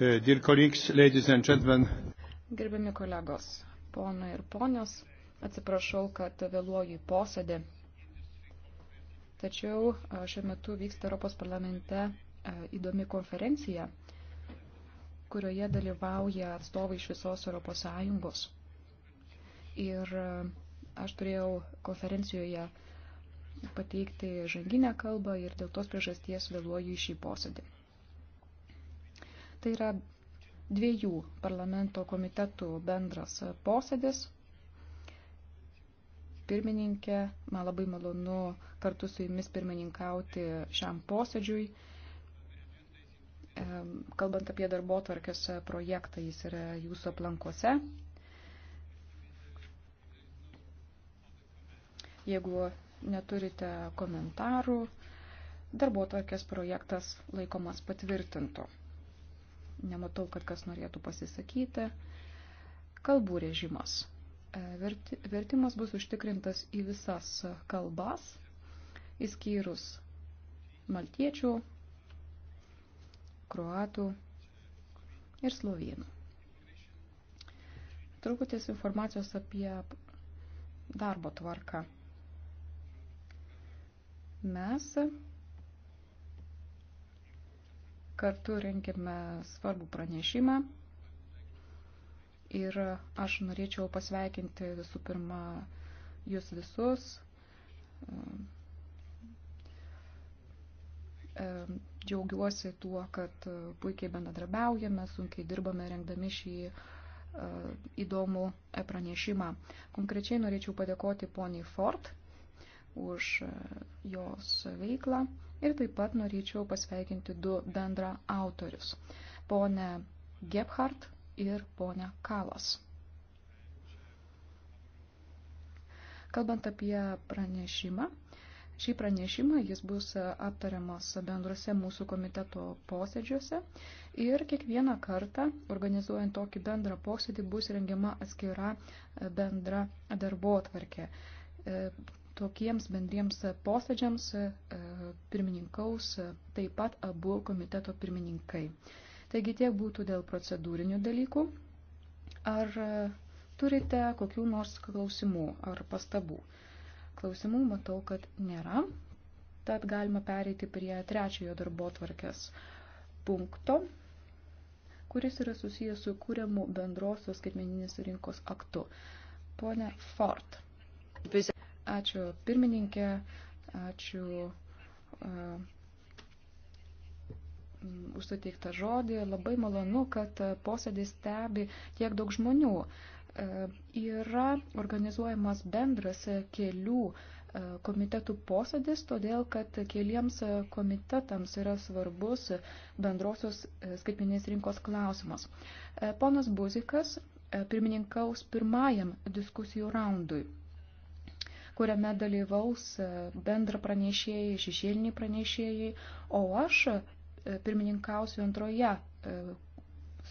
Uh, dear colleagues, ladies and gentlemen. Gerbiami kolegos, ponai ir ponios, atsiprašau, kad vėluoju į posėdį. Tačiau uh, šiuo metu vyksta Europos parlamente uh, įdomi konferencija, kurioje dalyvauja atstovai iš visos Europos Sąjungos. Ir aš turėjau konferencijoje pateikti žanginę kalbą ir dėl tos priežasties vėluoju į šį posėdį. Tai yra dviejų parlamento komitetų bendras posėdis. Pirmininkė, man labai malonu kartu su jumis pirmininkauti šiam posėdžiui. Kalbant apie darbo tvarkės projektą, jis yra jūsų aplankuose. Jeigu neturite komentarų, darbo tvarkės projektas laikomas patvirtintu. Nematau, kad kas norėtų pasisakyti. Kalbų režimas. E, vertimas bus užtikrintas į visas kalbas, įskyrus maltiečių, kruatų ir slovynų. Trukutis informacijos apie darbo tvarką. Mes kartu rengėme svarbų pranešimą. Ir aš norėčiau pasveikinti visų pirma jūs visus. Džiaugiuosi tuo, kad puikiai bendradarbiaujame, sunkiai dirbame rengdami šį e, įdomų pranešimą. Konkrečiai norėčiau padėkoti poniai Ford už e, jos veiklą ir taip pat norėčiau pasveikinti du bendra autorius – ponę Gebhardt ir ponę Kalas. Kalbant apie pranešimą, šį pranešimą jis bus aptariamas bendruose mūsų komiteto posėdžiuose ir kiekvieną kartą, organizuojant tokį bendrą posėdį, bus rengiama atskira bendra darbo atvarkė tokiems bendriems posėdžiams e, pirmininkaus e, taip pat abu komiteto pirmininkai. Taigi tiek būtų dėl procedūrinių dalykų. Ar e, turite kokių nors klausimų ar pastabų? Klausimų matau, kad nėra. Tad galima pereiti prie trečiojo darbo tvarkės punkto, kuris yra susijęs su kūriamu bendrosios skaitmeninės rinkos aktu. Pone Ford. Visi Ačiū pirmininkė, ačiū e, už suteiktą žodį. Labai malonu, kad posėdį stebi tiek daug žmonių. E, yra organizuojamas bendras kelių e, komitetų posėdis, todėl kad keliems komitetams yra svarbus bendrosios skaitminės rinkos klausimas. Ponas Buzikas pirmininkaus pirmajam diskusijų raundui kuriame dalyvaus e, bendra pranešėjai, šešėliniai pranešėjai, o aš e, pirmininkausiu antroje e,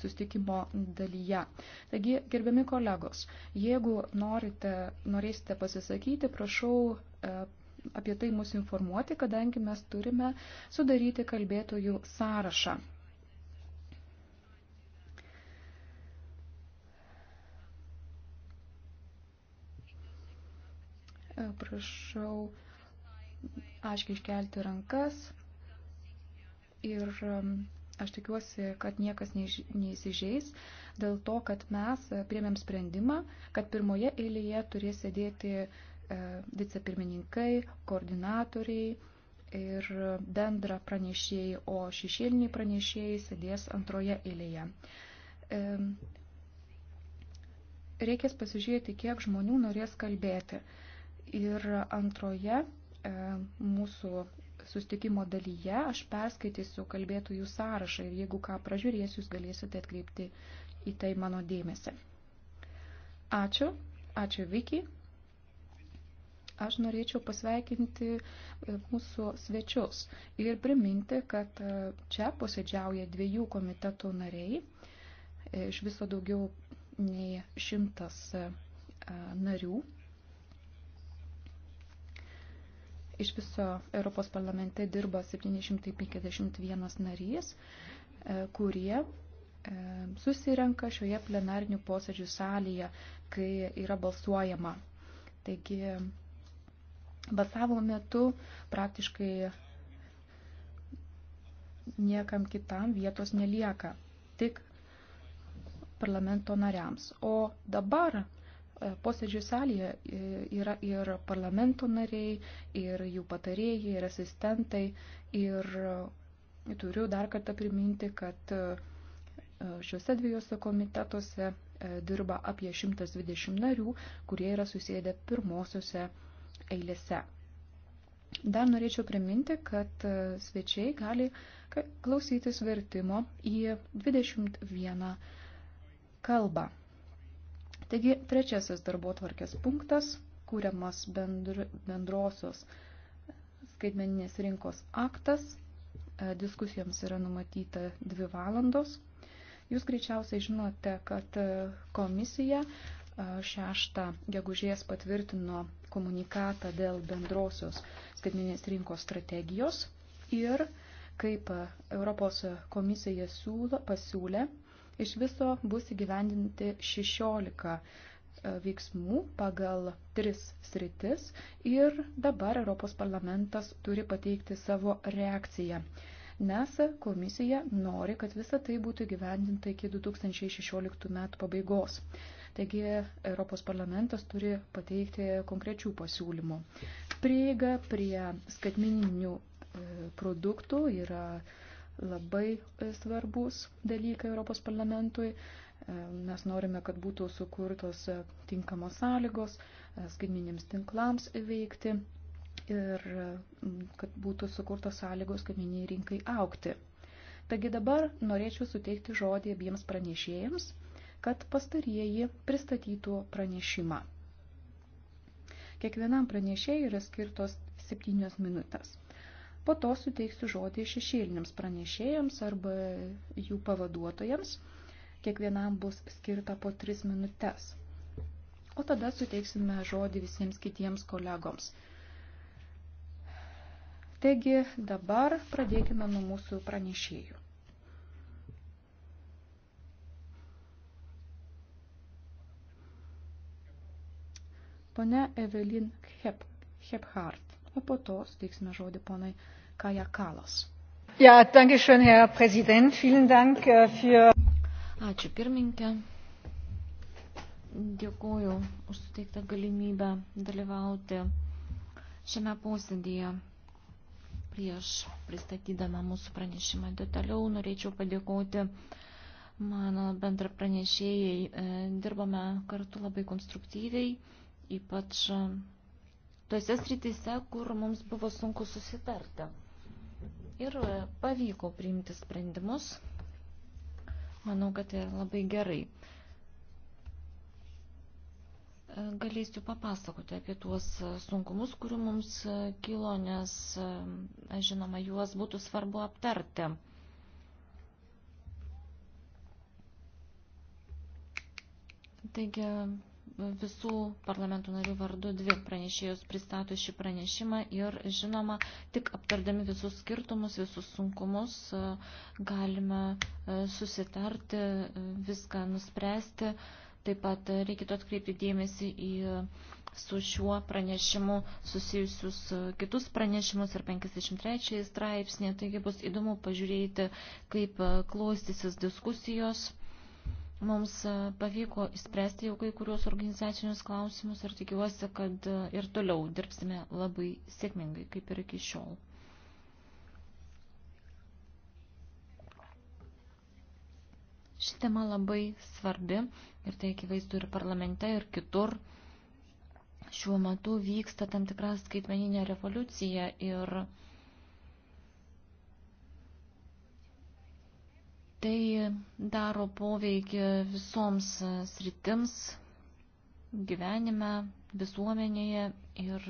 sustikimo dalyje. Taigi, gerbiami kolegos, jeigu norite, norėsite pasisakyti, prašau apie tai mus informuoti, kadangi mes turime sudaryti kalbėtojų sąrašą. Prašau aiškiai iškelti rankas ir um, aš tikiuosi, kad niekas neįsižeis dėl to, kad mes priemėm sprendimą, kad pirmoje eilėje turės sėdėti e, vicepirmininkai, koordinatoriai ir bendra pranešėjai, o šešėliniai pranešėjai sėdės antroje eilėje. E, reikės pasižiūrėti, kiek žmonių norės kalbėti. Ir antroje e, mūsų sustikimo dalyje aš perskaitysiu kalbėtojų sąrašą ir jeigu ką pražiūrės, jūs galėsite atkreipti į tai mano dėmesį. Ačiū, ačiū Viki. Aš norėčiau pasveikinti e, mūsų svečius ir priminti, kad e, čia posėdžiauja dviejų komitetų nariai, iš viso daugiau nei šimtas narių Iš viso Europos parlamente dirba 751 narys, e, kurie e, susirenka šioje plenarnių posėdžių salėje, kai yra balsuojama. Taigi, balsavimo metu praktiškai niekam kitam vietos nelieka, tik parlamento nariams. O dabar E, posėdžių salėje e, yra ir parlamento nariai, ir jų patarėjai, ir asistentai. Ir e, turiu dar kartą priminti, kad šiuose dviejose komitetuose dirba apie 120 narių, kurie yra susėdę pirmosiose eilėse. Dar norėčiau priminti, kad svečiai gali klausytis vertimo į 21 kalbą. Taigi, trečiasis darbo tvarkės punktas, kūriamas bendru, bendrosios skaitmeninės rinkos aktas. E, diskusijoms yra numatyta dvi valandos. Jūs greičiausiai žinote, kad e, komisija e, šeštą gegužės patvirtino komunikatą dėl bendrosios skaitminės rinkos strategijos ir kaip Europos komisija siūlo, pasiūlė, Iš viso bus įgyvendinti 16 e, veiksmų pagal tris sritis ir dabar Europos parlamentas turi pateikti savo reakciją nes komisija nori, kad visa tai būtų gyvendinta iki 2016 metų pabaigos. Taigi Europos parlamentas turi pateikti konkrečių pasiūlymų. Prieiga prie skaitmininių e, produktų yra labai e, svarbus dalykai Europos parlamentui. E, mes norime, kad būtų sukurtos e, tinkamos sąlygos skaitminėms tinklams veikti ir kad būtų sukurtos sąlygos skaitminiai rinkai aukti. Taigi dabar norėčiau suteikti žodį abiems pranešėjams, kad pastarieji pristatytų pranešimą. Kiekvienam pranešėjui yra skirtos septynios minutės. Po to suteiksiu žodį šešėliniams pranešėjams arba jų pavaduotojams. Kiekvienam bus skirta po 3 minutes. O tada suteiksime žodį visiems kitiems kolegoms. Taigi dabar pradėkime nuo mūsų pranešėjų. Pone Evelin Hep, Hephart, o po to suteiksime žodį ponai Kaja Kalas. Ja, dankeschön, Herr Präsident. Vielen Dank äh, für. Ačiū pirmininkė. Dėkuoju už suteiktą galimybę dalyvauti šiame posėdėje. Prieš pristatydama mūsų pranešimą detaliau, norėčiau padėkoti mano bendra pranešėjai. E, Dirbame kartu labai konstruktyviai, ypač e, tuose srityse, kur mums buvo sunku susitarti ir pavyko priimti sprendimus. Manau, kad tai labai gerai. Galėsiu papasakoti apie tuos sunkumus, kurių mums kilo, nes, žinoma, juos būtų svarbu aptarti. Taigi, visų parlamentų narių vardu dvi pranešėjus pristato šį pranešimą ir žinoma, tik aptardami visus skirtumus, visus sunkumus e, galime e, susitarti, e, viską nuspręsti. Taip pat reikėtų atkreipti dėmesį į su šiuo pranešimu susijusius kitus pranešimus ir 53 straipsnį. Taigi bus įdomu pažiūrėti, kaip klostysis diskusijos Mums e, pavyko įspręsti jau kai kurios organizacinius klausimus ir tikiuosi, kad e, ir toliau dirbsime labai sėkmingai, kaip ir iki šiol. Ši tema labai svarbi ir tai akivaizdu ir parlamente, ir kitur. Šiuo metu vyksta tam tikra skaitmeninė revoliucija ir Tai daro poveikį visoms sritims gyvenime, visuomenėje ir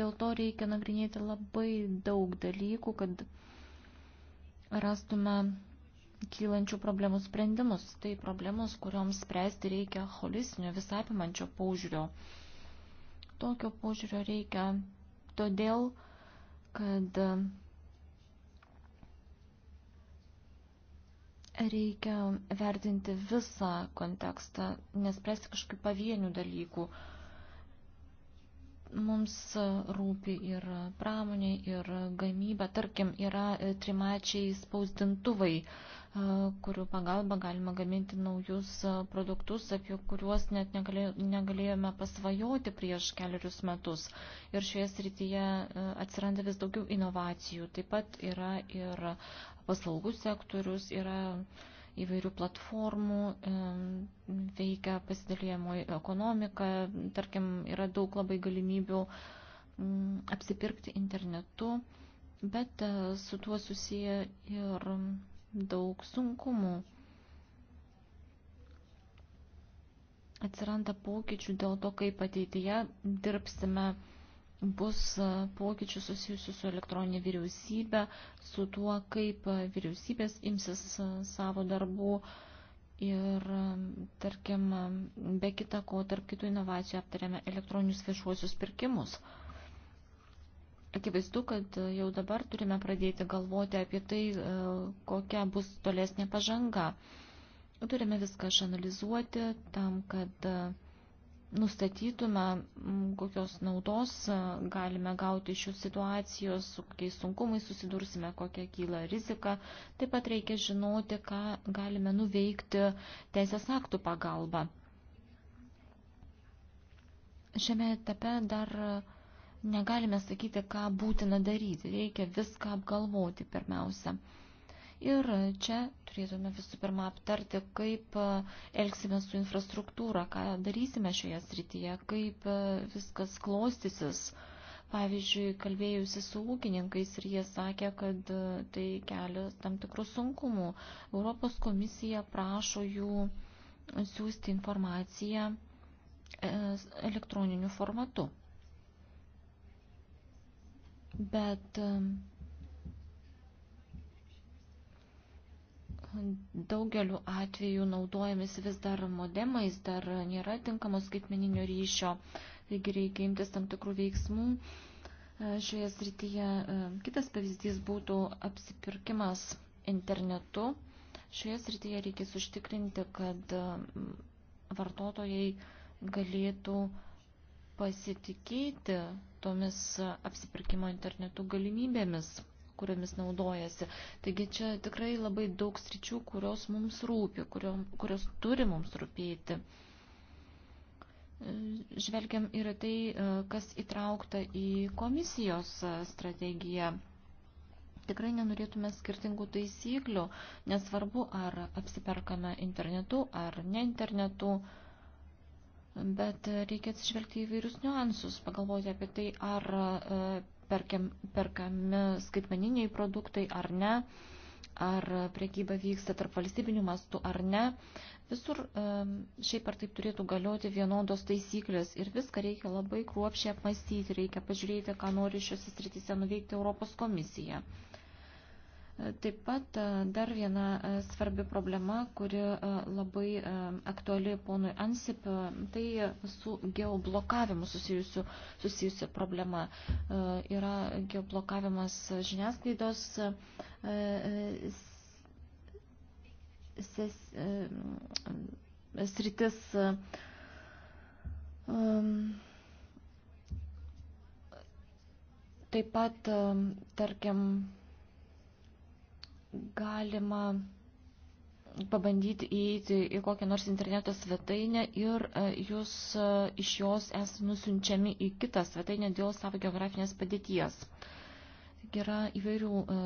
dėl to reikia nagrinėti labai daug dalykų, kad rastume kylančių problemų sprendimus. Tai problemos, kurioms spręsti reikia holistinio visapimančio paužiūrio. Tokio paužiūrio reikia todėl, kad Reikia vertinti visą kontekstą, nespręsti kažkaip pavienių dalykų. Mums rūpi ir pramonė, ir gamyba. Tarkim, yra trimačiai spausdintuvai, kurių pagalba galima gaminti naujus produktus, apie kuriuos net negalėjome pasvajoti prieš keliarius metus. Ir šioje srityje e, atsiranda vis daugiau inovacijų. Taip pat yra ir paslaugų sektorius, yra įvairių platformų, veikia pasidalyjamoji ekonomika, tarkim, yra daug labai galimybių apsipirkti internetu, bet e, su tuo susiję ir daug sunkumų. Atsiranda pokyčių dėl to, kaip ateityje dirbsime bus e, pokyčių susijusių su elektroninė vyriausybė, su tuo, kaip e, vyriausybės imsis e, savo darbų ir, tarkim, be kita ko, tarp kitų inovacijų aptarėme elektroninius viešuosius pirkimus. Akivaizdu, kad jau dabar turime pradėti galvoti apie tai, kokia bus tolesnė pažanga. Turime viską išanalizuoti tam, kad nustatytume, kokios naudos e, galime gauti iš šių situacijos, su kokiais sunkumais susidursime, kokia kyla rizika. Taip pat reikia žinoti, ką galime nuveikti teisės aktų pagalba. Šiame etape dar negalime sakyti, ką būtina daryti. Reikia viską apgalvoti pirmiausia. Ir čia turėtume visų pirma aptarti, kaip e, elgsime su infrastruktūra, ką darysime šioje srityje, kaip e, viskas klostysis. Pavyzdžiui, kalbėjusi su ūkininkais ir jie sakė, kad e, tai kelia tam tikrų sunkumų. Europos komisija prašo jų siūsti informaciją elektroniniu formatu. Bet daugeliu atveju naudojamis vis dar modemais, dar nėra tinkamos skaitmeninio ryšio, taigi reikia imtis tam tikrų veiksmų. E, šioje srityje e, kitas pavyzdys būtų apsipirkimas internetu. Šioje srityje reikia užtikrinti, kad e, vartotojai galėtų pasitikėti tomis apsipirkimo internetu galimybėmis kuriomis naudojasi. Taigi čia tikrai labai daug sričių, kurios mums rūpi, kurios, kurios turi mums rūpėti. Žvelgiam ir tai, kas įtraukta į komisijos strategiją. Tikrai nenorėtume skirtingų taisyklių, nesvarbu, ar apsiperkame internetu ar ne internetu. Bet reikia atsižvelgti į vairius niuansus, pagalvoti apie tai, ar perkiam, perkami skaitmeniniai produktai ar ne, ar priekyba vyksta tarp valstybinių mastų ar ne. Visur šiaip ar taip turėtų galioti vienodos taisyklės ir viską reikia labai kruopšiai apmastyti, reikia pažiūrėti, ką nori šiuose srityse nuveikti Europos komisija. Taip pat e, dar viena e, svarbi problema, kuri e, labai aktuali ponui Ansip, tai su geoblokavimu susijusiu, susijusi problema. Yra geoblokavimas žiniasklaidos ses, sritis. Taip pat, tarkim, galima pabandyti įeiti į kokią nors interneto svetainę ir e, jūs e, iš jos esate nusiunčiami į kitą svetainę dėl savo geografinės padėties. Taigi yra įvairių e,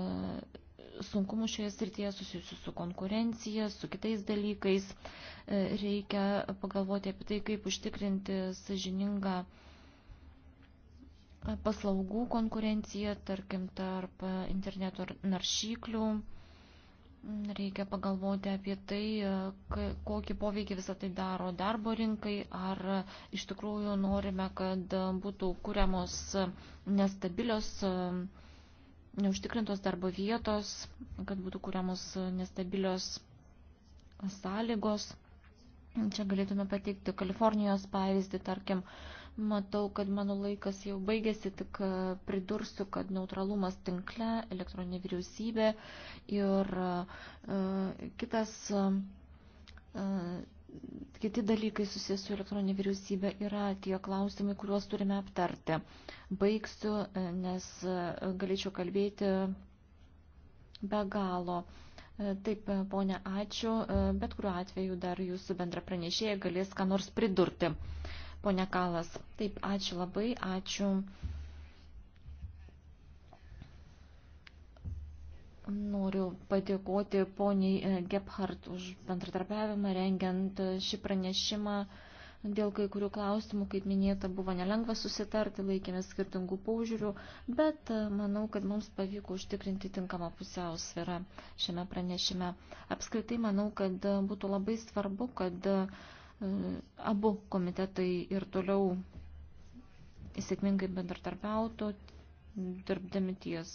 sunkumų šioje srityje susijusių su konkurencija, su kitais dalykais. Reikia pagalvoti apie tai, kaip užtikrinti sažiningą paslaugų konkurenciją, tarkim, tarp interneto naršyklių. Ar Reikia pagalvoti apie tai, kokį poveikį visą tai daro darbo rinkai, ar iš tikrųjų norime, kad būtų kuriamos nestabilios, neužtikrintos darbo vietos, kad būtų kuriamos nestabilios sąlygos. Čia galėtume pateikti Kalifornijos pavyzdį, tarkim, Matau, kad mano laikas jau baigėsi, tik e, pridursiu, kad neutralumas tinkle, elektroninė vyriausybė ir e, kitas, e, kiti dalykai susijęs su elektroninė vyriausybė yra tie klausimai, kuriuos turime aptarti. Baigsiu, nes galėčiau kalbėti be galo. Taip, ponia, ačiū. Bet kuriuo atveju dar jūsų bendra pranešėja galės ką nors pridurti ponia Kalas. Taip, ačiū labai, ačiū. Noriu padėkoti poniai e, Gebhardt už bendradarbiavimą, rengiant e, šį pranešimą. Dėl kai kurių klausimų, kaip minėta, buvo nelengva susitarti, laikėmės skirtingų paužiūrių, bet e, manau, kad mums pavyko užtikrinti tinkamą pusiausvyrą šiame pranešime. Apskritai manau, kad būtų labai svarbu, kad E, abu komitetai ir toliau sėkmingai bendratarpiautų, dirbdami ties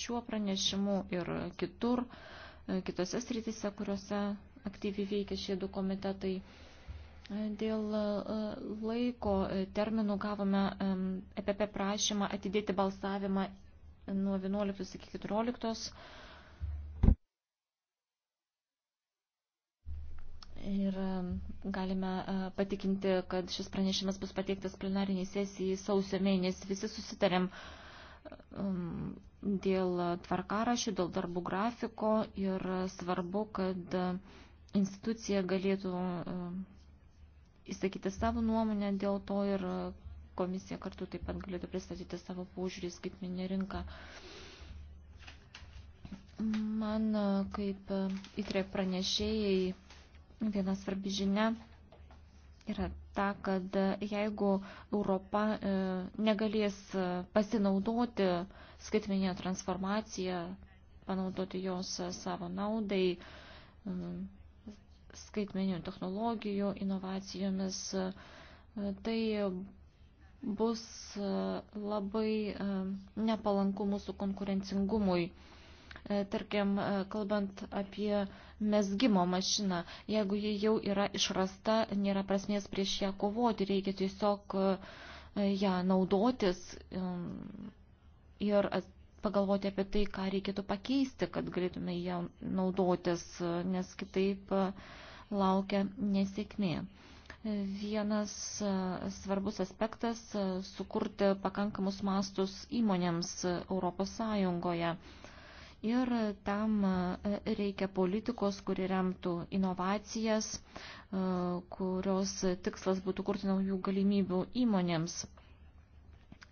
šiuo pranešimu ir kitur, e, kitose srityse, kuriuose aktyviai veikia šie du komitetai. E, dėl laiko terminų gavome EPP prašymą atidėti balsavimą nuo 11 iki 14 Ir galime e, patikinti, kad šis pranešimas bus pateiktas plenariniai sesijai sausio mėnesį. Visi susitarėm dėl tvarkarašių, dėl darbų grafiko ir svarbu, kad institucija galėtų įsakyti savo nuomonę dėl to ir komisija kartu taip pat galėtų pristatyti savo požiūrį skaitminę rinką. Man kaip įtrek e, pranešėjai Viena svarbi žinia yra ta, kad jeigu Europa e, negalės e, pasinaudoti skaitmeninę transformaciją, panaudoti jos e, savo naudai, skaitmeninių technologijų, inovacijomis, tai bus labai nepalanku mūsų konkurencingumui. E, tarkim, e, kalbant apie mesgymo mašiną, jeigu ji jau yra išrasta, nėra prasmės prieš ją kovoti, reikia tiesiog e, ją naudotis ir pagalvoti apie tai, ką reikėtų pakeisti, kad galėtume ją naudotis, nes kitaip laukia nesėkmė. Vienas svarbus aspektas - sukurti pakankamus mastus įmonėms Europos Sąjungoje ir tam e, reikia politikos, kuri remtų inovacijas, e, kurios tikslas būtų kurti naujų galimybių įmonėms.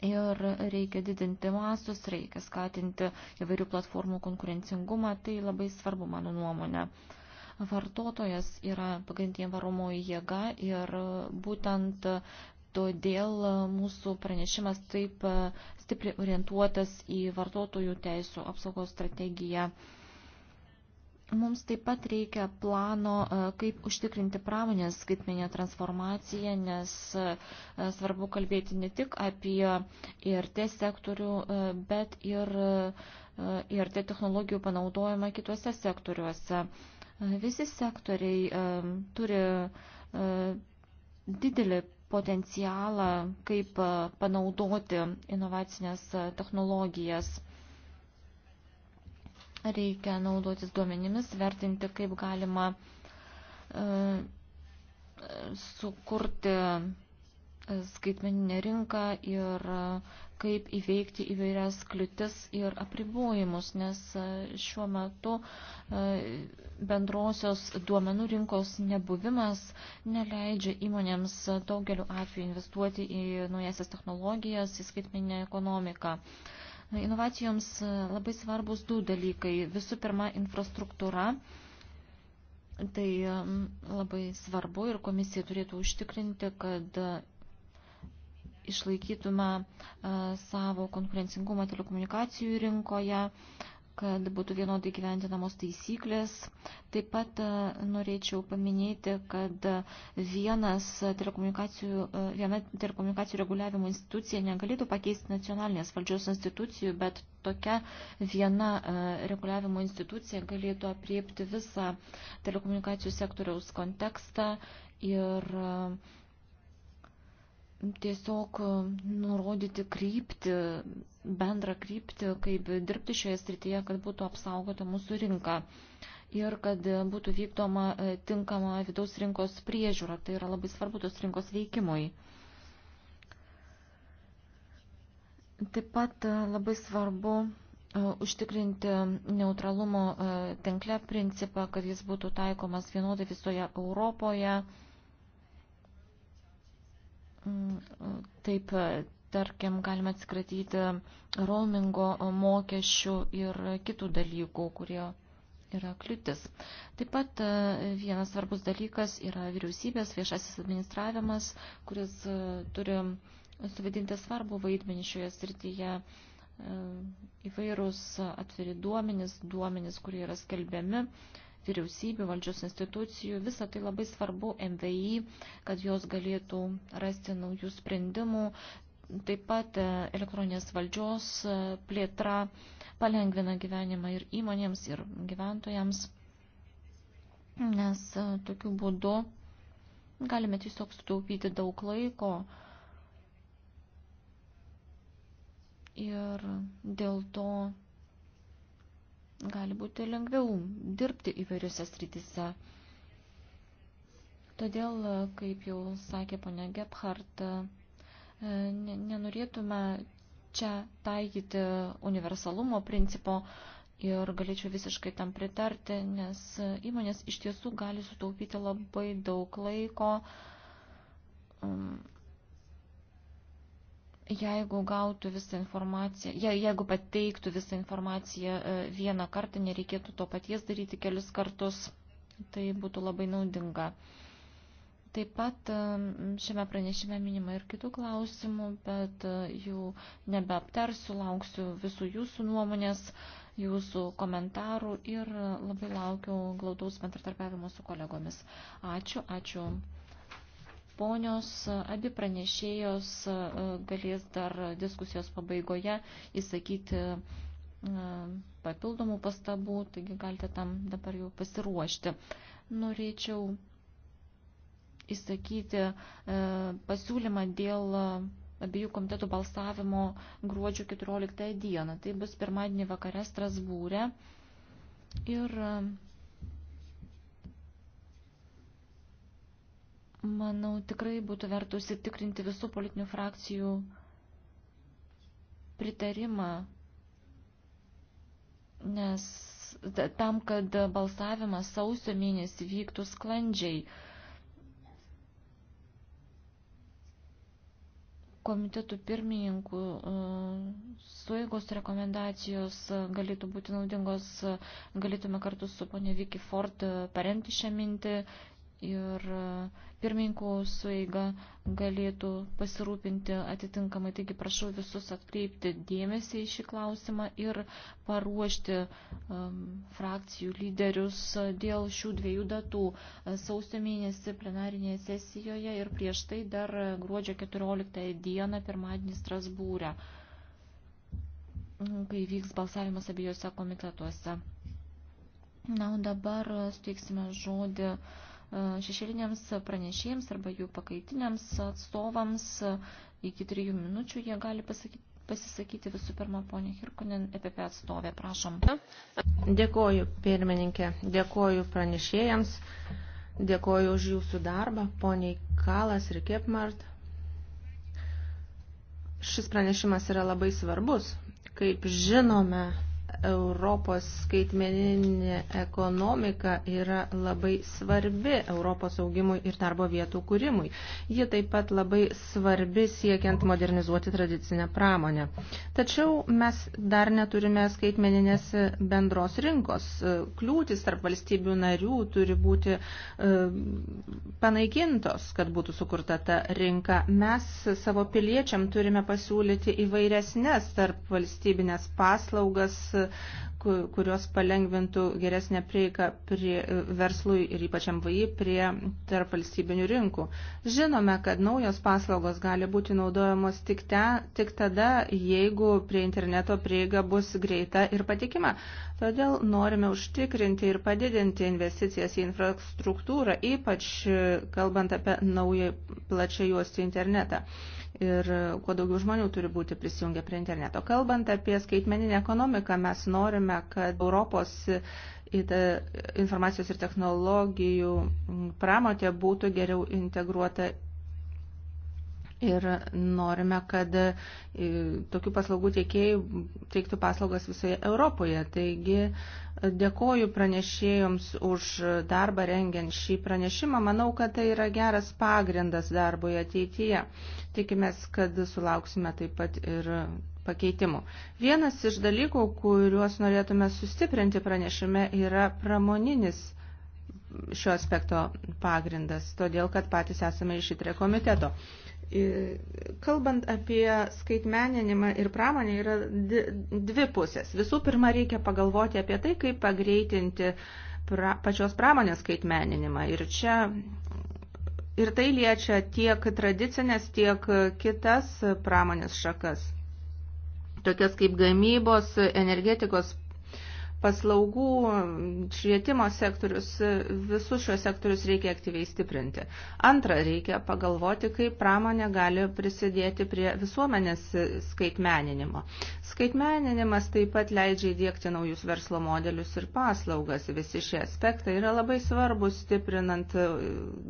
Ir reikia didinti mastus, reikia skatinti įvairių platformų konkurencingumą, tai labai svarbu mano nuomonė. Vartotojas yra pagrindinė varomoji jėga ir būtent Todėl e, mūsų pranešimas taip e, stipriai orientuotas į vartotojų teisų apsaugos strategiją. Mums taip pat reikia plano, e, kaip užtikrinti pramonės skaitmenę transformaciją, nes svarbu kalbėti ne tik apie IRT sektorių, bet ir IRT technologijų panaudojimą kituose sektoriuose. Visi sektoriai turi didelį potencialą, kaip e, panaudoti inovacinės e, technologijas. Reikia naudotis duomenimis, vertinti, kaip galima e, sukurti skaitmeninę rinką ir uh, kaip įveikti įvairias kliūtis ir apribojimus, nes e, šiuo metu e, bendrosios duomenų rinkos nebuvimas neleidžia įmonėms daugeliu atveju investuoti į naujasias technologijas, į skaitminę ekonomiką. Inovacijoms e, labai svarbus du dalykai. Visų pirma, infrastruktūra. Tai labai svarbu ir komisija turėtų užtikrinti, kad išlaikytume e, savo konkurencingumą telekomunikacijų rinkoje, kad būtų vienodai gyventinamos taisyklės. Taip pat e, norėčiau paminėti, kad vienas telekomunikacijų, e, viena telekomunikacijų reguliavimo institucija negalėtų pakeisti nacionalinės valdžios institucijų, bet tokia viena reguliavimo institucija galėtų apriepti visą telekomunikacijų sektoriaus kontekstą ir uh, tiesiog e, nurodyti krypti, bendrą krypti, kaip dirbti šioje srityje, kad būtų apsaugota mūsų rinka ir kad būtų vykdoma e, tinkama vidaus rinkos priežiūra. Tai yra labai svarbu tos rinkos veikimui. Taip pat e, labai svarbu užtikrinti neutralumo tinkle principą, kad jis būtų taikomas vienodai visoje Europoje Taip, tarkim, galime atsikratyti roamingo mokesčių ir kitų dalykų, kurie yra kliūtis. Taip pat e, vienas svarbus dalykas yra vyriausybės viešasis administravimas, kuris e, turi suvedinti svarbų vaidmenį šioje srityje e, įvairūs atviri duomenys, duomenys, kurie yra skelbiami, vyriausybių, valdžios institucijų. Visą tai labai svarbu MVI, kad jos galėtų rasti naujų sprendimų. Taip pat e, elektroninės valdžios e, plėtra palengvina gyvenimą ir įmonėms, ir gyventojams, nes e, tokiu būdu galime tiesiog sutaupyti daug laiko. Ir dėl to gali būti lengviau dirbti įvairiose srityse. Todėl, kaip jau sakė ponia Gebhardt, e, nenorėtume čia taikyti universalumo principo ir galėčiau visiškai tam pritarti, nes įmonės iš tiesų gali sutaupyti labai daug laiko mm, jeigu gautų visą informaciją, je, jeigu pateiktų visą informaciją e, vieną kartą, nereikėtų to paties daryti kelis kartus, tai būtų labai naudinga. Taip pat e, šiame pranešime minima ir kitų klausimų, bet e, jų nebeaptarsiu, lauksiu visų jūsų nuomonės, jūsų komentarų ir labai laukiu glaudaus bendratarpiavimo su kolegomis. Ačiū, ačiū Ponios abi pranešėjos e, galės dar diskusijos pabaigoje įsakyti e, papildomų pastabų, taigi galite tam dabar jau pasiruošti. Norėčiau įsakyti e, pasiūlymą dėl abiejų komitetų balsavimo gruodžio 14 dieną. Tai bus pirmadienį vakare Strasbūrė. Ir manau, tikrai būtų verta užsitikrinti visų politinių frakcijų pritarimą, nes tam, kad balsavimas sausio mėnesį vyktų sklandžiai. Komitetų pirmininkų uh, suėgos rekomendacijos galėtų būti naudingos, galėtume kartu su ponė Vicky Ford uh, paremti šią mintį ir e, pirmininkų sueiga galėtų pasirūpinti atitinkamai. Taigi prašau visus atkreipti dėmesį į šį klausimą ir paruošti um, frakcijų lyderius dėl šių dviejų datų e, sausio mėnesį plenarinėje sesijoje ir prieš tai dar gruodžio 14 dieną pirmadienį Strasbūrę, kai vyks balsavimas abiejose komitetuose. Na, o dabar suteiksime žodį uh, šešėliniams pranešėjams arba jų pakaitiniams atstovams. Iki trijų minučių jie gali pasakyti, pasisakyti visų pirma ponė Hirkonin, EPP atstovė. Prašom. Dėkoju, pirmininkė. Dėkoju pranešėjams. Dėkoju už jūsų darbą, poniai Kalas ir Kepmart. Šis pranešimas yra labai svarbus. Kaip žinome, Europos skaitmeninė ekonomika yra labai svarbi Europos augimui ir darbo vietų kūrimui. Ji taip pat labai svarbi siekiant modernizuoti tradicinę pramonę. Tačiau mes dar neturime skaitmeninės bendros rinkos. Kliūtis tarp valstybių narių turi būti e, panaikintos, kad būtų sukurta ta rinka. Mes savo piliečiam turime pasiūlyti įvairesnės tarp valstybinės paslaugas, kurios palengvintų geresnę prieigą prie e, verslui ir ypač MVI prie tarp valstybinių rinkų. Žinome, kad naujos paslaugos gali būti naudojamos tik, te, tik tada, jeigu prie interneto prieiga bus greita ir patikima. Todėl norime užtikrinti ir padidinti investicijas į infrastruktūrą, ypač e, kalbant apie naują plačiai juostį internetą ir kuo daugiau žmonių turi būti prisijungę prie interneto. Kalbant apie skaitmeninę ekonomiką, mes norime, kad Europos informacijos ir technologijų pramotė būtų geriau integruota Ir norime, kad e, tokių paslaugų tiekėjai teiktų paslaugas visoje Europoje. Taigi dėkoju pranešėjams už darbą rengiant šį pranešimą. Manau, kad tai yra geras pagrindas darboje ateityje. Tikimės, kad sulauksime taip pat ir pakeitimų. Vienas iš dalykų, kuriuos norėtume sustiprinti pranešime, yra pramoninis šio aspekto pagrindas, todėl kad patys esame iš įtrė komiteto. Kalbant apie skaitmeninimą ir pramonę, yra dvi pusės. Visų pirma, reikia pagalvoti apie tai, kaip pagreitinti pra, pačios pramonės skaitmeninimą. Ir čia ir tai liečia tiek tradicinės, tiek kitas pramonės šakas, tokias kaip gamybos, energetikos paslaugų, švietimo sektorius, visus šios sektorius reikia aktyviai stiprinti. Antra, reikia pagalvoti, kaip pramonė gali prisidėti prie visuomenės skaitmeninimo. Skaitmeninimas taip pat leidžia įdėkti naujus verslo modelius ir paslaugas. Visi šie aspektai yra labai svarbus stiprinant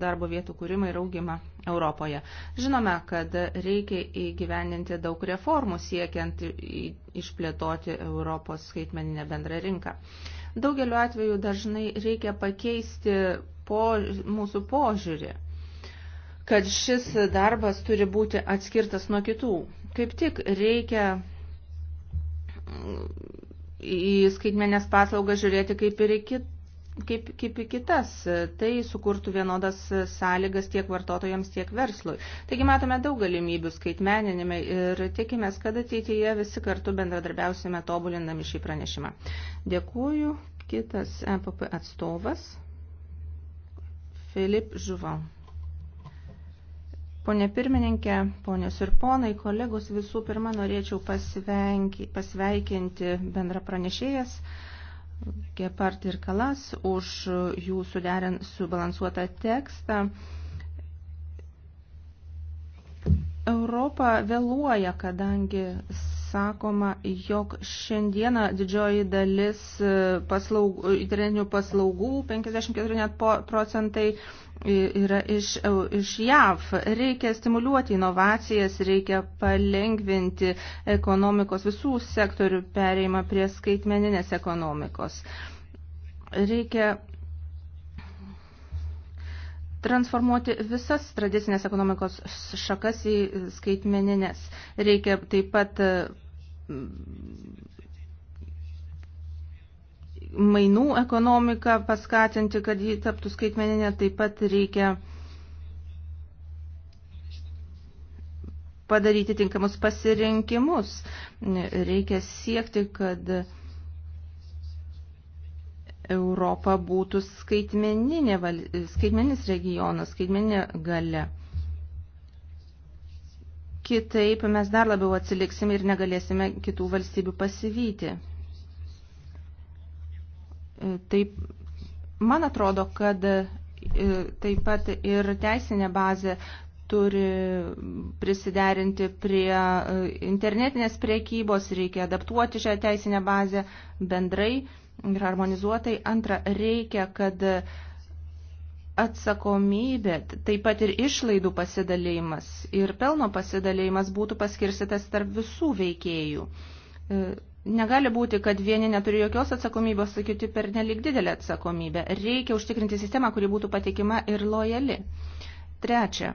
darbo vietų kūrimą ir augimą. Europoje. Žinome, kad reikia įgyvendinti daug reformų siekiant išplėtoti Europos skaitmeninę bendrą rinką. Daugeliu atveju dažnai reikia pakeisti po, mūsų požiūrį, kad šis darbas turi būti atskirtas nuo kitų. Kaip tik reikia į skaitmenės paslaugą žiūrėti kaip ir į kitą kaip, kaip į kitas. Tai sukurtų vienodas sąlygas tiek vartotojams, tiek verslui. Taigi matome daug galimybių skaitmeninime ir tikimės, kad ateityje visi kartu bendradarbiausime tobulindami šį pranešimą. Dėkuoju. Kitas MPP e atstovas. Filip Žuvan. Pone pirmininkė, ponios ir ponai, kolegos, visų pirma norėčiau pasveikinti bendra pranešėjas. Gepard ir Kalas už jų suderin, subalansuotą tekstą. Europa vėluoja, kadangi sakoma, jog šiandieną didžioji dalis paslaugų, internetinių paslaugų, 54 procentai yra iš, iš JAV. Reikia stimuliuoti inovacijas, reikia palengvinti ekonomikos visų sektorių pereimą prie skaitmeninės ekonomikos. Reikia transformuoti visas tradicinės ekonomikos šakas į skaitmeninės. Reikia taip pat mainų ekonomiką paskatinti, kad ji taptų skaitmeninė, taip pat reikia padaryti tinkamus pasirinkimus. Reikia siekti, kad Europa būtų skaitmeninė, skaitmeninis regionas, skaitmeninė gale. Kitaip mes dar labiau atsiliksime ir negalėsime kitų valstybių pasivyti. Taip, man atrodo, kad e, taip pat ir teisinė bazė turi prisiderinti prie e, internetinės priekybos, reikia adaptuoti šią teisinę bazę bendrai ir harmonizuotai. Antra, reikia, kad atsakomybė, taip pat ir išlaidų pasidalėjimas ir pelno pasidalėjimas būtų paskirstytas tarp visų veikėjų. E, Negali būti, kad vieni neturi jokios atsakomybės, o kiti per nelik didelę atsakomybę. Reikia užtikrinti sistemą, kuri būtų patikima ir lojali. Trečia,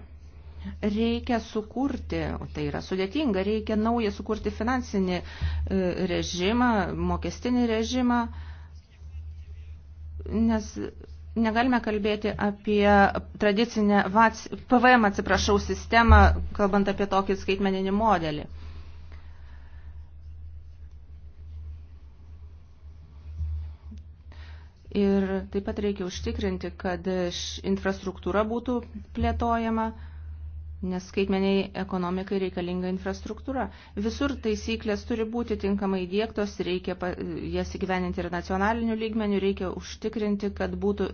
reikia sukurti, tai yra sudėtinga, reikia naują sukurti finansinį e, režimą, mokestinį režimą, nes negalime kalbėti apie tradicinę VATS, PVM, atsiprašau, sistemą, kalbant apie tokį skaitmeninį modelį. Ir taip pat reikia užtikrinti, kad infrastruktūra būtų plėtojama, nes skaitmeniai ekonomikai reikalinga infrastruktūra. Visur taisyklės turi būti tinkamai dėktos, reikia jas įgyveninti ir nacionaliniu lygmeniu, reikia užtikrinti, kad būtų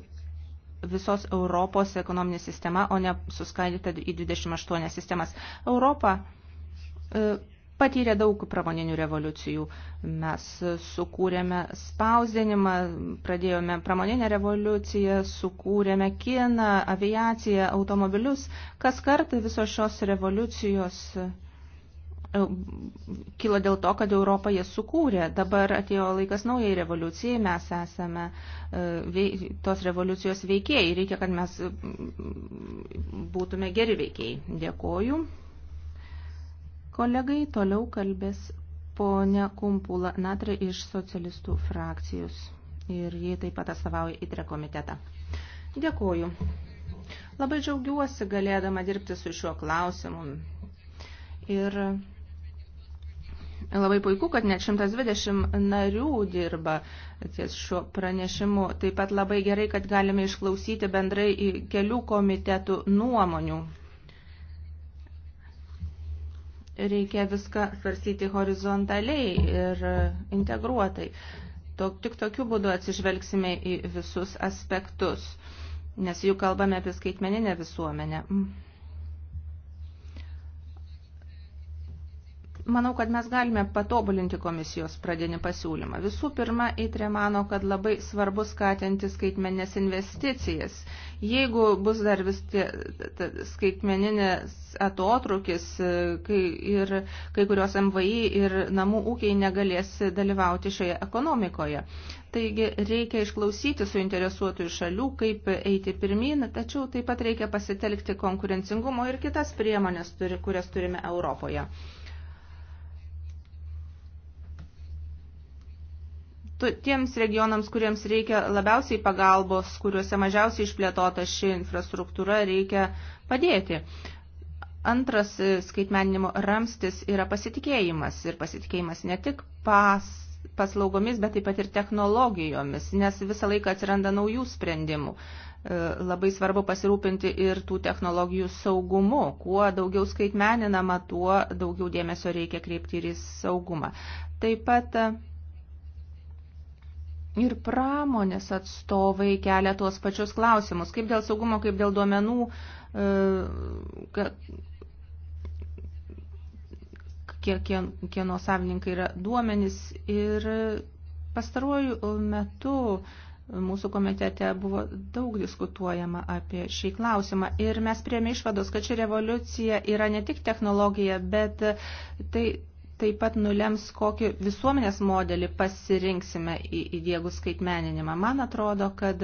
visos Europos ekonominė sistema, o ne suskaidyta į 28 sistemas. Europa e, patyrė daug pramoninių revoliucijų. Mes sukūrėme spausdinimą, pradėjome pramoninę revoliuciją, sukūrėme kiną, aviaciją, automobilius. Kas kartą visos šios revoliucijos e, kilo dėl to, kad Europą jie sukūrė. Dabar atėjo laikas naujai revoliucijai, mes esame e, tos revoliucijos veikėjai. Reikia, kad mes būtume geri veikėjai. Dėkoju. Kolegai toliau kalbės ponia Kumpula Natri iš socialistų frakcijos ir jie taip pat atstovauja įtre komitetą. Dėkuoju. Labai džiaugiuosi galėdama dirbti su šiuo klausimu. Ir labai puiku, kad net 120 narių dirba ties šiuo pranešimu. Taip pat labai gerai, kad galime išklausyti bendrai kelių komitetų nuomonių reikia viską svarstyti horizontaliai ir integruotai. Tik tokiu būdu atsižvelgsime į visus aspektus, nes jų kalbame apie skaitmeninę visuomenę. Mm. Manau, kad mes galime patobulinti komisijos pradinį pasiūlymą. Visų pirma, įtrė mano, kad labai svarbu skatinti skaitmenės investicijas. Jeigu bus dar vis tie skaitmeninės atotrukis e, kai, ir kai kurios MVI ir namų ūkiai negalės dalyvauti šioje ekonomikoje. Taigi reikia išklausyti suinteresuotųjų šalių, kaip eiti pirmin, tačiau taip pat reikia pasitelkti konkurencingumo ir kitas priemonės, kurias turime Europoje. tiems regionams, kuriems reikia labiausiai pagalbos, kuriuose mažiausiai išplėtota ši infrastruktūra, reikia padėti. Antras e, skaitmeninimo ramstis yra pasitikėjimas ir pasitikėjimas ne tik pas, paslaugomis, bet taip pat ir technologijomis, nes visą laiką atsiranda naujų sprendimų. E, labai svarbu pasirūpinti ir tų technologijų saugumu. Kuo daugiau skaitmeninama, tuo daugiau dėmesio reikia kreipti ir į saugumą. Taip pat e, ir pramonės atstovai kelia tuos pačius klausimus, kaip dėl saugumo, kaip dėl duomenų, e, kieno savininkai yra duomenys. Ir pastaruoju metu mūsų komitete buvo daug diskutuojama apie šį klausimą ir mes prieme išvados, kad ši revoliucija yra ne tik technologija, bet tai taip pat nulems, kokį visuomenės modelį pasirinksime įdėgų skaitmeninimą. Man atrodo, kad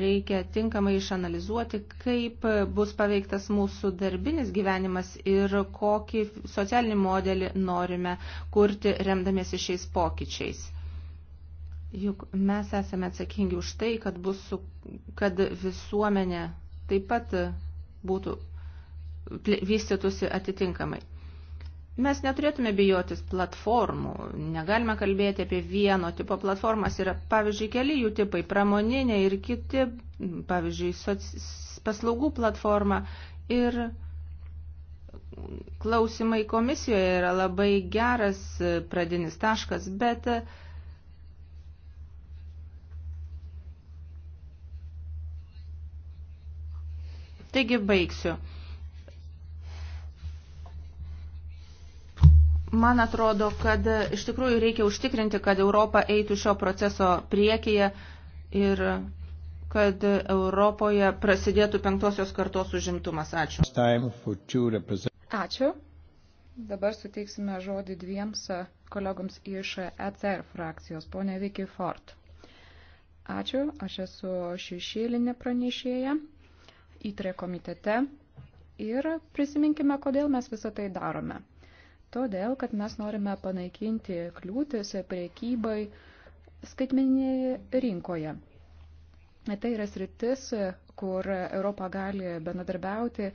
reikia tinkamai išanalizuoti, kaip bus paveiktas mūsų darbinis gyvenimas ir kokį socialinį modelį norime kurti remdamiesi šiais pokyčiais. Juk mes esame atsakingi už tai, kad, bus su, kad visuomenė taip pat būtų vystytųsi atitinkamai. Mes neturėtume bijotis platformų, negalime kalbėti apie vieno tipo platformas, yra pavyzdžiui keli jų tipai, pramoninė ir kiti, pavyzdžiui, soc... paslaugų platforma ir klausimai komisijoje yra labai geras e, pradinis taškas, bet e, taigi baigsiu. Man atrodo, kad iš tikrųjų reikia užtikrinti, kad Europa eitų šio proceso priekyje ir kad Europoje prasidėtų penktosios kartos užimtumas. Ačiū. Ačiū. Dabar suteiksime žodį dviems kolegoms iš ECR frakcijos, ponė Vicky Ford. Ačiū, aš esu šešėlinė pranešėja įtre komitete ir prisiminkime, kodėl mes visą tai darome todėl kad mes norime panaikinti kliūtis priekybai skaitmeninėje rinkoje. Tai yra sritis, kur Europa gali bendradarbiauti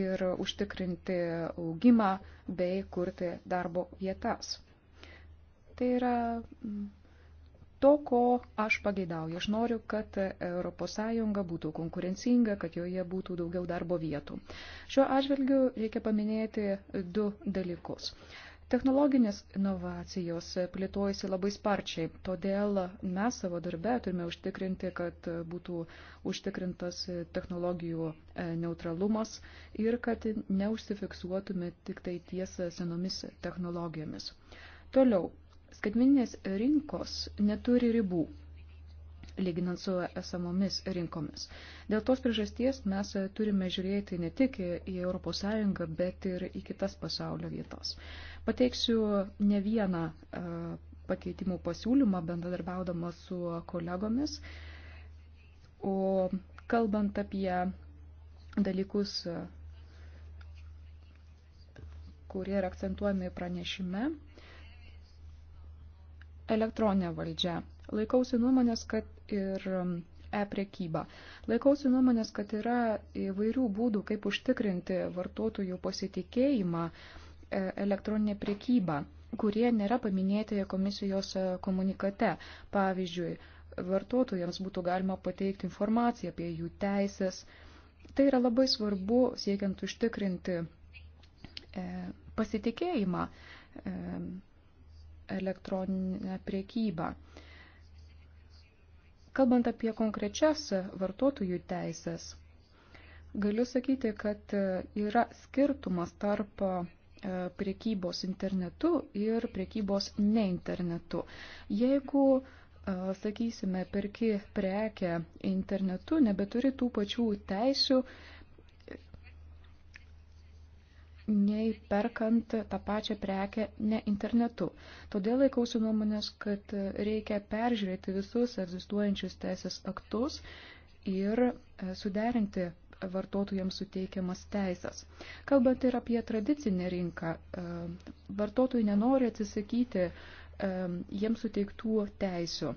ir užtikrinti augimą bei kurti darbo vietas. Tai yra to, ko aš pageidauju. Aš noriu, kad ES būtų konkurencinga, kad joje būtų daugiau darbo vietų. Šiuo atžvilgiu reikia paminėti du dalykus. Technologinės inovacijos plėtojasi labai sparčiai, todėl mes savo darbę turime užtikrinti, kad būtų užtikrintas technologijų e, neutralumas ir kad neužsifiksuotume tik tai ties senomis technologijomis. Toliau, Skaitmininės rinkos neturi ribų, lyginant su esamomis rinkomis. Dėl tos priežasties mes turime žiūrėti ne tik į ES, bet ir į kitas pasaulio vietas. Pateiksiu ne vieną e, pakeitimų pasiūlymą, bendradarbiaudama su kolegomis. O kalbant apie dalykus, kurie yra akcentuojami pranešime, elektroninė valdžia. Laikausi nuomonės, kad ir um, e-prekyba. Laikausi nuomonės, kad yra įvairių būdų, kaip užtikrinti vartotojų pasitikėjimą e, elektroninė prekyba, kurie nėra paminėti komisijos e, komunikate. Pavyzdžiui, vartotojams būtų galima pateikti informaciją apie jų teisės. Tai yra labai svarbu siekiant užtikrinti e, pasitikėjimą elektroninę priekybą. Kalbant apie konkrečias vartotojų teisės, galiu sakyti, kad yra skirtumas tarp e, priekybos internetu ir priekybos ne internetu. Jeigu, e, sakysime, perki prekę internetu, nebeturi tų pačių teisių, nei perkant tą pačią prekę ne internetu. Todėl laikausi nuomonės, kad reikia peržiūrėti visus egzistuojančius teisės aktus ir e, suderinti vartotojams suteikiamas teisas. Kalbant ir apie tradicinę rinką, e, vartotojai nenori atsisakyti e, jiems suteiktų teisių.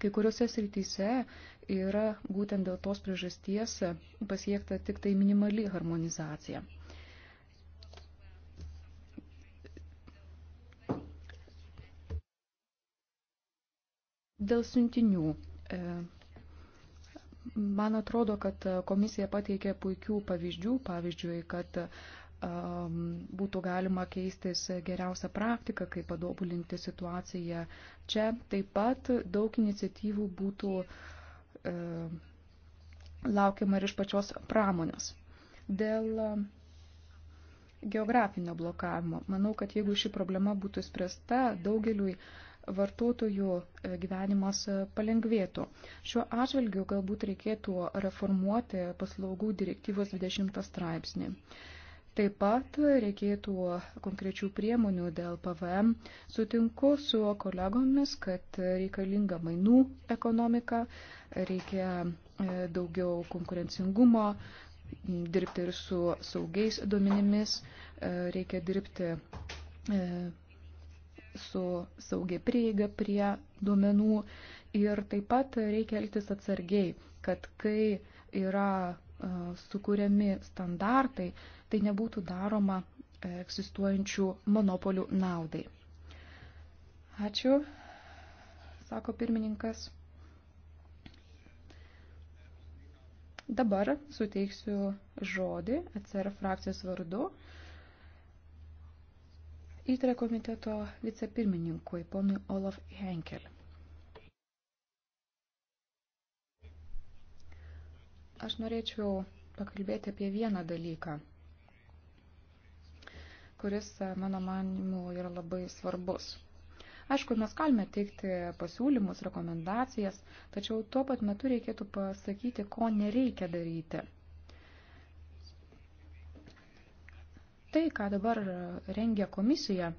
Kai kuriuose srityse yra būtent dėl tos priežasties pasiekta tik tai minimali harmonizacija. Dėl siuntinių. E, man atrodo, kad komisija pateikė puikių pavyzdžių, pavyzdžiui, kad būtų galima keistis geriausią praktiką, kaip padobulinti situaciją. Čia taip pat daug iniciatyvų būtų e, laukiama ir iš pačios pramonės. Dėl geografinio blokavimo. Manau, kad jeigu ši problema būtų spręsta, daugeliui uh, vartotojų e, gyvenimas e, palengvėtų. Šiuo atžvilgiu galbūt reikėtų reformuoti paslaugų direktyvos 20 straipsnį. Taip pat reikėtų konkrečių priemonių dėl PVM. Sutinku su kolegomis, kad reikalinga mainų ekonomika, reikia e, daugiau konkurencingumo, dirbti ir su saugiais duomenimis, reikia dirbti su saugia prieiga prie duomenų ir taip pat reikia elgtis atsargiai, kad kai yra e, sukūriami standartai, tai nebūtų daroma e, egzistuojančių monopolių naudai. Ačiū, sako pirmininkas. Dabar suteiksiu žodį atsir frakcijos vardu įtrė komiteto vicepirmininkui, ponui Olaf Henkel. Aš norėčiau pakalbėti apie vieną dalyką, kuris, mano manimu, yra labai svarbus. Aišku, mes galime teikti pasiūlymus, rekomendacijas, tačiau tuo pat metu reikėtų pasakyti, ko nereikia daryti – Tai, ką dabar rengia komisija,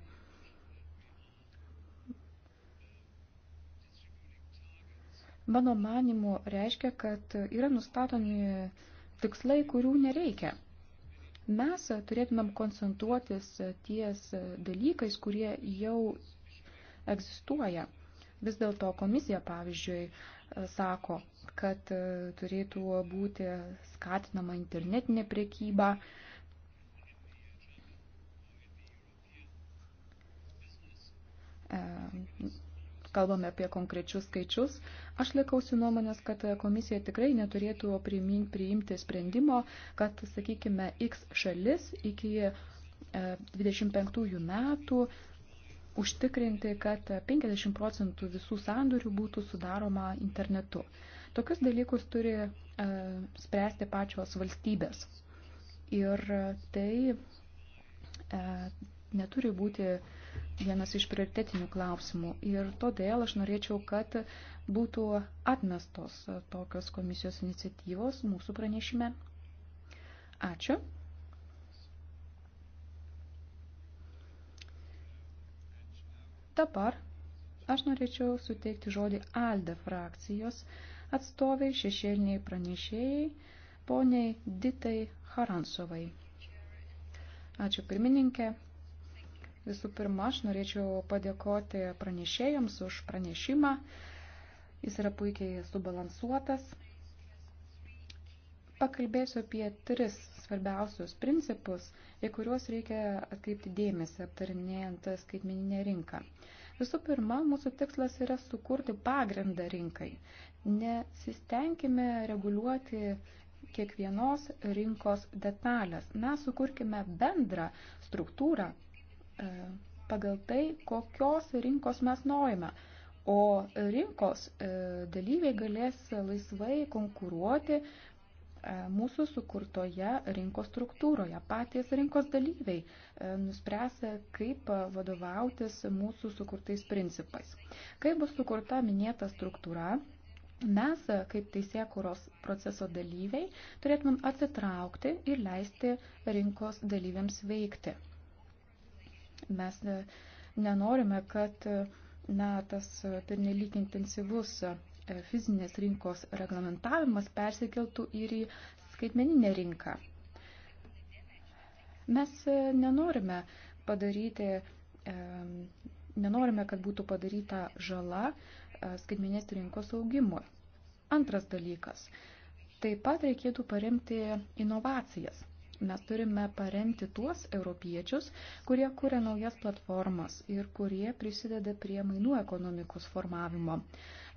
mano manimu reiškia, kad yra nustatomi tikslai, kurių nereikia. Mes turėtumėm koncentruotis ties dalykais, kurie jau egzistuoja. Vis dėlto komisija, pavyzdžiui, sako, kad turėtų būti skatinama internetinė priekyba, E, kalbame apie konkrečius skaičius, aš laikausi nuomonės, kad komisija tikrai neturėtų priimti sprendimo, kad, sakykime, X šalis iki 25 e, metų užtikrinti, kad 50 procentų visų sandorių būtų sudaroma internetu. Tokius dalykus turi e, spręsti pačios valstybės. Ir tai e, neturi būti e, vienas iš prioritetinių klausimų ir todėl aš norėčiau, kad būtų atmestos tokios komisijos iniciatyvos mūsų pranešime. Ačiū. Dabar aš norėčiau suteikti žodį ALDE frakcijos atstoviai šešėliniai pranešėjai poniai Ditai Haransovai. Ačiū pirmininkė. Visų pirma, aš norėčiau padėkoti pranešėjams už pranešimą. Jis yra puikiai subalansuotas. Pakalbėsiu apie tris svarbiausius principus, į kuriuos reikia atkreipti dėmesį aptarinėjant skaitmeninę rinką. Visų pirma, mūsų tikslas yra sukurti pagrindą rinkai. Nesistengime reguliuoti kiekvienos rinkos detalės. Mes sukurkime bendrą struktūrą, E, pagal tai, kokios rinkos mes norime. O rinkos e, dalyviai galės laisvai konkuruoti e, mūsų sukurtoje rinkos struktūroje. Patys rinkos dalyviai nuspręs, kaip vadovautis mūsų sukurtais principais. Kai bus sukurta minėta struktūra, mes, kaip teisėkuros proceso dalyviai, turėtumėm atsitraukti ir leisti rinkos dalyviams veikti. Mes nenorime, kad na, tas pernelyg intensyvus e, fizinės rinkos reglamentavimas persikeltų ir į skaitmeninę rinką. Mes e, nenorime padaryti, e, nenorime, kad būtų padaryta žala skaitmenės rinkos augimui. Antras dalykas. Taip pat reikėtų paremti inovacijas. Mes turime paremti tuos europiečius, kurie kūrė naujas platformas ir kurie prisideda prie mainų ekonomikos formavimo.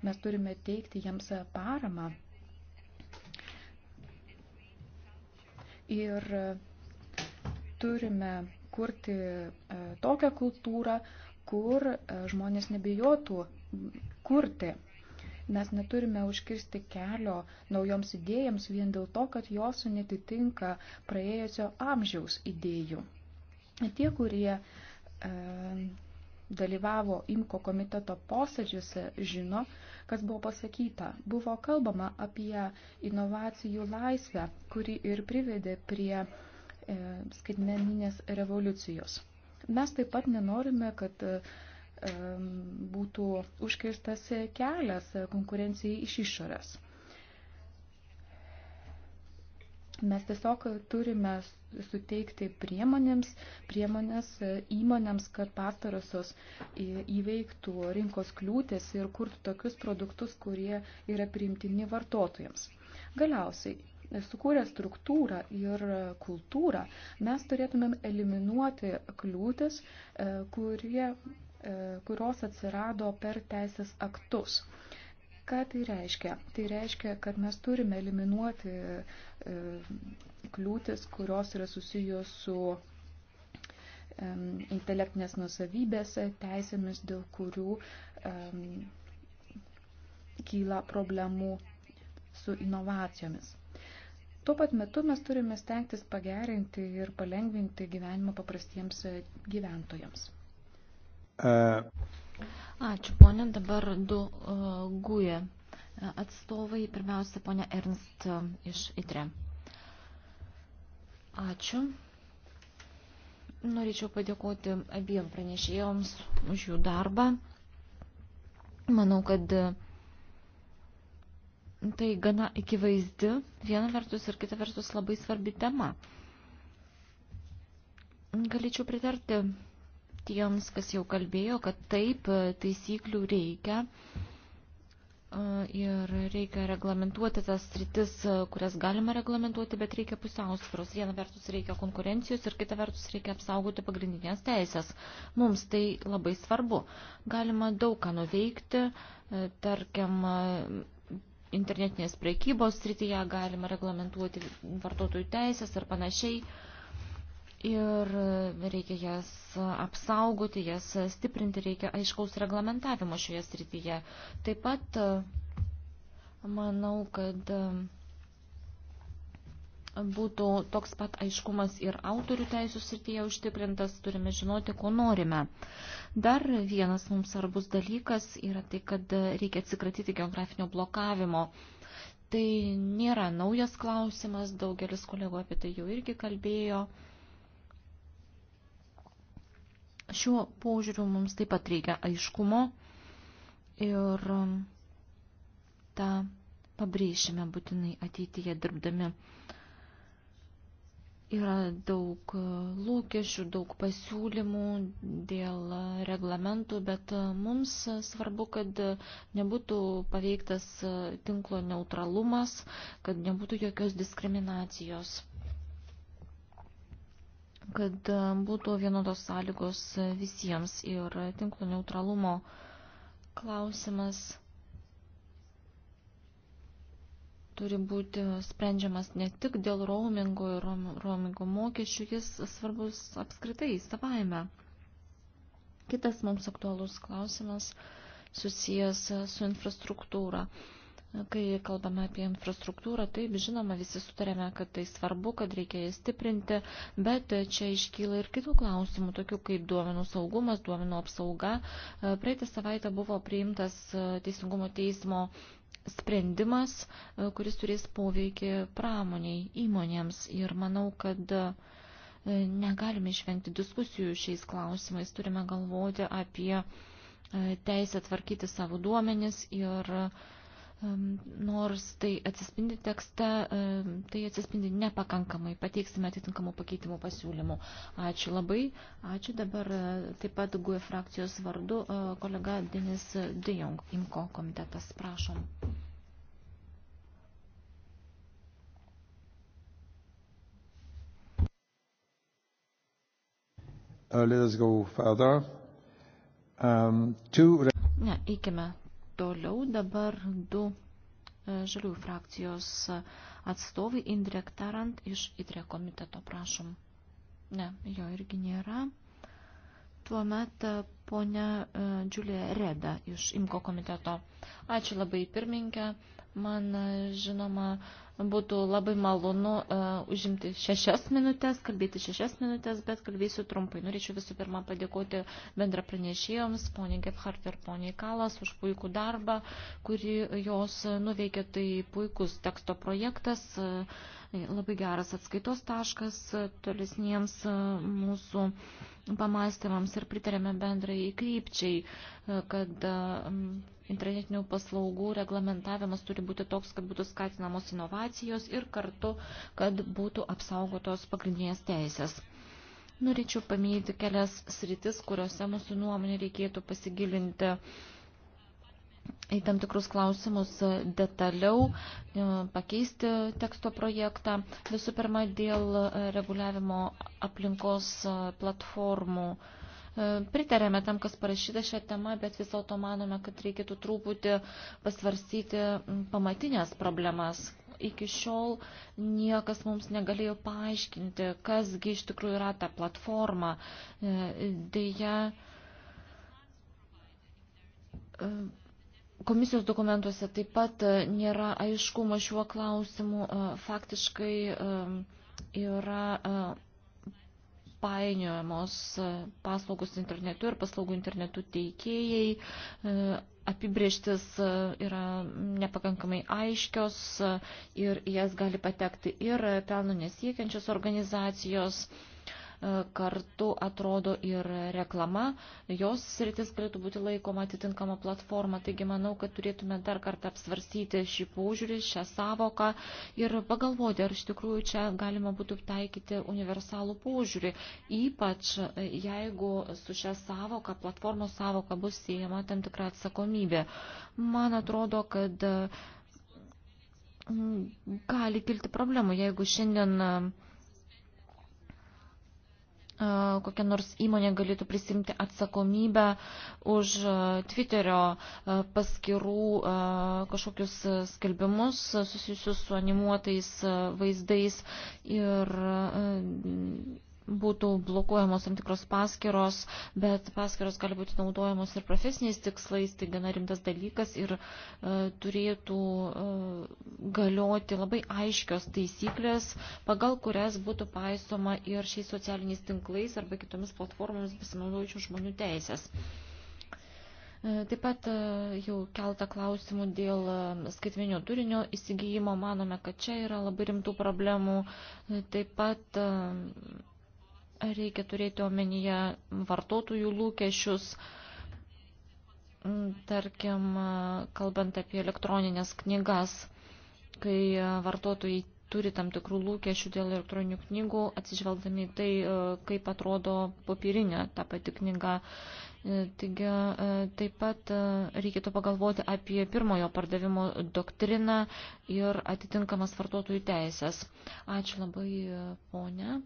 Mes turime teikti jiems paramą. Ir turime kurti e, tokią kultūrą, kur e, žmonės nebijotų kurti Mes neturime užkirsti kelio naujoms idėjams vien dėl to, kad jos netitinka praėjusio amžiaus idėjų. Tie, kurie e, dalyvavo IMKO komiteto posėdžiuose, žino, kas buvo pasakyta. Buvo kalbama apie inovacijų laisvę, kuri ir privedė prie e, skaitmeninės revoliucijos. Mes taip pat nenorime, kad e, būtų užkirstas kelias konkurencijai iš išorės. Mes tiesiog turime suteikti priemonėms, priemonės įmonėms, kad pastarosios įveiktų rinkos kliūtis ir kurtų tokius produktus, kurie yra priimtini vartotojams. Galiausiai, sukūrę struktūrą ir kultūrą, mes turėtumėm eliminuoti kliūtis, e, kurie E, kurios atsirado per teisės aktus. Ką tai reiškia? Tai reiškia, kad mes turime eliminuoti e, kliūtis, kurios yra susijęs su intelektinės nusavybės teisėmis, dėl kurių kyla problemų su inovacijomis. Tuo pat metu mes turime stengtis pagerinti ir palengvinti gyvenimą paprastiems gyventojams. Ačiū, ponė. Dabar du uh, e, guje atstovai. Pirmiausia, ponė Ernst uh, iš ITRE. Ačiū. Norėčiau padėkoti abiem pranešėjoms už jų darbą. Manau, kad tai gana akivaizdi, viena vertus ir kita vertus labai svarbi tema. Galėčiau pritarti tiems, kas jau kalbėjo, kad taip, e, taisyklių reikia e, ir reikia reglamentuoti tas sritis, e, kurias galima reglamentuoti, bet reikia pusiausvėros. Viena vertus reikia konkurencijos ir kita vertus reikia apsaugoti pagrindinės teisės. Mums tai labai svarbu. Galima daug ką nuveikti, tarkim, internetinės prekybos srityje galima reglamentuoti vartotojų teisės ir panašiai ir reikia jas apsaugoti, jas stiprinti, reikia aiškaus reglamentavimo šioje srityje. Taip pat manau, kad būtų toks pat aiškumas ir autorių teisų srityje užtikrintas, turime žinoti, ko norime. Dar vienas mums svarbus dalykas yra tai, kad reikia atsikratyti geografinio blokavimo. Tai nėra naujas klausimas, daugelis kolegų apie tai jau irgi kalbėjo. Šiuo požiūriu mums taip pat reikia aiškumo ir um, tą pabrėšime būtinai ateityje dirbdami. Yra daug uh, lūkesčių, daug pasiūlymų dėl uh, reglamentų, bet uh, mums svarbu, kad nebūtų paveiktas tinklo neutralumas, kad nebūtų jokios diskriminacijos kad e, būtų vienodos sąlygos e, visiems ir tinklo neutralumo klausimas turi būti sprendžiamas ne tik dėl roamingo ir roamingo mokesčių, jis svarbus apskritai savaime. Kitas mums aktualus klausimas susijęs su infrastruktūra. Uh, Kai kalbame apie infrastruktūrą, taip, žinoma, visi sutarėme, kad tai svarbu, kad reikia jas stiprinti, bet čia iškyla ir kitų klausimų, tokių kaip duomenų saugumas, duomenų apsauga. E, praeitą savaitę buvo priimtas e, Teisingumo teismo sprendimas, e, kuris turės poveikį pramoniai, įmonėms ir manau, kad negalime išvengti diskusijų šiais klausimais, turime galvoti apie teisę tvarkyti savo duomenis ir uh, Nors tai atsispindi tekste, tai atsispindi nepakankamai. Pateiksime atitinkamų pakeitimų pasiūlymų. Ačiū labai. Ačiū dabar e, taip pat GUE frakcijos vardu e, kolega Denis Dejong, IMKO komitetas. Prašom. Uh, let us go further. Um, two... Ne, eikime Toliau dabar du e, žaliųjų frakcijos atstovai Indrek Tarant iš ITRE komiteto, prašom. Ne, jo irgi nėra. Tuomet e, ponia e, Džiulė Reda iš IMKO komiteto. Ačiū labai pirminkę. Man e, žinoma, būtų labai malonu uh, užimti šešias minutės, kalbėti šešias minutės, bet kalbėsiu trumpai. Norėčiau visų pirma padėkoti bendra pranešėjoms, poniai Gebhardt ir poniai Kalas, už puikų darbą, kurį jos nuveikė. Tai puikus teksto projektas, uh, labai geras atskaitos taškas uh, tolesniems uh, mūsų. Uh, pamastymams ir pritarėme bendrai krypčiai, kad internetinių paslaugų reglamentavimas turi būti toks, kad būtų skatinamos inovacijos ir kartu, kad būtų apsaugotos pagrindinės teisės. Norėčiau paminėti kelias sritis, kuriuose mūsų nuomonė reikėtų pasigilinti į tam tikrus klausimus detaliau, e, pakeisti teksto projektą. Visų pirma, dėl e, reguliavimo aplinkos e, platformų. Pritarėme tam, kas parašyta šią temą, bet vis dėlto manome, kad reikėtų truputį pasvarstyti pamatinės problemas, iki šiol niekas mums negalėjo paaiškinti, kasgi iš tikrųjų yra ta platforma. Deja, Komisijos dokumentuose taip pat e, nėra aiškumo šiuo klausimu. E, faktiškai e, yra painiojamos paslaugos internetu ir paslaugų internetu teikėjai. Apibrieštis yra nepakankamai aiškios ir jas gali patekti ir pelno nesiekiančios organizacijos kartu atrodo ir reklama, jos sritis galėtų būti laikoma atitinkama platforma. Taigi manau, kad turėtume dar kartą apsvarstyti šį požiūrį, šią savoką ir pagalvoti, ar iš tikrųjų čia galima būtų taikyti universalų požiūrį. Ypač e, jeigu su šią savoką, platformos savoką bus siejama tam tikra atsakomybė. Man atrodo, kad mm, gali kilti problemų, jeigu šiandien kokia nors įmonė galėtų prisimti atsakomybę už Twitterio paskirų kažkokius skelbimus susijusius su animuotais vaizdais ir būtų blokuojamos tam tikros paskiros, bet paskiros gali būti naudojamos ir profesiniais tikslais, tai gana rimtas dalykas ir e, turėtų e, galioti labai aiškios taisyklės, pagal kurias būtų paisoma ir šiais socialiniais tinklais arba kitomis platformomis besinaudojančių žmonių teisės. E, taip pat e, jau keltą klausimų dėl e, skaitminio turinio įsigijimo. Manome, kad čia yra labai rimtų problemų. Taip pat Reikia turėti omenyje vartotojų lūkesčius, tarkim, kalbant apie elektroninės knygas, kai vartotojai turi tam tikrų lūkesčių dėl elektroninių knygų, atsižvelgdami tai, kaip atrodo popierinė ta pati knyga. Taigi taip pat reikėtų pagalvoti apie pirmojo pardavimo doktriną ir atitinkamas vartotojų teisės. Ačiū labai, ponė.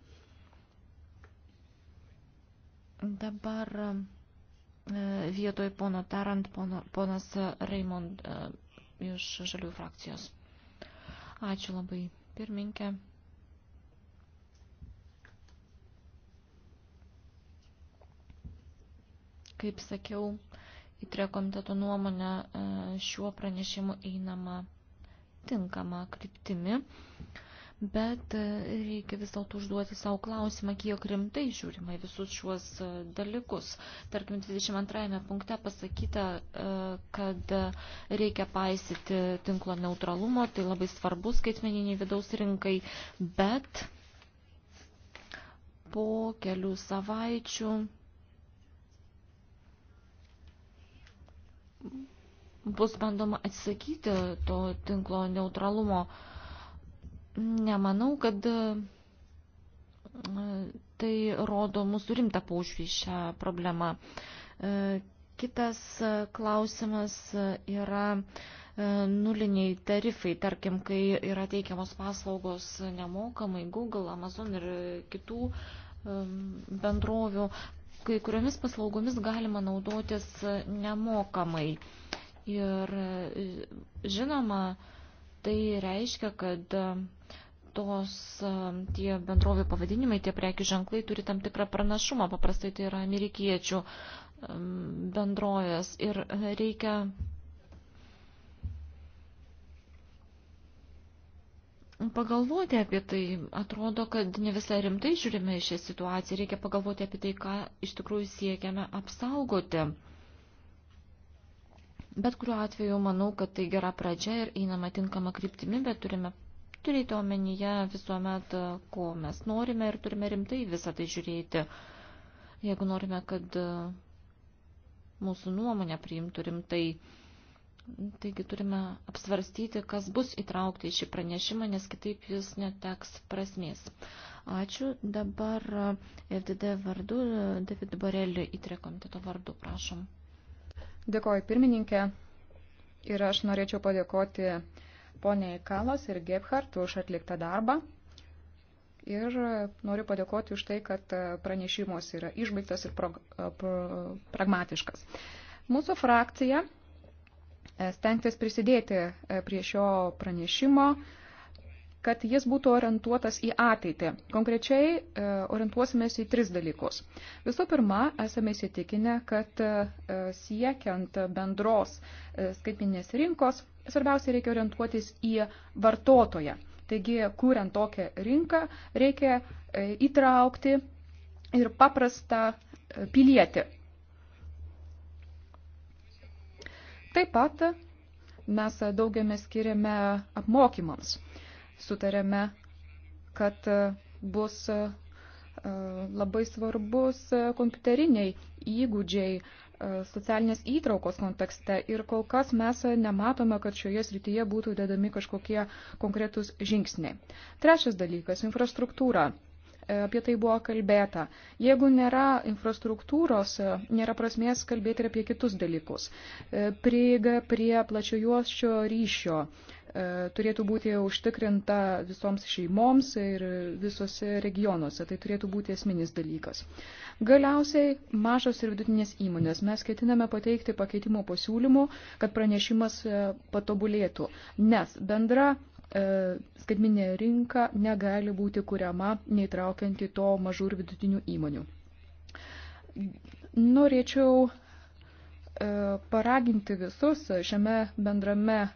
Dabar e, vietoj pono Tarant, pono, ponas Raimond e, iš Žalių frakcijos. Ačiū labai, pirminkė. Kaip sakiau, į trio komiteto nuomonę e, šiuo pranešimu einama tinkama kryptimi bet e, reikia vis dėlto užduoti savo klausimą, kiek rimtai žiūrima į visus šiuos e, dalykus. Tarkim, 22 punkte pasakyta, e, kad reikia paisyti tinklo neutralumo, tai labai svarbu skaitmeniniai vidaus rinkai, bet po kelių savaičių bus bandoma atsisakyti to tinklo neutralumo uh, Nemanau, kad e, tai rodo mūsų rimtą paužiūrį šią problemą. E, kitas e, klausimas yra nuliniai tarifai, tarkim, kai yra teikiamos paslaugos nemokamai Google, Amazon ir kitų bendrovių, kai kuriomis paslaugomis galima naudotis nemokamai. Ir žinoma, Tai reiškia, kad e, tos e, tie bendrovių pavadinimai, tie prekių ženklai turi tam tikrą pranašumą, paprastai tai yra amerikiečių e, bendrovės ir reikia pagalvoti apie tai. Atrodo, kad ne visai rimtai žiūrime į šią situaciją. Reikia pagalvoti apie tai, ką iš tikrųjų siekiame apsaugoti. Bet kuriuo atveju manau, kad tai gera pradžia ir einama tinkama kryptimi, bet turime turėti omenyje visuomet, ko mes norime ir turime rimtai visą tai žiūrėti. Jeigu norime, kad e, mūsų nuomonę priimtų rimtai, Taigi turime apsvarstyti, kas bus įtraukta į šį pranešimą, nes kitaip jis neteks prasmės. Ačiū. Dabar e, FDD vardu, e, David Borelį įtrė komiteto vardu, prašom. Dėkoju pirmininkė ir aš norėčiau padėkoti poniai Kalas ir Gebhardt už atliktą darbą. Ir noriu padėkoti už tai, kad pranešimas yra išbaigtas ir pragmatiškas. Mūsų frakcija e, stengtis prisidėti e, prie šio pranešimo, kad jis būtų orientuotas į ateitį. Konkrečiai e, orientuosimės į tris dalykus. Visų pirma, esame įsitikinę, kad e, siekiant bendros e, skaitminės rinkos, svarbiausia reikia orientuotis į vartotoją. Taigi, kuriant tokią rinką, reikia įtraukti ir paprastą pilietį. Taip pat mes daugiamės skiriame apmokymams sutarėme, kad e, bus e, labai svarbus e, kompiuteriniai įgūdžiai socialinės įtraukos kontekste ir kol kas mes nematome, kad šioje srityje būtų dedami kažkokie konkretūs žingsniai. Trečias dalykas - infrastruktūra. Apie tai buvo kalbėta. Jeigu nėra infrastruktūros, nėra prasmės kalbėti ir apie kitus dalykus. Prieiga prie plačiojuosčio ryšio E, turėtų būti užtikrinta visoms šeimoms ir visose regionuose. Tai turėtų būti esminis dalykas. Galiausiai mažos ir vidutinės įmonės. Mes ketiname pateikti pakeitimo pasiūlymų, kad pranešimas e, patobulėtų, nes bendra e, skaitminė rinka negali būti kuriama neįtraukianti to mažų ir vidutinių įmonių. Norėčiau E, paraginti visus šiame bendrame e,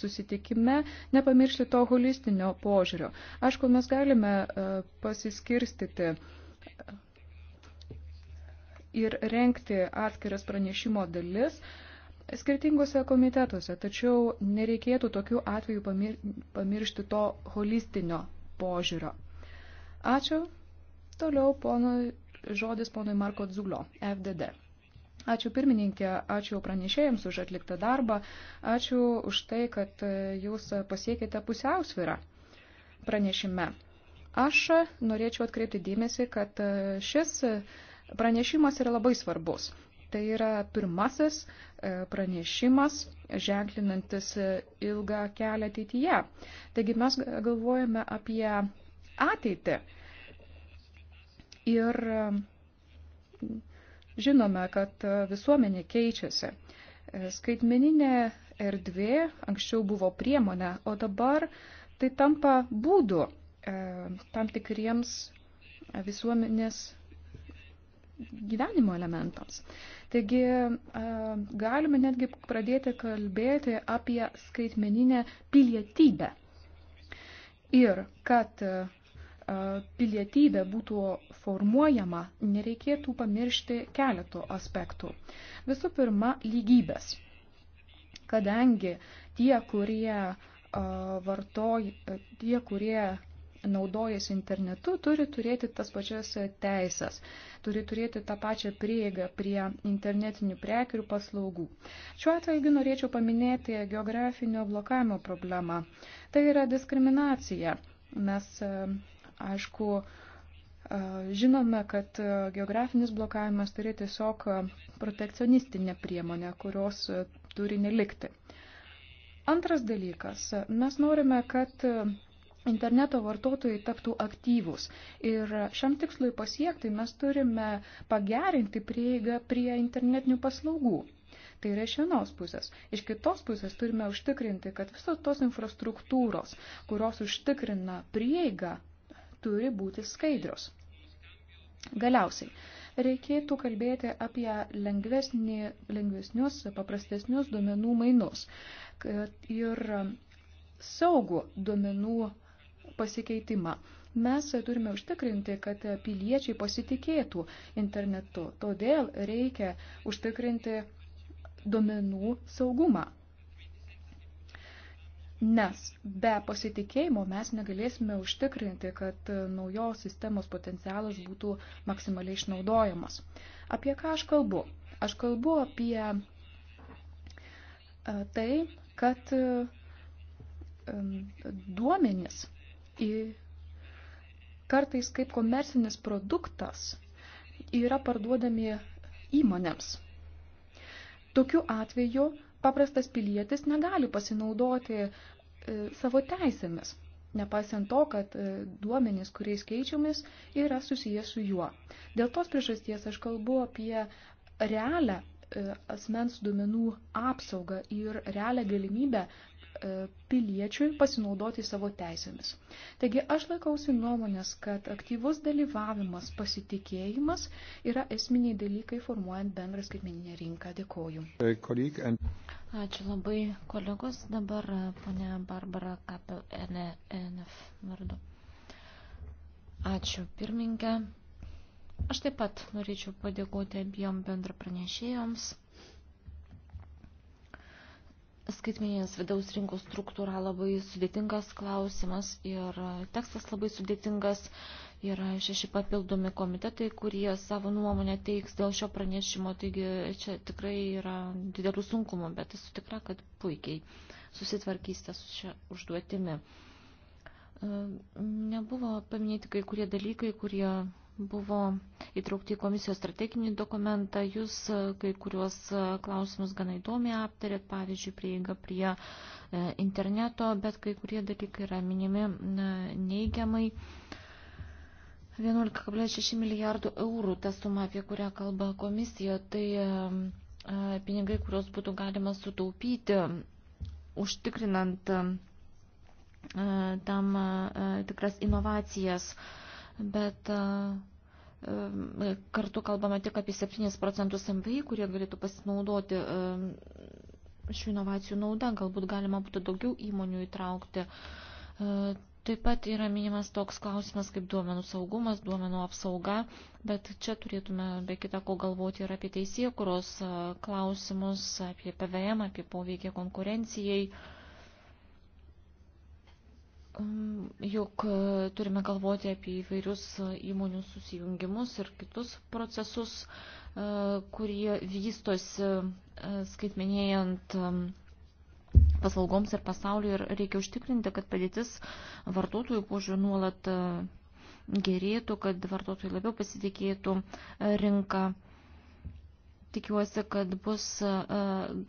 susitikime nepamiršti to holistinio požiūrio. Aišku, mes galime e, pasiskirstyti ir renkti atskiras pranešimo dalis skirtingose komitetuose, tačiau nereikėtų tokiu atveju pamiršti to holistinio požiūrio. Ačiū. Toliau ponui, žodis ponui Marko Dzulio, FDD. Ačiū pirmininkė, ačiū pranešėjams už atliktą darbą, ačiū už tai, kad e, jūs pasiekėte pusiausvyrą pranešime. Aš norėčiau atkreipti dėmesį, kad e, šis pranešimas yra labai svarbus. Tai yra pirmasis e, pranešimas ženklinantis ilgą kelią ateityje. Taigi mes galvojame apie ateitį. Ir Žinome, kad e, visuomenė keičiasi. E, skaitmeninė erdvė anksčiau buvo priemonė, o dabar tai tampa būdu e, tam tikriems visuomenės gyvenimo elementams. Taigi galime netgi pradėti kalbėti apie skaitmeninę pilietybę. Ir kad pilietybė būtų formuojama, nereikėtų pamiršti keletų aspektų. Visų pirma, lygybės. Kadangi tie, kurie vartoj, tie, kurie naudojasi internetu, turi turėti tas pačias teisės, turi turėti tą pačią prieigą prie internetinių prekių ir paslaugų. Šiuo atveju norėčiau paminėti geografinio blokavimo problemą. Tai yra diskriminacija. Mes Aišku, e, žinome, kad e, geografinis blokavimas turi tiesiog e, protekcionistinę priemonę, kurios turi nelikti. Antras dalykas. Mes norime, kad interneto vartotojai taptų aktyvūs. Ir šiam tikslui pasiekti mes turime pagerinti prieigą prie internetinių paslaugų. Tai yra iš vienos pusės. Iš kitos pusės turime užtikrinti, kad visos tos infrastruktūros, kurios užtikrina prieigą turi būti skaidrios. Galiausiai, reikėtų kalbėti apie lengvesnį, lengvesnius, paprastesnius duomenų mainus ir saugų duomenų pasikeitimą. Mes turime užtikrinti, kad piliečiai pasitikėtų internetu. Todėl reikia užtikrinti duomenų saugumą. Nes be pasitikėjimo mes negalėsime užtikrinti, kad naujos sistemos potencialas būtų maksimaliai išnaudojamas. Apie ką aš kalbu? Aš kalbu apie e, tai, kad e, duomenis į kartais kaip komersinis produktas yra parduodami įmonėms. Tokiu atveju paprastas pilietis negali pasinaudoti e, savo teisėmis, nepaisant to, kad e, duomenys, kuriais keičiamis, yra susijęs su juo. Dėl tos priežasties aš kalbu apie realią e, asmens duomenų apsaugą ir realią galimybę E, piliečiui pasinaudoti savo teisėmis. Taigi aš laikausi nuomonės, kad aktyvus dalyvavimas, pasitikėjimas yra esminiai dalykai formuojant bendrą skaitmeninę rinką. Dėkoju. Ačiū labai, kolegos. Dabar e, ponia Barbara Kapel NF e vardu. Ačiū, pirmininkė. Aš taip pat norėčiau padėkoti abiem bendra pranešėjoms Skaitmeninės vidaus rinkos struktūra labai sudėtingas klausimas ir tekstas labai sudėtingas. Yra šeši papildomi komitetai, kurie savo nuomonę teiks dėl šio pranešimo, taigi čia tikrai yra didelių sunkumų, bet esu tikra, kad puikiai susitvarkysite su šia užduotimi. Nebuvo paminėti kai kurie dalykai, kurie buvo įtraukti į komisijos strateginį dokumentą. Jūs e, kai kuriuos e, klausimus gana įdomiai aptarėt, pavyzdžiui, prieiga prie e, interneto, bet kai kurie dalykai yra minimi neigiamai. 11,6 milijardų eurų ta suma, apie kurią kalba komisija, tai pinigai, kuriuos būtų galima sutaupyti, užtikrinant tam tikras inovacijas. Bet Kartu kalbame tik apie 7 procentus MVI, kurie galėtų pasinaudoti e, šių inovacijų nauda. Galbūt galima būtų daugiau įmonių įtraukti. E, taip pat yra minimas toks klausimas kaip duomenų saugumas, duomenų apsauga, bet čia turėtume be kita ko galvoti ir apie teisėkuros e, klausimus, apie PVM, apie poveikį konkurencijai. Juk e, turime galvoti apie įvairius e, įmonių susijungimus ir kitus procesus, e, kurie vystosi skaitmenėjant paslaugoms ir pasauliu ir reikia užtikrinti, kad padėtis vartotojų požiūrį nuolat gerėtų, kad vartotojai labiau pasitikėtų rinką Tikiuosi, kad bus e,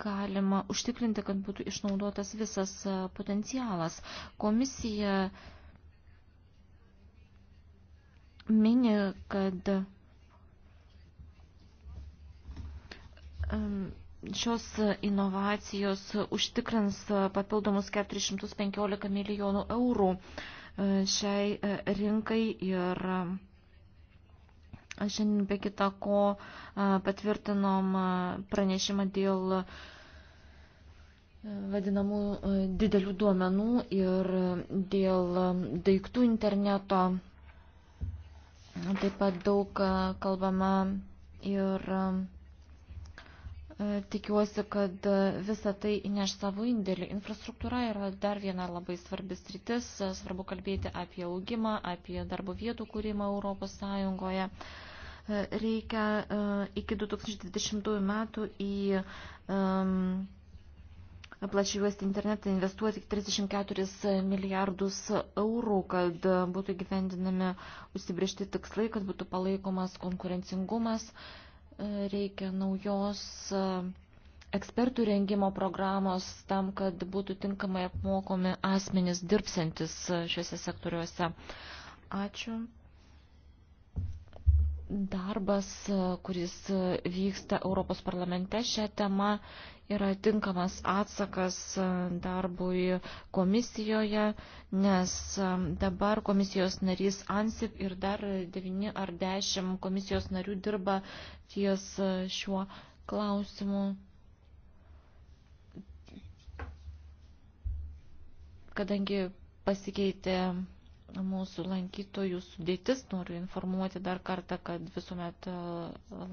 galima užtikrinti, kad būtų išnaudotas visas e, potencialas. Komisija mini, kad šios inovacijos užtikrins papildomus 415 milijonų eurų e, šiai rinkai ir Šiandien be kita ko patvirtinom pranešimą dėl vadinamų didelių duomenų ir dėl daiktų interneto. Taip pat daug kalbama ir E, tikiuosi, kad e, visa tai įneš savo indėlį. Infrastruktūra yra dar viena labai svarbi sritis. E, svarbu kalbėti apie augimą, apie darbo vietų kūrimą Europos Sąjungoje. Reikia iki 2020 metų į um, plačiuosti internetą investuoti 34 milijardus eurų, kad būtų gyvendinami užsibriežti tikslai, kad būtų palaikomas konkurencingumas. Uh, reikia naujos e, ekspertų rengimo programos tam, kad būtų tinkamai apmokomi asmenys dirbsantis e, šiuose sektoriuose. Ačiū darbas, e, kuris e, vyksta Europos parlamente šią temą, yra tinkamas atsakas e, darbui komisijoje, nes dabar komisijos narys Ansip ir dar 9 ar 10 komisijos narių dirba ties šiuo klausimu. Kadangi pasikeitė mūsų lankytojų sudėtis. Noriu informuoti dar kartą, kad visuomet e,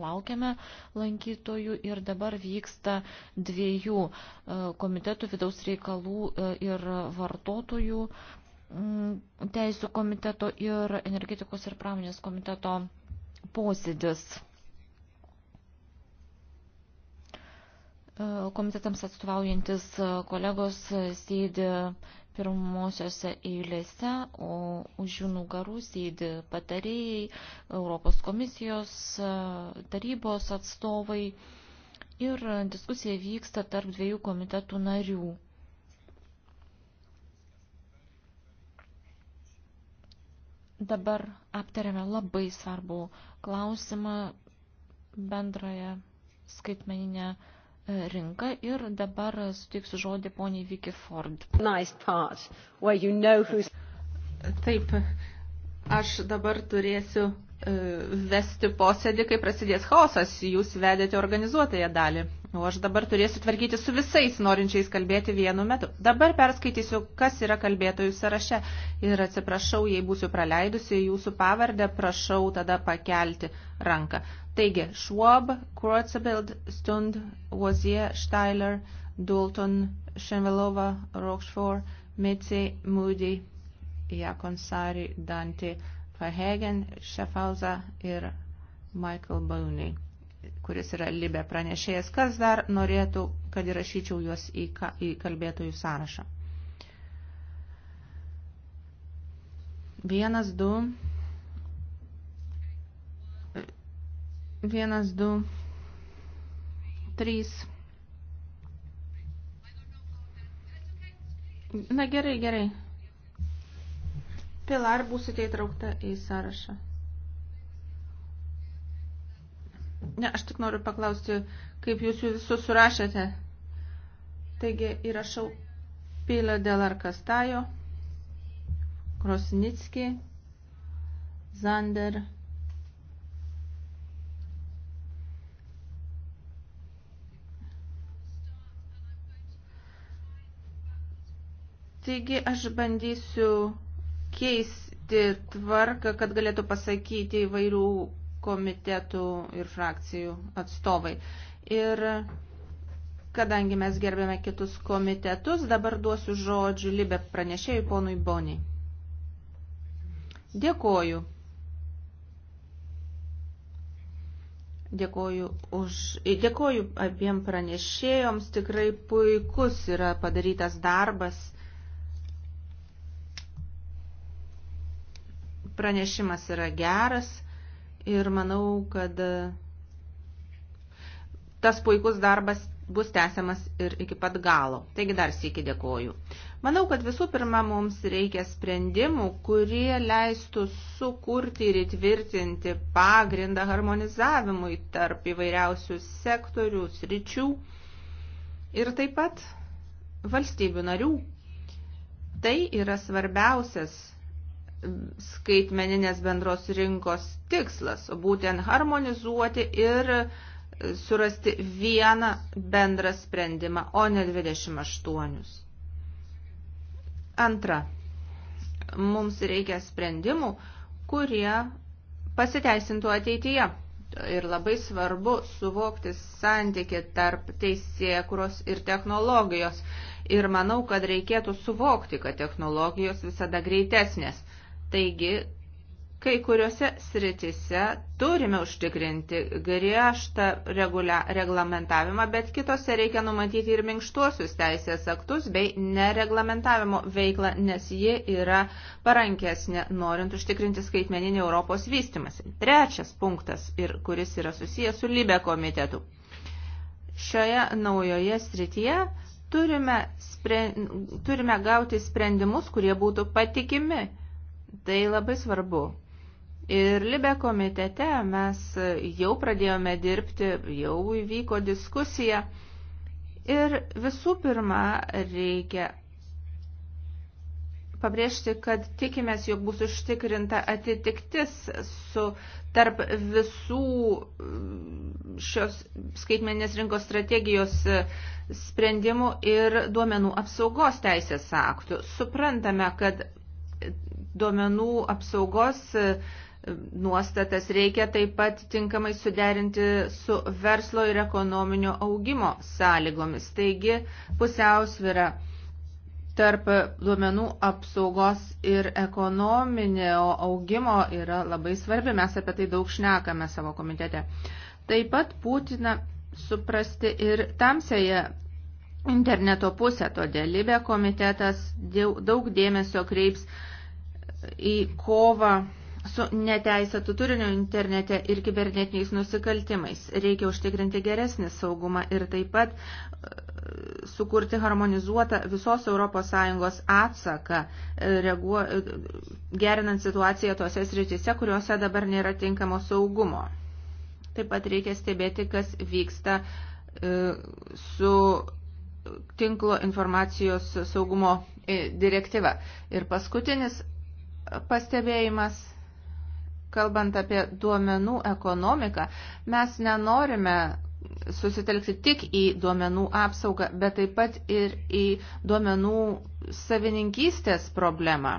laukiame lankytojų ir dabar vyksta dviejų e, komitetų vidaus reikalų e, ir vartotojų teisų komiteto ir energetikos ir pramonės komiteto posėdis. Komitetams atstovaujantis kolegos sėdi pirmosiose eilėse, o už jų nugarų sėdi patarėjai, Europos komisijos e, tarybos atstovai ir diskusija vyksta tarp dviejų komitetų narių. Dabar aptarėme labai svarbų klausimą bendrąją skaitmeninę rinką ir dabar suteiksiu žodį poniai Vicky Ford. Nice part, you know who's... Taip, aš dabar turėsiu e, vesti posėdį, kai prasidės chaosas, jūs vedėte organizuotąją dalį. O aš dabar turėsiu tvarkyti su visais norinčiais kalbėti vienu metu. Dabar perskaitysiu, kas yra kalbėtojų sąraše. Ir atsiprašau, jei būsiu praleidusi jūsų pavardę, prašau tada pakelti ranką. Taigi, Schwab, Kurzbild, Stund, Wozier, Steiler, Dalton, Shenvelova, Rochefort, Mitzi, Moody, Jakonsari, Dante, Verhagen, Schaffhauser ir Michael Baloney, kuris yra Libė pranešėjas. Kas dar norėtų, kad įrašyčiau juos į, ka, į kalbėtojų sąrašą? Vienas, du, Vienas, du, trys. Na gerai, gerai. Pilar būsite įtraukta į sąrašą. Ne, aš tik noriu paklausti, kaip jūs jų visus surašėte. Taigi įrašau Pilio del Arkastajo, Krosnicki, Zander. Taigi aš bandysiu keisti tvarką, kad galėtų pasakyti įvairių komitetų ir frakcijų atstovai. Ir kadangi mes gerbėme kitus komitetus, dabar duosiu žodžių Libė pranešėjui ponui Boniai. Dėkoju. Dėkoju, už, dėkoju abiem pranešėjoms, tikrai puikus yra padarytas darbas pranešimas yra geras ir manau, kad e, tas puikus darbas bus tęsiamas ir iki pat galo. Taigi dar sėki dėkoju. Manau, kad visų pirma mums reikia sprendimų, kurie leistų sukurti ir įtvirtinti pagrindą harmonizavimui tarp įvairiausių sektorių, sričių ir taip pat valstybių narių. Tai yra svarbiausias skaitmeninės bendros rinkos tikslas, būtent harmonizuoti ir surasti vieną bendrą sprendimą, o ne 28. Antra, mums reikia sprendimų, kurie pasiteisintų ateityje. Ir labai svarbu suvokti santykį tarp teisėkuros ir technologijos. Ir manau, kad reikėtų suvokti, kad technologijos visada greitesnės. Taigi, kai kuriuose sritise turime užtikrinti griežtą regulia, reglamentavimą, bet kitose reikia numatyti ir minkštuosius teisės aktus bei nereglamentavimo veiklą, nes ji yra parankesnė, norint užtikrinti skaitmeninį Europos vystimasi. Trečias punktas, ir kuris yra susijęs su Libe komitetu. Šioje naujoje srityje turime, spre, turime gauti sprendimus, kurie būtų patikimi Tai labai svarbu. Ir Libe komitete mes jau pradėjome dirbti, jau įvyko diskusija. Ir visų pirma, reikia pabrėžti, kad tikimės, jog bus užtikrinta atitiktis su tarp visų šios skaitmenės rinkos strategijos sprendimų ir duomenų apsaugos teisės aktų. Suprantame, kad duomenų apsaugos e, nuostatas reikia taip pat tinkamai suderinti su verslo ir ekonominio augimo sąlygomis. Taigi pusiausvira tarp duomenų apsaugos ir ekonominio augimo yra labai svarbi. Mes apie tai daug šnekame savo komitete. Taip pat būtina suprasti ir tamsėje interneto pusę, todėl Libė komitetas daug dėmesio kreips į kovą su neteisėtų turiniu internete ir kibernetiniais nusikaltimais. Reikia užtikrinti geresnį saugumą ir taip pat e, sukurti harmonizuotą visos ES atsaką, e, reaguo, e, gerinant situaciją tose srityse, kuriuose dabar nėra tinkamo saugumo. Taip pat reikia stebėti, kas vyksta su tinklo informacijos saugumo direktyva. Ir paskutinis pastebėjimas, kalbant apie duomenų ekonomiką, mes nenorime susitelkti tik į duomenų apsaugą, bet taip pat ir į duomenų savininkystės problemą.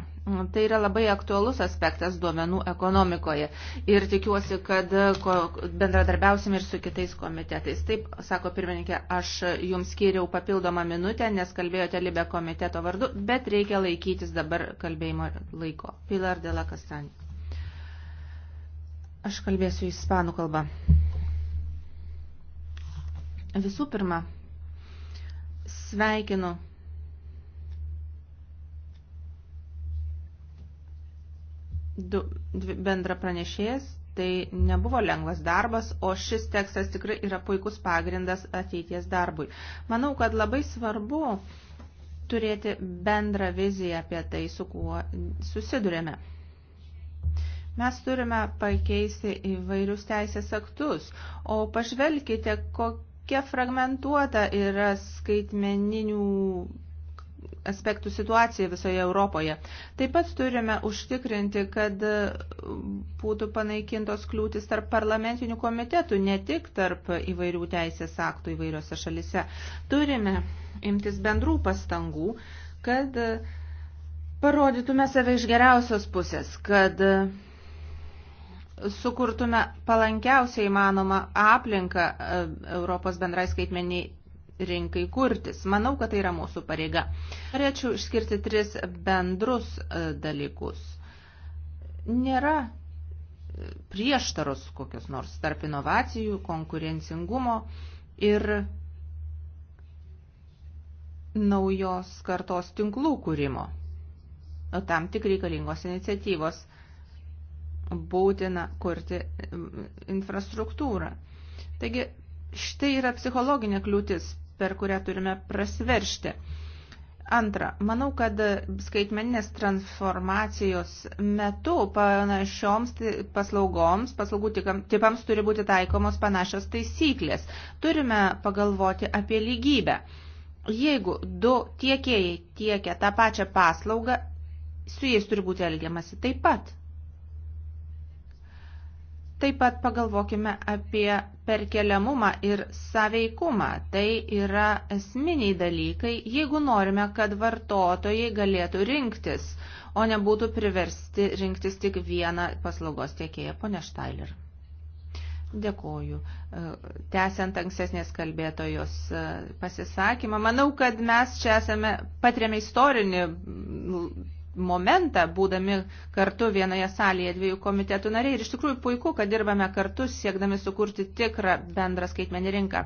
Tai yra labai aktualus aspektas duomenų ekonomikoje ir tikiuosi, kad bendradarbiausim ir su kitais komitetais. Taip, sako pirmininkė, aš jums skiriau papildomą minutę, nes kalbėjote Libė komiteto vardu, bet reikia laikytis dabar kalbėjimo laiko. Pilar de la Castaña. Aš kalbėsiu ispanų kalbą. Visų pirma, sveikinu du, dvi, bendra pranešėjas, tai nebuvo lengvas darbas, o šis tekstas tikrai yra puikus pagrindas ateities darbui. Manau, kad labai svarbu turėti bendrą viziją apie tai, su kuo susidurėme. Mes turime pakeisti įvairius teisės aktus, o pažvelkite, kokie kokia fragmentuota yra skaitmeninių aspektų situacija visoje Europoje. Taip pat turime užtikrinti, kad būtų panaikintos kliūtis tarp parlamentinių komitetų, ne tik tarp įvairių teisės aktų įvairiose šalise. Turime imtis bendrų pastangų, kad parodytume save iš geriausios pusės, kad sukurtume palankiausiai įmanomą aplinką e, Europos bendrai skaitmeniai rinkai kurtis. Manau, kad tai yra mūsų pareiga. Norėčiau išskirti tris bendrus e, dalykus. Nėra e, prieštaros kokios nors tarp inovacijų, konkurencingumo ir naujos kartos tinklų kūrimo. O tam tik reikalingos iniciatyvos būtina kurti infrastruktūrą. Taigi štai yra psichologinė kliūtis, per kurią turime prasveršti. Antra, manau, kad skaitmeninės transformacijos metu panašioms paslaugoms, paslaugų tipams turi būti taikomos panašios taisyklės. Turime pagalvoti apie lygybę. Jeigu du tiekėjai tiekia tą pačią paslaugą, su jais turi būti elgiamasi taip pat. Taip pat pagalvokime apie perkeliamumą ir saveikumą. Tai yra esminiai dalykai, jeigu norime, kad vartotojai galėtų rinktis, o nebūtų priversti rinktis tik vieną paslaugos tiekėją. Pone Štailer. Dėkoju. E, tęsiant ankstesnės kalbėtojos e, pasisakymą, manau, kad mes čia esame patiriame istorinį momentą, būdami kartu vienoje salėje dviejų komitetų nariai. Ir iš tikrųjų puiku, kad dirbame kartu, siekdami sukurti tikrą bendrą skaitmenį rinką.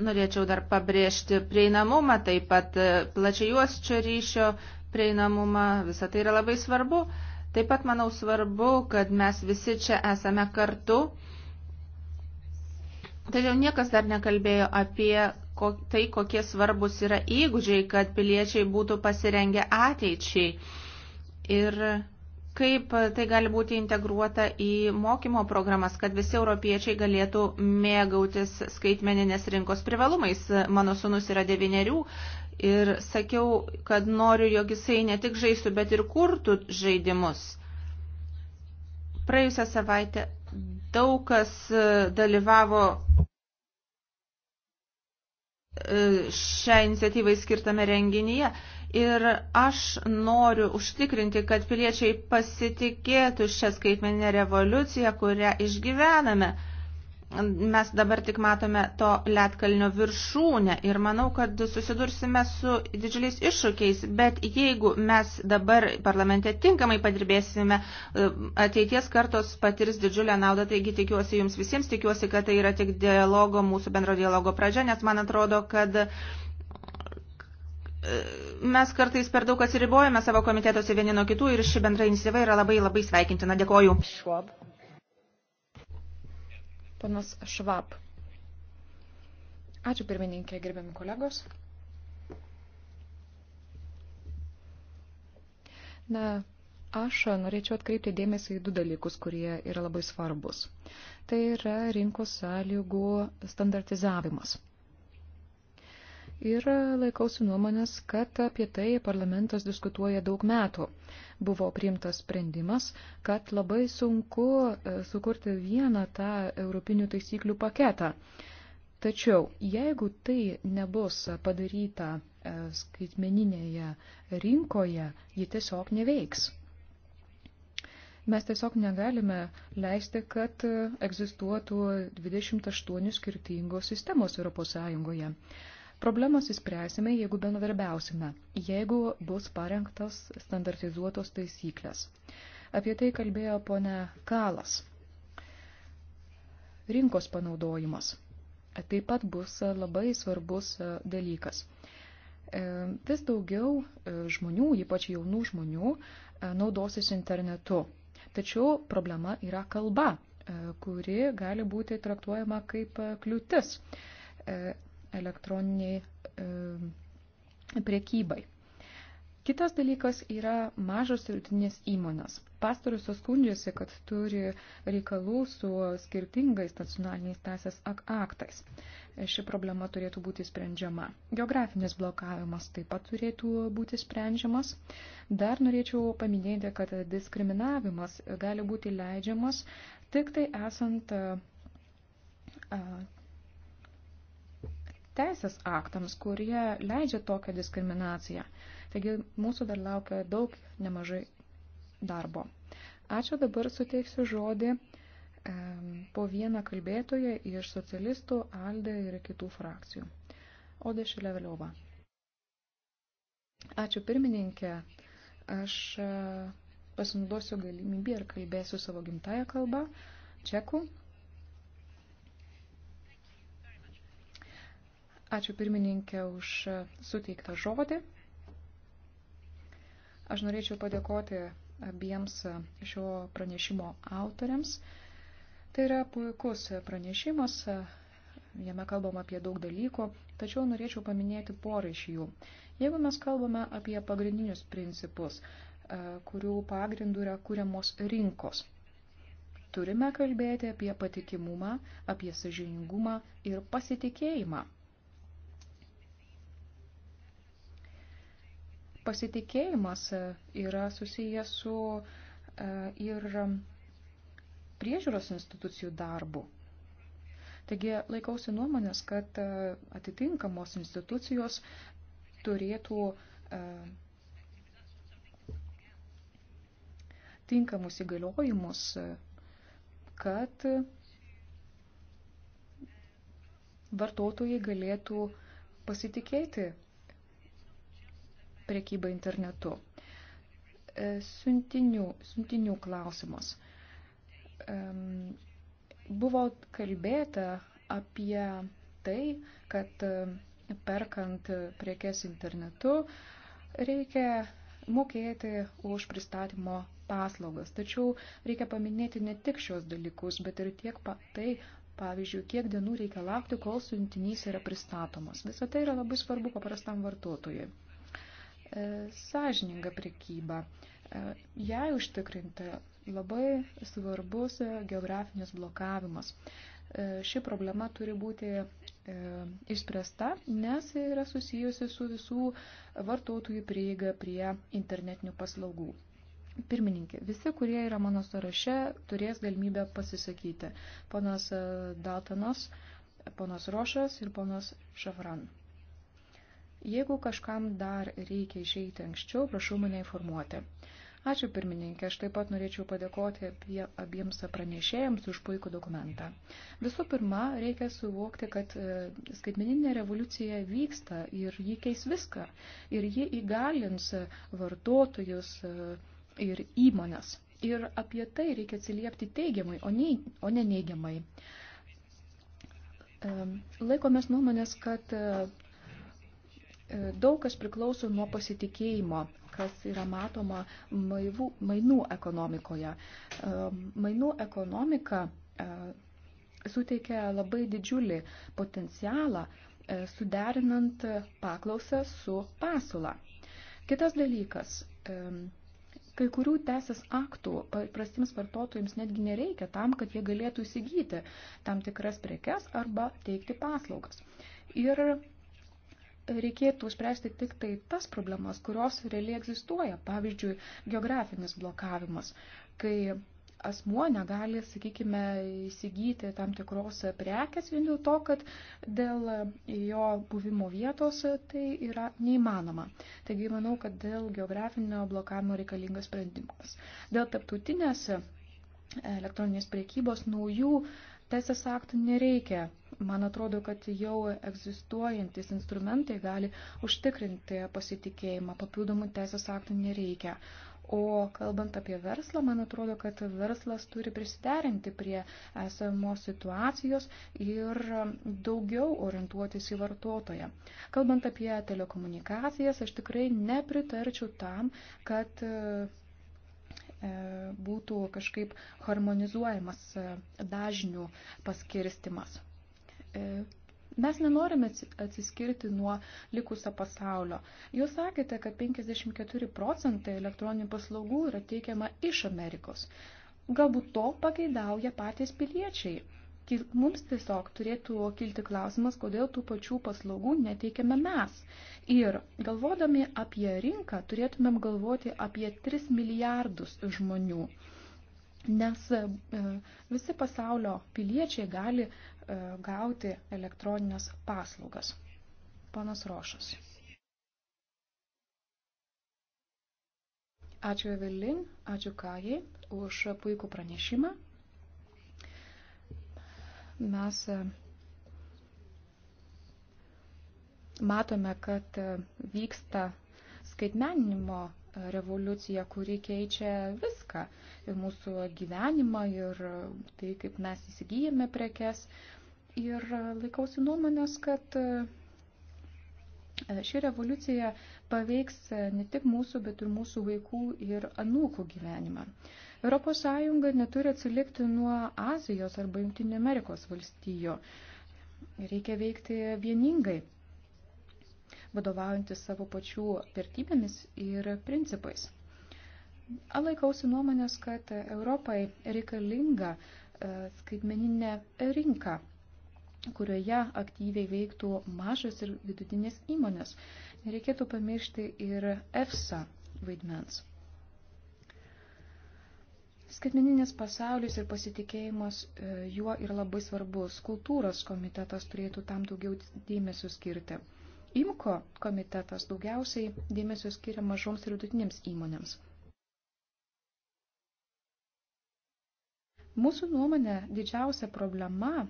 Norėčiau dar pabrėžti prieinamumą, taip pat e, plačiai juosčio ryšio prieinamumą, visą tai yra labai svarbu. Taip pat manau svarbu, kad mes visi čia esame kartu. Tačiau niekas dar nekalbėjo apie tai, kokie svarbus yra įgūdžiai, kad piliečiai būtų pasirengę ateičiai. Ir kaip tai gali būti integruota į mokymo programas, kad visi europiečiai galėtų mėgautis skaitmeninės rinkos privalumais. Mano sunus yra devyniarių ir sakiau, kad noriu, jog jisai ne tik žaistų, bet ir kurtų žaidimus. Praėjusią savaitę daug kas dalyvavo E, šią iniciatyvą skirtame renginyje. Ir aš noriu užtikrinti, kad piliečiai pasitikėtų šią skaitmeninę revoliuciją, kurią išgyvename mes dabar tik matome to lietkalnio viršūnę ir manau, kad susidursime su didžiuliais iššūkiais, bet jeigu mes dabar parlamente tinkamai padirbėsime, e, ateities kartos patirs didžiulę naudą, taigi tikiuosi jums visiems, tikiuosi, kad tai yra tik dialogo, mūsų bendro dialogo pradžia, nes man atrodo, kad e, mes kartais per daug atsiribojame savo komitetuose vieni nuo kitų ir ši bendra iniciatyva yra labai labai sveikintina. Dėkoju. Schwab. Panas Švab. Ačiū pirmininkė, gerbiami kolegos. Na, aš norėčiau atkreipti dėmesį į du dalykus, kurie yra labai svarbus. Tai yra rinkos sąlygų standartizavimas ir laikausi nuomonės, kad apie tai parlamentas diskutuoja daug metų. Buvo priimtas sprendimas, kad labai sunku e, sukurti vieną tą europinių taisyklių paketą. Tačiau, jeigu tai nebus padaryta e, skaitmeninėje rinkoje, ji tiesiog neveiks. Mes tiesiog negalime leisti, kad egzistuotų 28 skirtingos sistemos ES. Problemas įspręsime, jeigu bendradarbiausime, jeigu bus parengtas standartizuotos taisyklės. Apie tai kalbėjo ponia Kalas. Rinkos panaudojimas taip pat bus labai svarbus dalykas. E, vis daugiau e, žmonių, ypač jaunų žmonių, e, naudosis internetu. Tačiau problema yra kalba, kuri gali būti traktuojama kaip kliūtis elektroniniai e, priekybai. Kitas dalykas yra mažos ir vidutinės įmonės. Pastarusios skundžiasi, kad turi reikalų su skirtingais nacionaliniais teisės aktais. Ši problema turėtų būti sprendžiama. Geografinis blokavimas taip pat turėtų būti sprendžiamas. Dar norėčiau paminėti, kad diskriminavimas gali būti leidžiamas tik tai esant e, teisės aktams, kurie leidžia tokią diskriminaciją. Taigi mūsų dar laukia daug nemažai darbo. Ačiū dabar suteiksiu žodį e, po vieną kalbėtoją iš socialistų, Aldė ir kitų frakcijų. Odė Šileveliova. Ačiū pirmininkė. Aš e, pasinaudosiu galimybę ir kalbėsiu savo gimtają kalbą, čekų. Ačiū pirmininkė už suteiktą žodį. Aš norėčiau padėkoti abiems šio pranešimo autoriams. Tai yra puikus pranešimas, jame kalbam apie daug dalykų, tačiau norėčiau paminėti porą iš jų. Jeigu mes kalbame apie pagrindinius principus, e, kurių pagrindų yra kūriamos rinkos, turime kalbėti apie patikimumą, apie sažiningumą ir pasitikėjimą. pasitikėjimas e, yra susijęs su e, ir priežiūros institucijų darbu. Taigi laikausi nuomonės, kad e, atitinkamos institucijos turėtų tinkamus įgaliojimus, kad vartotojai galėtų pasitikėti prekybą internetu. E, siuntinių, siuntinių klausimas. Buvo kalbėta apie tai, kad e, perkant prekes internetu reikia mokėti už pristatymo paslaugas. Tačiau reikia paminėti ne tik šios dalykus, bet ir tiek pa, tai, pavyzdžiui, kiek dienų reikia laukti, kol siuntinys yra pristatomas. Visą tai yra labai svarbu paprastam vartotojui. E, sąžininga prekyba. E, jai užtikrinti labai svarbus geografinis blokavimas. E, ši problema turi būti išspręsta, nes yra susijusi su visų vartotojų prieiga prie internetinių paslaugų. Pirmininkė, visi, kurie yra mano sąraše, turės galimybę pasisakyti. Ponas Daltonas, ponas Rošas ir ponas Šafran. Jeigu kažkam dar reikia išeiti anksčiau, prašau mane informuoti. Ačiū pirmininkė, aš taip pat norėčiau padėkoti apie, abiems pranešėjams už puikų dokumentą. Visų pirma, reikia suvokti, kad e, skaitmeninė revoliucija vyksta ir jį keis viską. Ir ji įgalins vartotojus e, ir įmonės. Ir apie tai reikia atsiliepti teigiamai, o ne, o ne neigiamai. E, laikomės nuomonės, kad e, Daug kas priklauso nuo pasitikėjimo, kas yra matoma maivų, mainų ekonomikoje. Mainų ekonomika e, suteikia labai didžiulį potencialą e, suderinant paklausą su pasiūla. Kitas dalykas kai kurių teisės aktų paprastims vartotojams netgi nereikia tam, kad jie galėtų įsigyti tam tikras prekes arba teikti paslaugas. Ir reikėtų spręsti tik tai tas problemas, kurios realiai egzistuoja. Pavyzdžiui, geografinis blokavimas, kai asmuo negali, sakykime, įsigyti tam tikros prekes vien dėl to, kad dėl jo buvimo vietos tai yra neįmanoma. Taigi manau, kad dėl geografinio blokavimo reikalingas sprendimas. Dėl taptautinės e, elektroninės priekybos naujų Teisės aktų nereikia. Man atrodo, kad jau egzistuojantis instrumentai gali užtikrinti pasitikėjimą. Papildomų teisės aktų nereikia. O kalbant apie verslą, man atrodo, kad verslas turi prisiderinti prie esamos situacijos ir daugiau orientuotis į vartotoją. Kalbant apie telekomunikacijas, aš tikrai nepritarčiau tam, kad E, būtų kažkaip harmonizuojamas e, dažnių paskirstimas. E, mes nenorime atsiskirti nuo likusio pasaulio. Jūs sakėte, kad 54 procentai elektroninių paslaugų yra teikiama iš Amerikos. Galbūt to pageidauja patys piliečiai Mums tiesiog turėtų kilti klausimas, kodėl tų pačių paslaugų neteikiame mes. Ir galvodami apie rinką, turėtumėm galvoti apie 3 milijardus žmonių. Nes e, visi pasaulio piliečiai gali e, gauti elektroninės paslaugas. Panas Rošas. Ačiū Evelin, ačiū Kajai už puikų pranešimą mes e, matome, kad e, vyksta skaitmeninimo e, revoliucija, kuri keičia viską ir mūsų gyvenimą ir tai, kaip mes įsigijame prekes. Ir laikausi nuomonės, kad ši revoliucija paveiks ne tik mūsų, bet ir mūsų vaikų ir anūkų gyvenimą. ES neturi atsilikti nuo Azijos arba Junktinio Amerikos valstijo. Reikia veikti vieningai, vadovaujantis savo pačių vertybėmis ir principais. Laikausi nuomonės, kad Europai reikalinga e, skaitmeninė rinka, kurioje aktyviai veiktų mažas ir vidutinės įmonės. Nereikėtų pamiršti ir EFSA vaidmens. Skaitmeninis pasaulis ir pasitikėjimas e, juo yra labai svarbus. Kultūros komitetas turėtų tam daugiau dėmesio skirti. IMKO komitetas daugiausiai dėmesio skiria mažoms ir vidutinėms įmonėms. Mūsų nuomonė didžiausia problema e,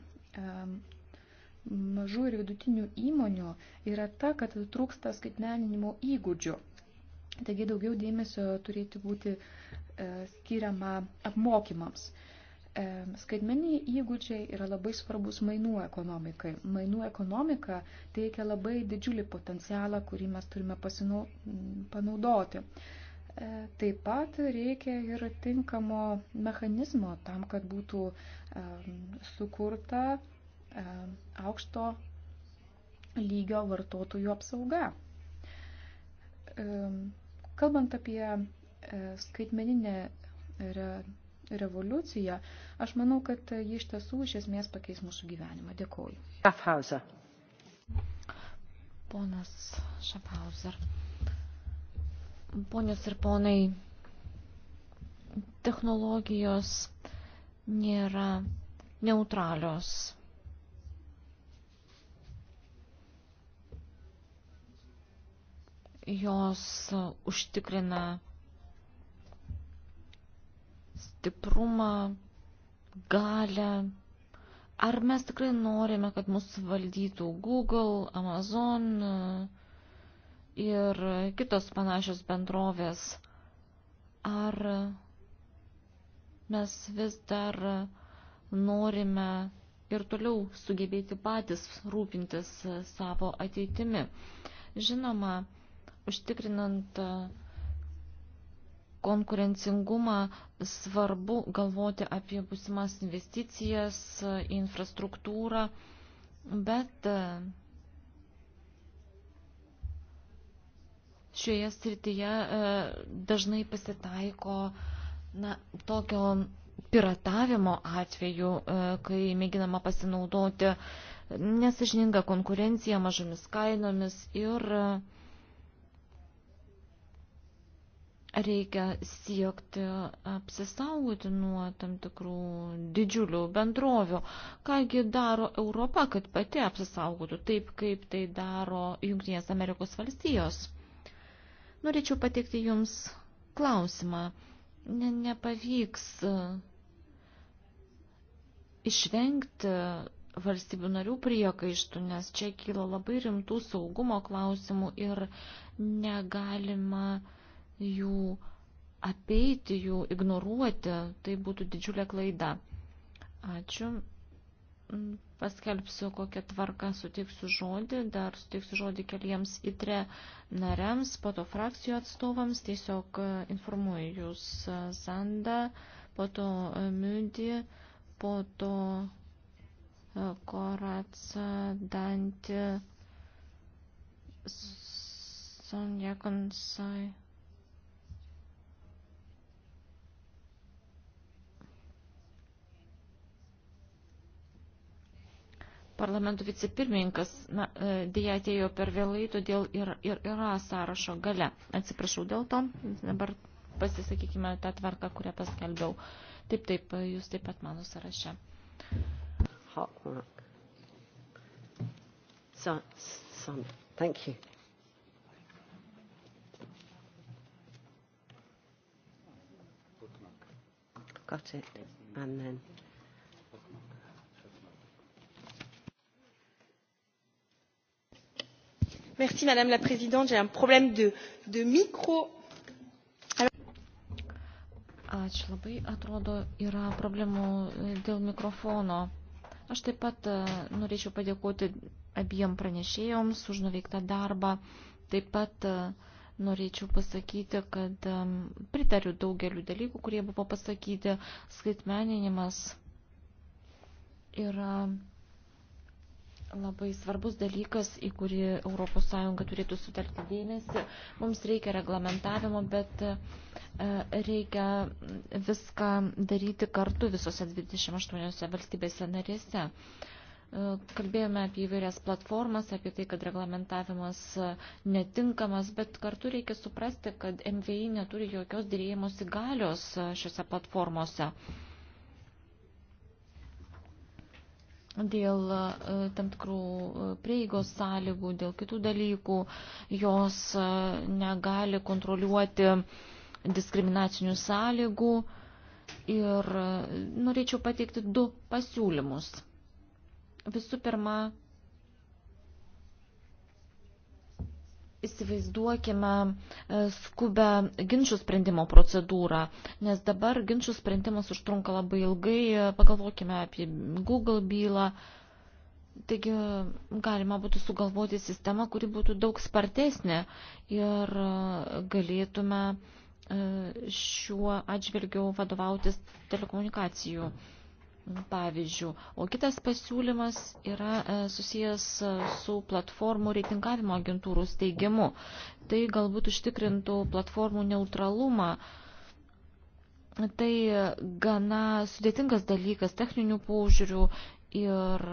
mažų ir vidutinių įmonių yra ta, kad trūksta skaitmeninimo įgūdžių. Taigi daugiau dėmesio turėtų būti E, skiriama apmokymams. E, skaitmeniniai įgūdžiai yra labai svarbus mainų ekonomikai. Mainų ekonomika teikia labai didžiulį potencialą, kurį mes turime pasinau, panaudoti. E, taip pat reikia ir tinkamo mechanizmo tam, kad būtų sukurta aukšto lygio vartotojų apsauga. Kalbant apie E, skaitmeninė re, revoliucija, aš manau, kad ji iš tiesų iš esmės pakeis mūsų gyvenimą. Dėkuoju. Schaffhauser. Ponas Schaffhauser. Ponios ir ponai, technologijos nėra neutralios. Jos užtikrina stiprumą, galę. Ar mes tikrai norime, kad mus valdytų Google, Amazon e, ir kitos panašios bendrovės? Ar mes vis dar norime ir toliau sugebėti patys rūpintis savo ateitimi. Žinoma, užtikrinant konkurencingumą svarbu galvoti apie būsimas investicijas, infrastruktūrą, bet šioje srityje e, dažnai pasitaiko na, tokio piratavimo atveju, e, kai mėginama pasinaudoti nesažininga konkurencija mažomis kainomis ir uh, reikia siekti apsisaugoti nuo tam tikrų didžiulių bendrovių. Kągi daro Europa, kad pati apsisaugotų taip, kaip tai daro Junktinės Amerikos valstijos. Norėčiau pateikti Jums klausimą. Ne, nepavyks e, išvengti valstybių narių priekaištų, nes čia kyla labai rimtų saugumo klausimų ir negalima uh, jų apeiti, jų ignoruoti, tai būtų didžiulė klaida. Ačiū. Mm, paskelbsiu, kokią tvarką sutiksiu žodį, dar sutiksiu žodį keliems įtre nariams, po to frakcijų atstovams, tiesiog e, informuoju jūs e, Zanda, po to e, Müdi, po to Koratsa, Dantį, Sonja Konsai. parlamento vicepirmininkas, na, e, dėja atėjo per vėlai, todėl ir, ir yra sąrašo gale. Atsiprašau dėl to, dabar pasisakykime tą tvarką, kurią paskelbiau. Taip, taip, jūs taip pat mano sąraše. So, so, thank you. Got it. And then. Merci, Madame la Présidente. J'ai un problème de, de micro. Ačiū labai, atrodo, yra problemų dėl mikrofono. Aš taip pat e, norėčiau padėkoti abiem pranešėjoms už nuveiktą darbą. Taip pat e, norėčiau pasakyti, kad e, pritariu daugeliu dalykų, kurie buvo pasakyti. Skaitmeninimas yra labai svarbus dalykas, į kurį ES turėtų sutarti dėmesį. Mums reikia reglamentavimo, bet e, reikia viską daryti kartu visose 28 valstybėse narėse. E, kalbėjome apie įvairias platformas, apie tai, kad reglamentavimas e, netinkamas, bet kartu reikia suprasti, kad MVI neturi jokios dėrėjimos įgalios šiuose platformose. dėl e, tam tikrų e, prieigos sąlygų, dėl kitų dalykų, jos e, negali kontroliuoti diskriminacinių sąlygų. Ir norėčiau pateikti du pasiūlymus. Visų pirma, Įsivaizduokime e, skubę ginčių sprendimo procedūrą, nes dabar ginčių sprendimas užtrunka labai ilgai, e, pagalvokime apie Google bylą. Taigi galima būtų sugalvoti sistemą, kuri būtų daug spartesnė ir e, galėtume šiuo atžvilgiu vadovautis telekomunikacijų. Mhm pavyzdžių. O kitas pasiūlymas yra e, susijęs e, su platformų reitingavimo agentūrų steigimu. Tai galbūt užtikrintų platformų neutralumą. Tai gana sudėtingas dalykas techninių paužiūrių ir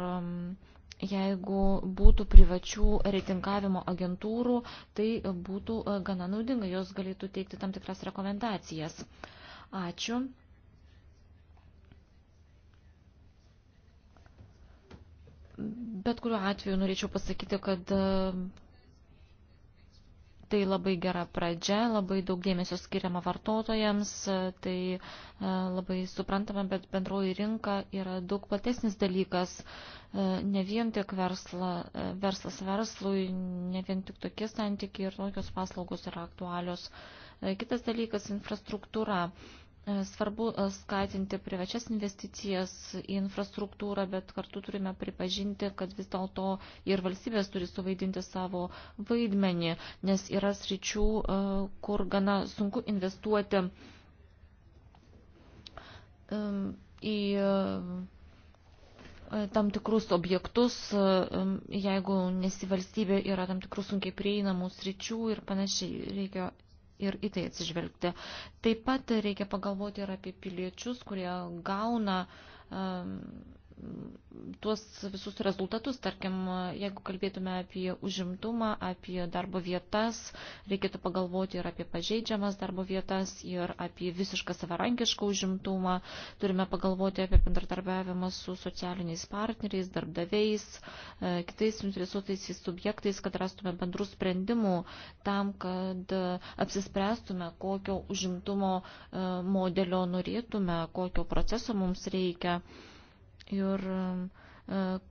jeigu būtų privačių reitingavimo agentūrų, tai būtų e, gana naudinga, jos galėtų teikti tam tikras rekomendacijas. Ačiū. Bet kuriuo atveju norėčiau pasakyti, kad e, tai labai gera pradžia, labai daug dėmesio skiriama vartotojams, e, tai e, labai suprantama, bet bendroji rinka yra daug platesnis dalykas, ne vien tik versla, verslas verslui, ne vien tik tokie santykiai ir tokios paslaugos yra aktualios. Kitas dalykas - infrastruktūra. E, svarbu e, skatinti privačias investicijas į infrastruktūrą, bet kartu turime pripažinti, kad vis dėlto ir valstybės turi suvaidinti savo vaidmenį, nes yra sričių, e, kur gana sunku investuoti į tam tikrus objektus, jeigu nesivalstybė yra tam tikrų sunkiai prieinamų sričių ir panašiai reikia ir į tai atsižvelgti. Taip pat reikia pagalvoti ir apie piliečius, kurie gauna um, tuos visus rezultatus, tarkim, jeigu kalbėtume apie užimtumą, apie darbo vietas, reikėtų pagalvoti ir apie pažeidžiamas darbo vietas, ir apie visišką savarankišką užimtumą, turime pagalvoti apie bendradarbiavimą su socialiniais partneriais, darbdaviais, e, kitais interesuotais subjektais, kad rastume bendrų sprendimų tam, kad apsispręstume, kokio užimtumo e, modelio norėtume, kokio proceso mums reikia. Reikia ir e,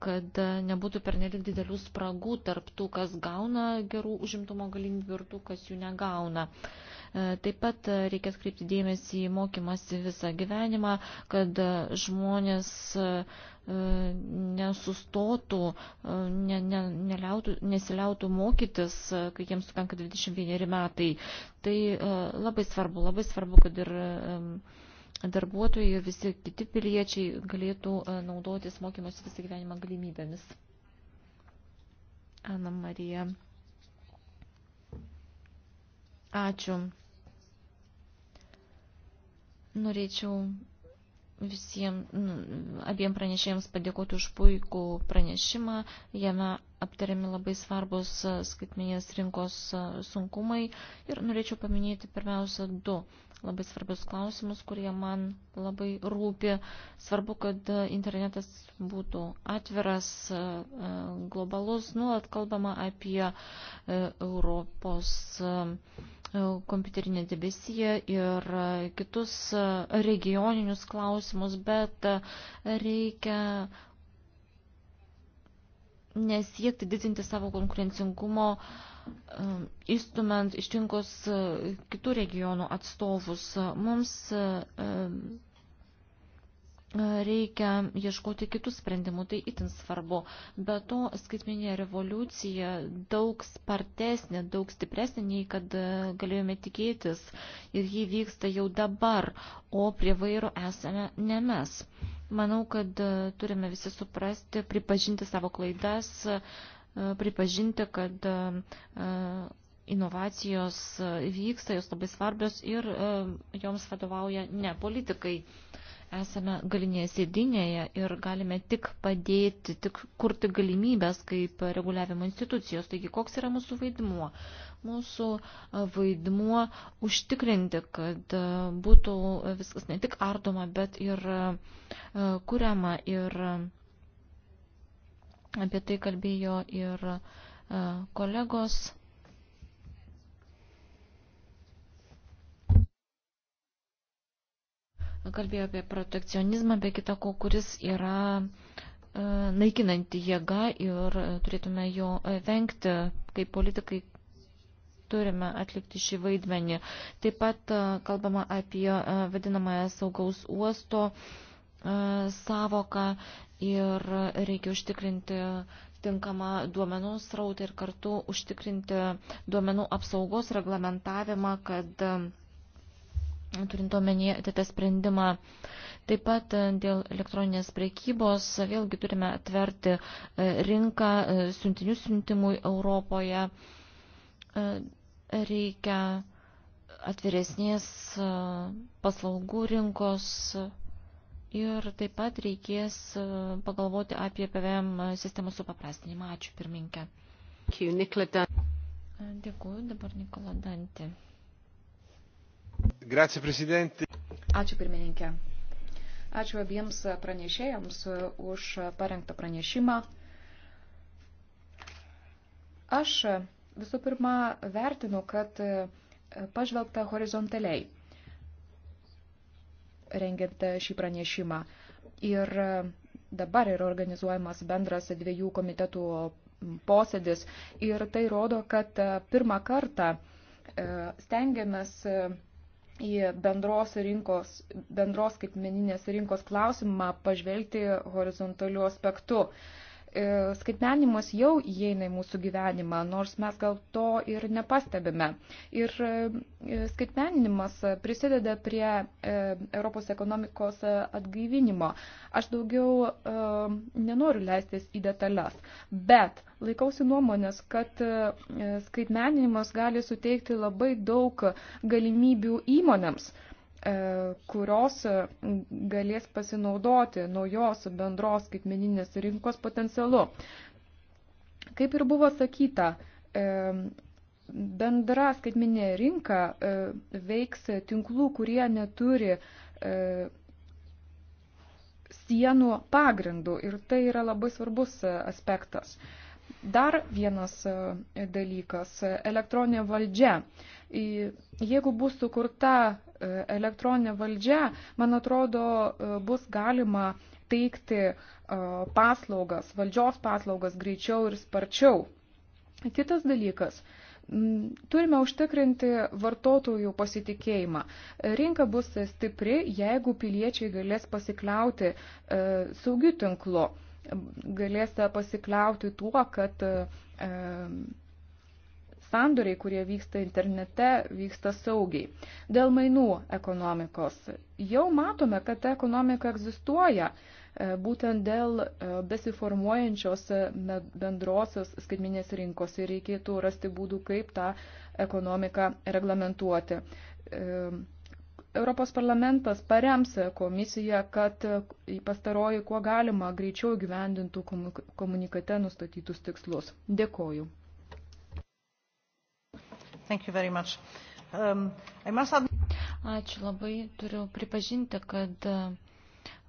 kad nebūtų pernelik didelių spragų tarp tų, kas gauna gerų užimtumo galimybių ir tų, kas jų negauna. E, taip pat reikia atkreipti dėmesį į mokymasi visą gyvenimą, kad žmonės e, nesustotų, ne, ne, neliautų, nesiliautų mokytis, kai jiems sukanka 21 metai. Tai labai svarbu, labai svarbu, kad ir darbuotojai ir visi kiti piliečiai galėtų e, naudotis mokymosi visą gyvenimą galimybėmis. Ana Marija. Ačiū. Norėčiau visiems nu, abiem pranešėjams padėkoti už puikų pranešimą. Jame aptariami labai svarbus e, skaitminės rinkos e, sunkumai ir norėčiau paminėti pirmiausia du labai svarbius klausimus, kurie man labai rūpi. Svarbu, kad e, internetas būtų atviras, e, e, globalus. Nuolat kalbama apie Europos kompiuterinę debesiją ir kitus regioninius klausimus, bet reikia nesiekti didinti savo konkurencingumo uh, įstumant um, ištinkus uh, kitų regionų atstovus. Mums uh, um, reikia ieškoti kitų sprendimų, tai itin svarbu. Be to, skaitminė revoliucija daug spartesnė, daug stipresnė, nei kad uh, galėjome tikėtis ir ji vyksta jau dabar, o prie vairo esame ne mes. Manau, kad turime visi suprasti, pripažinti savo klaidas, pripažinti, kad e, e, inovacijos e, vyksta, jos labai svarbios ir joms vadovauja ne politikai. Esame galinėje sėdinėje ir galime tik padėti, tik kurti galimybės kaip reguliavimo institucijos. Taigi, koks yra mūsų vaidmuo? Mūsų vaidmuo užtikrinti, kad būtų viskas ne tik ardoma, bet ir kuriama ir Apie tai kalbėjo ir e, kolegos. Kalbėjo apie protekcionizmą, be kita ko, kuris yra e, naikinanti jėga ir e, turėtume jo vengti, kaip politikai turime atlikti šį vaidmenį. Taip pat kalbama apie vadinamąją saugaus uosto savoką ir reikia užtikrinti tinkamą duomenų srautą ir kartu užtikrinti duomenų apsaugos reglamentavimą, kad e, turint omenyje tą sprendimą. Taip pat e, dėl elektroninės priekybos vėlgi turime atverti e, rinką siuntinių siuntimui Europoje. Reikia atviresnės paslaugų rinkos ir taip pat reikės e, pagalvoti apie PVM sistemos supaprastinimą. Ačiū pirminkę. E, dėkuoju dabar Nikola Dantį. Grazie, prezidentė. Ačiū pirmininkė. Ačiū abiems pranešėjams e, už parengtą pranešimą. Aš visų pirma vertinu, kad pažvelgta horizontaliai rengiant šį pranešimą. Ir e, dabar yra organizuojamas bendras dviejų komitetų posėdis ir tai rodo, kad e, pirmą kartą e, stengiamės į bendros rinkos, bendros skaitmeninės rinkos klausimą pažvelgti horizontaliu aspektu. Uh, E, skaitmenimas jau įeina į mūsų gyvenimą, nors mes gal to ir nepastebime. Ir e, skaitmeninimas prisideda prie e, Europos ekonomikos atgaivinimo. Aš daugiau nenoriu leistis į detalės, bet laikausi nuomonės, kad skaitmeninimas gali suteikti labai daug galimybių įmonėms E, kurios e, galės pasinaudoti naujos bendros skaitmeninės rinkos potencialu. Kaip ir buvo sakyta, e, bendra skaitmeninė rinka veiks tinklų, kurie neturi sienų pagrindų ir tai yra labai svarbus aspektas. Dar vienas dalykas - elektroninė valdžia. Jeigu bus sukurta e, elektroninė valdžia, man atrodo, e, bus galima teikti e, paslaugas, valdžios paslaugas greičiau ir sparčiau. Kitas dalykas turime užtikrinti vartotojų pasitikėjimą. Rinka bus stipri, jeigu piliečiai galės pasikliauti e, saugiu tinklu, galės pasikliauti tuo, kad e, sandoriai, kurie vyksta internete, vyksta saugiai. Dėl mainų ekonomikos. Jau matome, kad ta ekonomika egzistuoja e, būtent dėl e, besiformuojančios e, bendrosios skaitminės rinkos ir reikėtų rasti būdų, kaip tą ekonomiką reglamentuoti. Europos parlamentas parems komisiją, kad pastaroji kuo galima greičiau gyvendintų komunikate nustatytus tikslus. Dėkoju. Um, must... Ačiū labai. Turiu pripažinti, kad uh,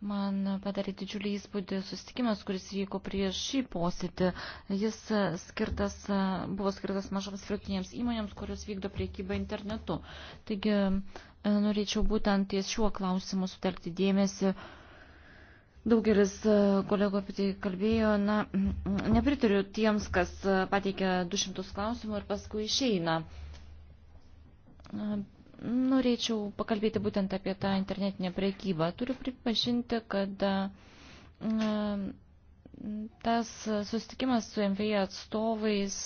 man padarė didžiulį įspūdį susitikimas, kuris vyko prieš šį posėdį. Jis uh, skirtas, uh, buvo skirtas mažoms vidutinėms įmonėms, kurios vykdo priekybą internetu. Taigi norėčiau būtent ties šiuo klausimu sutelkti dėmesį. Daugelis kolegų apie tai kalbėjo, na, mm, nepritariu tiems, kas pateikia 200 klausimų ir paskui išeina. Uh, Norėčiau pakalbėti būtent apie tą internetinę prekybą. Turiu pripažinti, kad tas susitikimas su MVI atstovais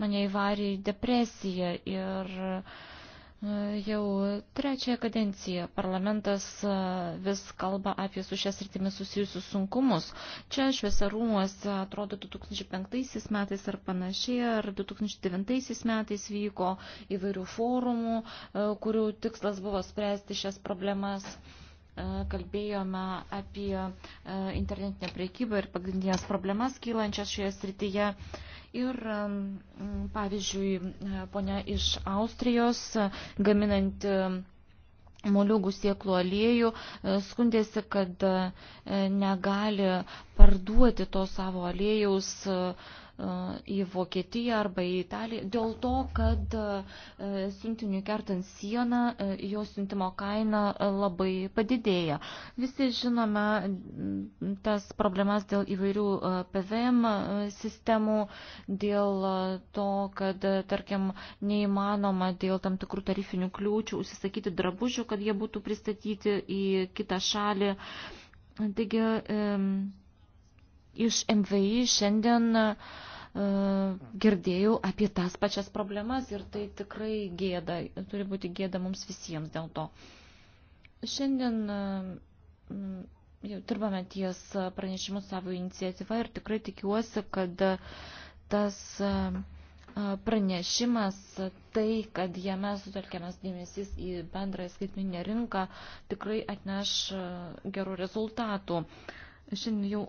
mane įvarė į depresiją ir uh, Jau trečiąją kadenciją parlamentas vis kalba apie su šias rytimis susijusius sunkumus. Čia šiuose rūmuose atrodo 2005 metais ar panašiai, ar 2009 metais vyko įvairių forumų, kurių tikslas buvo spręsti šias problemas. E, kalbėjome apie e, internetinę priekybą ir pagrindinės problemas kylančias šioje srityje. Ir e, pavyzdžiui, ponia iš Austrijos gaminant moliūgų sieklų aliejų skundėsi, kad negali parduoti to savo aliejaus į Vokietiją arba į Italiją dėl to, kad e, siuntiniui kertant sieną e, jo siuntimo kaina e, labai padidėja. Visi žinome tas problemas dėl įvairių PVM sistemų, dėl to, kad, tarkim, neįmanoma dėl tam tikrų tarifinių kliūčių užsisakyti drabužių, kad jie būtų pristatyti į kitą šalį. Taigi, iš MVI šiandien uh, E, girdėjau apie tas pačias problemas ir tai tikrai gėda, turi būti gėda mums visiems dėl to. Šiandien e, jau dirbame ties pranešimu savo iniciatyvą ir tikrai tikiuosi, kad tas e, pranešimas, tai, kad jame sutelkiamas dėmesys į bendrąją skaitminę rinką, tikrai atneš gerų rezultatų. Šiandien jau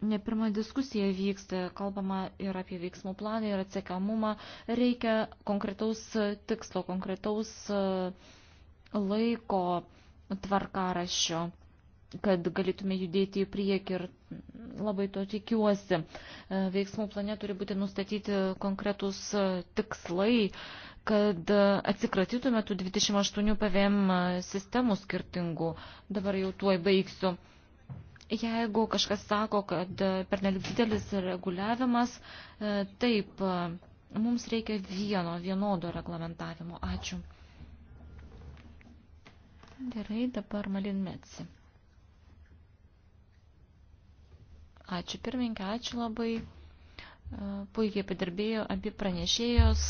Ne pirma diskusija vyksta, kalbama ir apie veiksmų planą, ir atsiekamumą. Reikia konkretaus tikslo, konkretaus e, laiko tvarkaraščio, kad galėtume judėti į priekį ir labai to tikiuosi. E, veiksmų plane turi būti nustatyti konkretus e, tikslai, kad atsikratytume tų 28 PVM sistemų skirtingų. Dabar jau tuoj baigsiu. Jeigu kažkas sako, kad e, pernelik didelis reguliavimas, e, taip, e, mums reikia vieno, vienodo reglamentavimo. Ačiū. Gerai, dabar Malin Metsi. Ačiū pirmininkė, ačiū labai. Puikiai padirbėjo abi pranešėjos.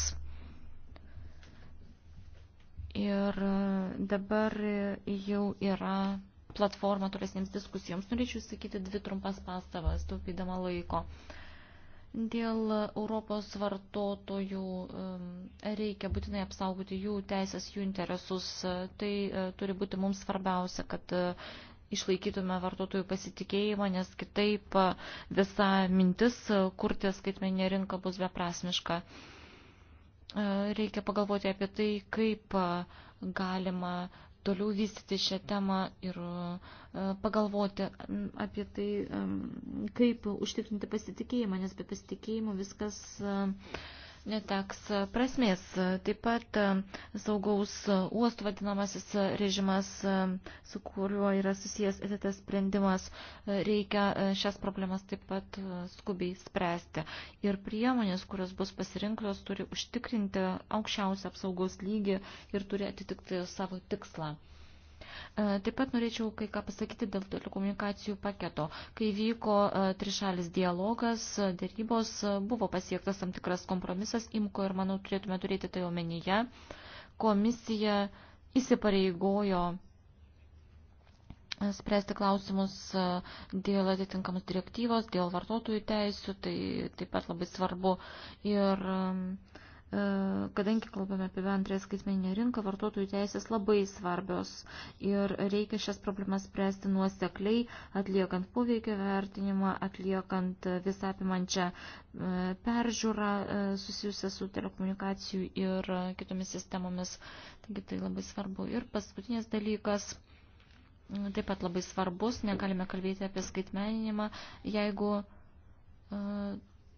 Ir dabar jau yra platformą tolesnėms diskusijoms. Norėčiau išsakyti dvi trumpas pastabas, taupydama laiko. Dėl Europos vartotojų um, reikia būtinai apsaugoti jų teisės, jų interesus. Tai e, turi būti mums svarbiausia, kad e, išlaikytume vartotojų pasitikėjimą, nes kitaip e, visa mintis kurti skaitmeninė rinka bus beprasmiška. Reikia pagalvoti apie tai, kaip galima toliau vystyti šią temą ir e, pagalvoti apie tai, e, kaip užtikrinti pasitikėjimą, nes be pasitikėjimo viskas e, neteks prasmės. Taip pat e, saugaus uostų vadinamasis režimas, e, su kuriuo yra susijęs ETS sprendimas, e, reikia šias problemas taip pat skubiai spręsti. Ir priemonės, kurios bus pasirinktos, turi užtikrinti aukščiausią apsaugos lygį ir turi atitikti savo tikslą. E, taip pat norėčiau kai ką pasakyti dėl telekomunikacijų paketo. Kai vyko e, trišalis dialogas, e, dėrybos, buvo pasiektas tam tikras kompromisas imko ir manau turėtume turėti tai omenyje. Komisija įsipareigojo spręsti klausimus dėl atitinkamos direktyvos, dėl vartotojų teisų, tai taip pat labai svarbu. Ir uh, E, kadangi kalbame apie bendrąją skaitmeninę rinką, vartotojų teisės labai svarbios ir reikia šias problemas spręsti nuosekliai, atliekant poveikio vertinimą, atliekant visapimančią e, peržiūrą e, susijusią su telekomunikacijų ir kitomis sistemomis. Taigi tai labai svarbu. Ir paskutinis dalykas. Taip pat labai svarbus, negalime kalbėti apie skaitmeninimą, jeigu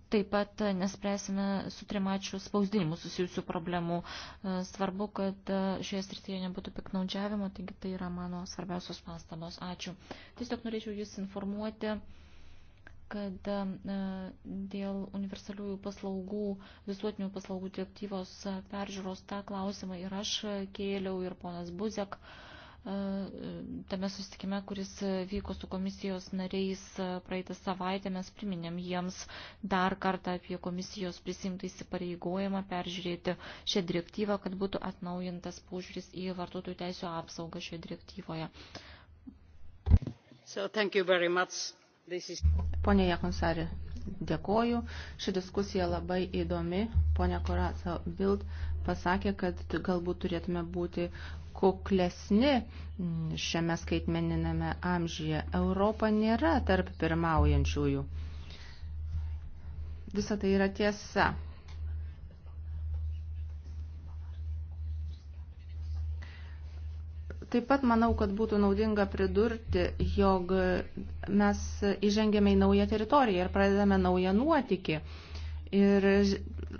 Taip pat e, nespręsime su trimačių spausdinimu susijusių problemų. E, svarbu, kad e, šioje srityje nebūtų piknaudžiavimo, taigi tai yra mano svarbiausios pastabos. Ačiū. Tiesiog norėčiau Jūs informuoti, kad dėl universaliųjų paslaugų, visuotinių paslaugų direktyvos peržiūros tą klausimą ir aš kėliau, ir ponas Buzek. Uh, Tame susitikime, kuris vyko su komisijos nariais praeitą savaitę, mes priminėm jiems dar kartą apie komisijos prisimtą įsipareigojimą peržiūrėti šią direktyvą, kad būtų atnaujintas požiūris į vartotojų teisų apsaugą šioje direktyvoje. So, thank you very much. This is... Pone Jakonsari, dėkoju. Ši diskusija labai įdomi. Pone Koraco Bild pasakė, kad galbūt turėtume būti kuklesni šiame skaitmeniname amžyje. Europa nėra tarp pirmaujančiųjų. Visa tai yra tiesa. Taip pat manau, kad būtų naudinga pridurti, jog mes įžengėme į naują teritoriją ir pradedame naują nuotikį. Ir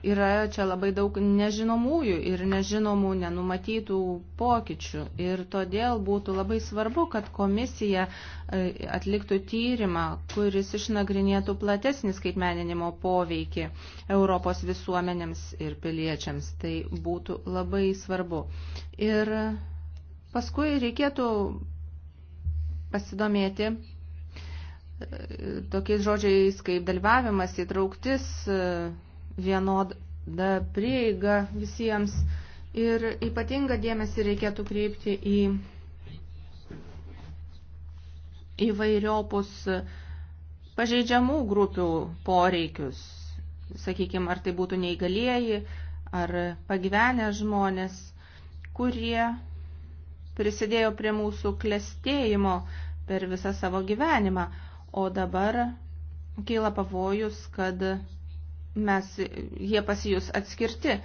yra čia labai daug nežinomųjų ir nežinomų nenumatytų pokyčių. Ir todėl būtų labai svarbu, kad komisija e, atliktų tyrimą, kuris išnagrinėtų platesnį skaitmeninimo poveikį Europos visuomenėms ir piliečiams. Tai būtų labai svarbu. Ir paskui reikėtų pasidomėti e, tokiais žodžiais kaip dalyvavimas, įtrauktis, e, vienodą prieigą visiems ir ypatingą dėmesį reikėtų kreipti į įvairiopus pažeidžiamų grupių poreikius, sakykime, ar tai būtų neįgalieji, ar pagyvenę žmonės, kurie prisidėjo prie mūsų klestėjimo per visą savo gyvenimą, o dabar kyla pavojus, kad mes, jie pasijus atskirti,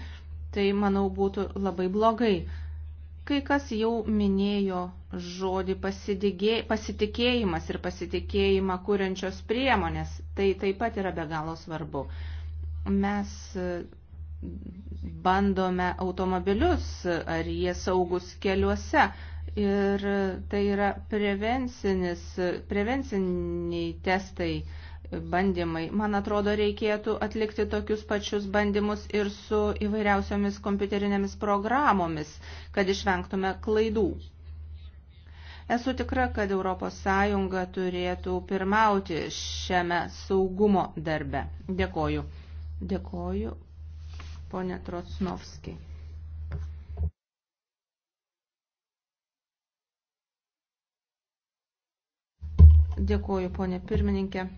tai manau būtų labai blogai. Kai kas jau minėjo žodį pasitikėjimas ir pasitikėjimą kuriančios priemonės, tai taip pat yra be galo svarbu. Mes e, bandome automobilius, ar jie saugus keliuose, ir e, tai yra prevenciniai testai bandymai. Man atrodo, reikėtų atlikti tokius pačius bandymus ir su įvairiausiomis kompiuterinėmis programomis, kad išvengtume klaidų. Esu tikra, kad ES turėtų pirmauti šiame saugumo darbe. Dėkoju. Dėkoju, ponė Trocnovskiai. Dėkoju, ponė pirmininkė.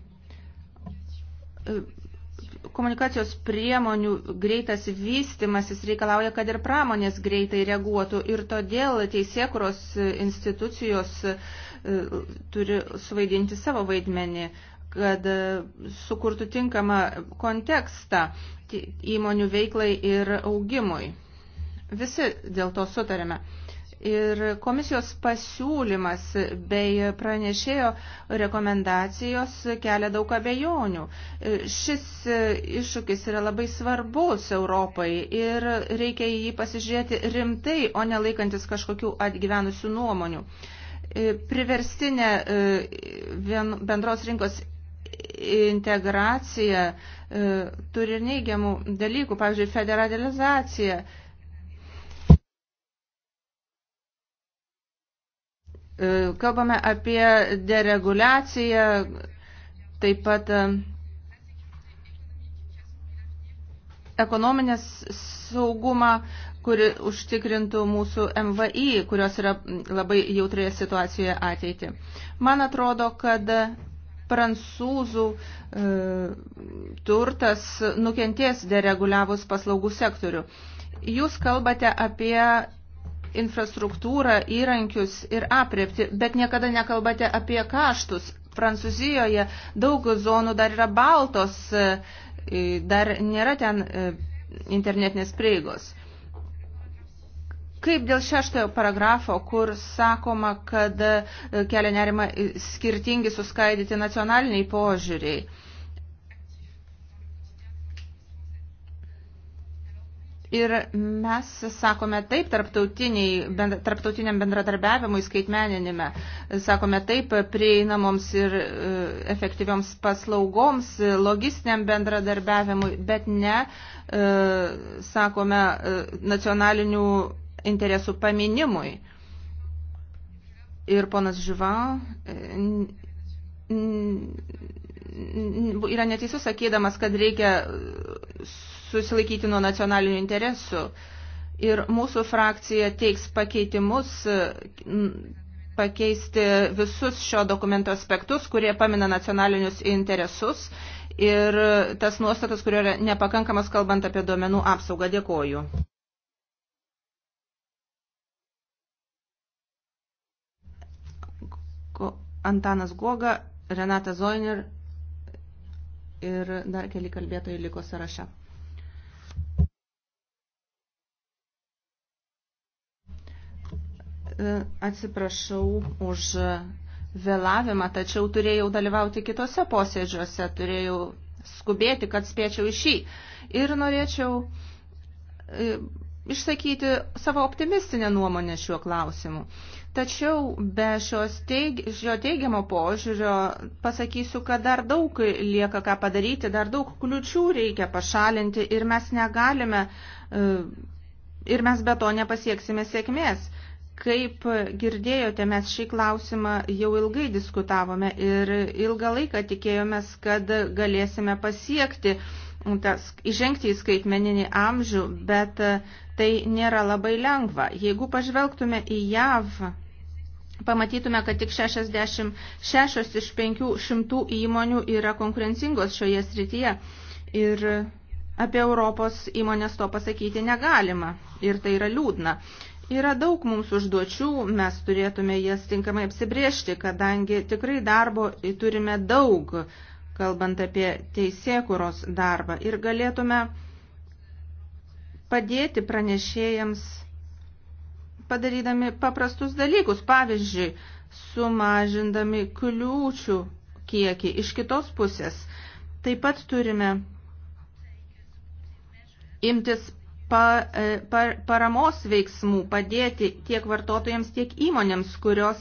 E, komunikacijos priemonių greitas vystimasis reikalauja, kad ir pramonės greitai reaguotų ir todėl teisėkuros institucijos e, turi suvaidinti savo vaidmenį, kad e, sukurtų tinkamą kontekstą įmonių veiklai ir augimui. Visi dėl to sutarėme. Ir komisijos pasiūlymas bei pranešėjo rekomendacijos kelia daug abejonių. Šis iššūkis yra labai svarbus Europai ir reikia į jį pasižiūrėti rimtai, o nelaikantis kažkokių atgyvenusių nuomonių. Priverstinė e, bendros rinkos integracija e, turi neigiamų dalykų, pavyzdžiui, federalizacija E, kalbame apie dereguliaciją, taip pat e, ekonominės saugumą, kuri užtikrintų mūsų MVI, kurios yra labai jautrioje situacijoje ateitį. Man atrodo, kad prancūzų e, turtas nukentės dereguliavus paslaugų sektorių. Jūs kalbate apie infrastruktūrą, įrankius ir apriepti, bet niekada nekalbate apie kaštus. Prancūzijoje daug zonų dar yra baltos, e, dar nėra ten e, internetinės prieigos. Kaip dėl šeštojo paragrafo, kur sakoma, kad e, kelia nerima skirtingi suskaidyti nacionaliniai požiūriai. Ir mes sakome taip bendra, tarptautiniam bendradarbiavimui skaitmeninime, sakome taip prieinamoms ir efektyvioms paslaugoms, logistiniam bendradarbiavimui, bet ne, sakome, nacionalinių interesų paminimui. Ir ponas Žyva yra neteisus sakydamas, kad reikia susilaikyti nuo nacionalinių interesų. Ir mūsų frakcija teiks pakeitimus, pakeisti visus šio dokumento aspektus, kurie pamina nacionalinius interesus ir tas nuostatas, kurio yra nepakankamas kalbant apie duomenų apsaugą. Dėkoju. Antanas Goga, Renata Zoiner ir dar keli kalbėtojai liko sąraše. E, atsiprašau už vėlavimą, tačiau turėjau dalyvauti kitose posėdžiuose, turėjau skubėti, kad spėčiau iš šį. Ir norėčiau e, išsakyti savo optimistinę nuomonę šiuo klausimu. Tačiau be šios teig, šio teigiamo požiūrio pasakysiu, kad dar daug lieka ką padaryti, dar daug kliučių reikia pašalinti ir mes negalime e, ir mes be to nepasieksime sėkmės. Kaip girdėjote, mes šį klausimą jau ilgai diskutavome ir ilgą laiką tikėjomės, kad galėsime pasiekti tas, įžengti į skaitmeninį amžių, bet tai nėra labai lengva. Jeigu pažvelgtume į JAV, pamatytume, kad tik 66 iš 500 įmonių yra konkurencingos šioje srityje. Ir apie Europos įmonės to pasakyti negalima. Ir tai yra liūdna. Yra daug mums užduočių, mes turėtume jas tinkamai apsibriežti, kadangi tikrai darbo turime daug, kalbant apie teisėkuros darbą, ir galėtume padėti pranešėjams padarydami paprastus dalykus, pavyzdžiui, sumažindami kliūčių kiekį iš kitos pusės. Taip pat turime imtis pa, e, pa, paramos veiksmų padėti tiek vartotojams, tiek įmonėms, kurios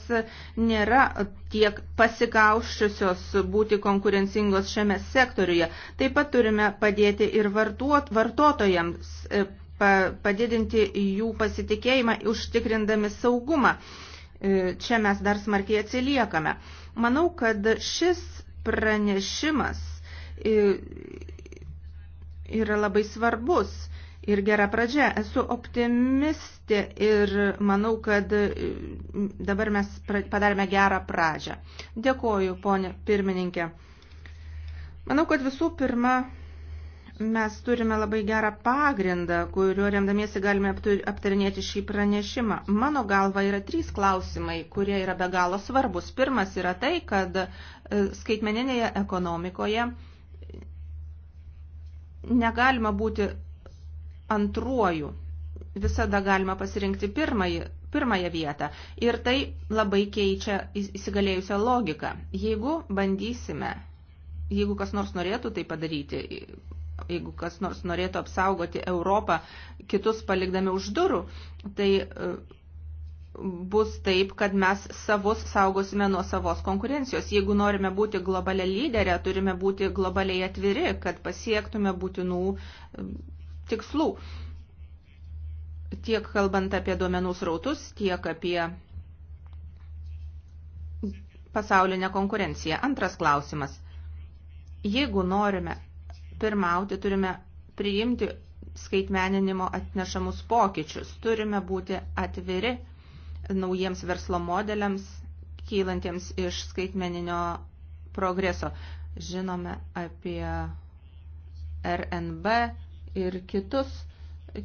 nėra tiek pasigauščiusios būti konkurencingos šiame sektoriuje. Taip pat turime padėti ir vartuot, vartotojams e, pa, padidinti jų pasitikėjimą, užtikrindami saugumą. E, čia mes dar smarkiai atsiliekame. Manau, kad šis pranešimas yra labai svarbus ir gera pradžia. Esu optimistė ir manau, kad dabar mes padarėme gerą pradžią. Dėkoju, ponė pirmininkė. Manau, kad visų pirma, mes turime labai gerą pagrindą, kuriuo remdamiesi galime aptarinėti šį pranešimą. Mano galva yra trys klausimai, kurie yra be galo svarbus. Pirmas yra tai, kad e, skaitmeninėje ekonomikoje negalima būti antruoju. Visada galima pasirinkti pirmąjį, pirmąją vietą. Ir tai labai keičia įsigalėjusią logiką. Jeigu bandysime, jeigu kas nors norėtų tai padaryti, jeigu kas nors norėtų apsaugoti Europą, kitus palikdami už durų, tai e, bus taip, kad mes savus saugosime nuo savos konkurencijos. Jeigu norime būti globalia lyderė, turime būti globaliai atviri, kad pasiektume būtinų tikslų, tiek kalbant apie duomenų srautus, tiek apie pasaulinę konkurenciją. Antras klausimas. Jeigu norime pirmauti, turime priimti skaitmeninimo atnešamus pokyčius, turime būti atviri naujiems verslo modeliams, kylantiems iš skaitmeninio progreso. Žinome apie RNB ir kitus,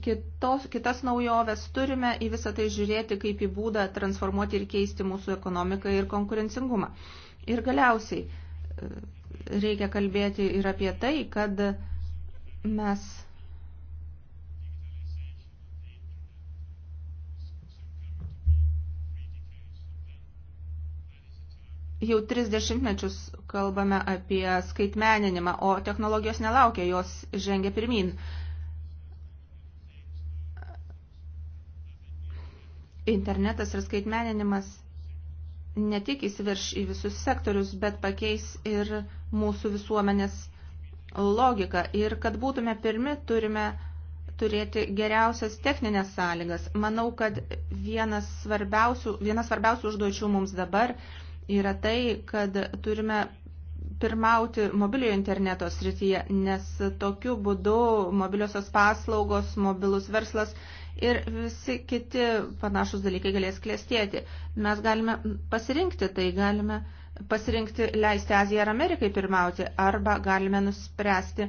kitos, kitas naujoves, turime į visą tai žiūrėti kaip į būdą transformuoti ir keisti mūsų ekonomiką ir konkurencingumą. Ir galiausiai e, reikia kalbėti ir apie tai, kad mes jau 30 mečius kalbame apie skaitmeninimą, o technologijos nelaukia, jos žengia pirmin. internetas ir skaitmeninimas ne tik įsiverš į visus sektorius, bet pakeis ir mūsų visuomenės logiką. Ir kad būtume pirmi, turime turėti geriausias techninės sąlygas. Manau, kad vienas svarbiausių, vienas svarbiausių užduočių mums dabar yra tai, kad turime pirmauti mobiliojo interneto srityje, nes tokiu būdu mobiliosios paslaugos, mobilus verslas ir visi kiti panašus dalykai galės klėstėti. Mes galime pasirinkti tai, galime pasirinkti leisti Aziją ar Amerikai pirmauti, arba galime nuspręsti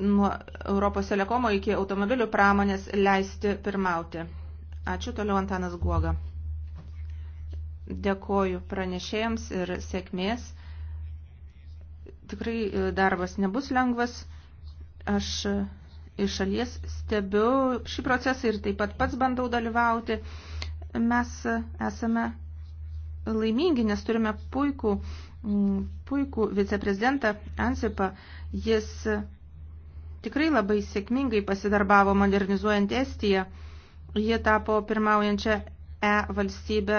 nuo Europos telekomo iki automobilių pramonės leisti pirmauti. Ačiū toliau Antanas Guoga. Dėkoju pranešėjams ir sėkmės. Tikrai e, darbas nebus lengvas. Aš iš šalies stebiu šį procesą ir taip pat pats bandau dalyvauti. Mes esame laimingi, nes turime puikų, mm, puikų viceprezidentą Ansipą. Jis tikrai labai sėkmingai pasidarbavo modernizuojant Estiją. Jie tapo pirmaujančią e-valstybę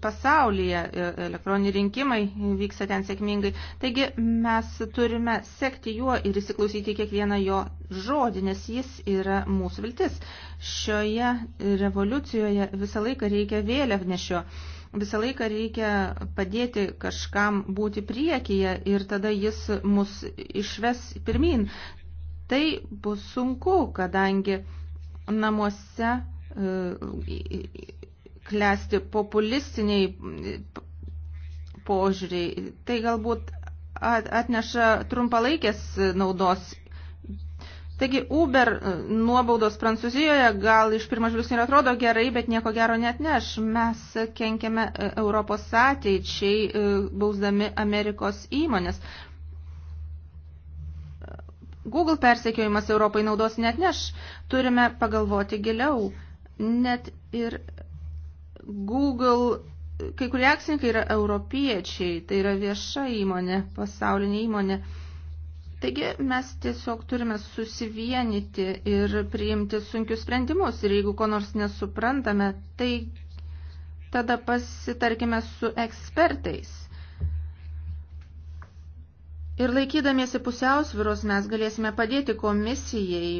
pasaulyje, e, elektroniniai rinkimai vyksta ten sėkmingai. Taigi mes turime sekti juo ir įsiklausyti kiekvieną jo žodį, nes jis yra mūsų viltis. Šioje revoliucijoje visą laiką reikia vėliavnešio. Visą laiką reikia padėti kažkam būti priekyje ir tada jis mus išves pirmin. Tai bus sunku, kadangi namuose e, klesti populistiniai požiūriai. Tai galbūt atneša trumpalaikės naudos. Taigi Uber nuobaudos Prancūzijoje gal iš pirmo žvilgsnio ir atrodo gerai, bet nieko gero net neš. Mes kenkiame Europos ateičiai, e, bausdami Amerikos įmonės. Google persekiojimas Europai naudos net neš. Turime pagalvoti giliau. Net ir Google, kai kurie akcininkai yra europiečiai, tai yra vieša įmonė, pasaulinė įmonė. Taigi mes tiesiog turime susivienyti ir priimti sunkius sprendimus. Ir jeigu ko nors nesuprantame, tai tada pasitarkime su ekspertais. Ir laikydamiesi pusiausviros mes galėsime padėti komisijai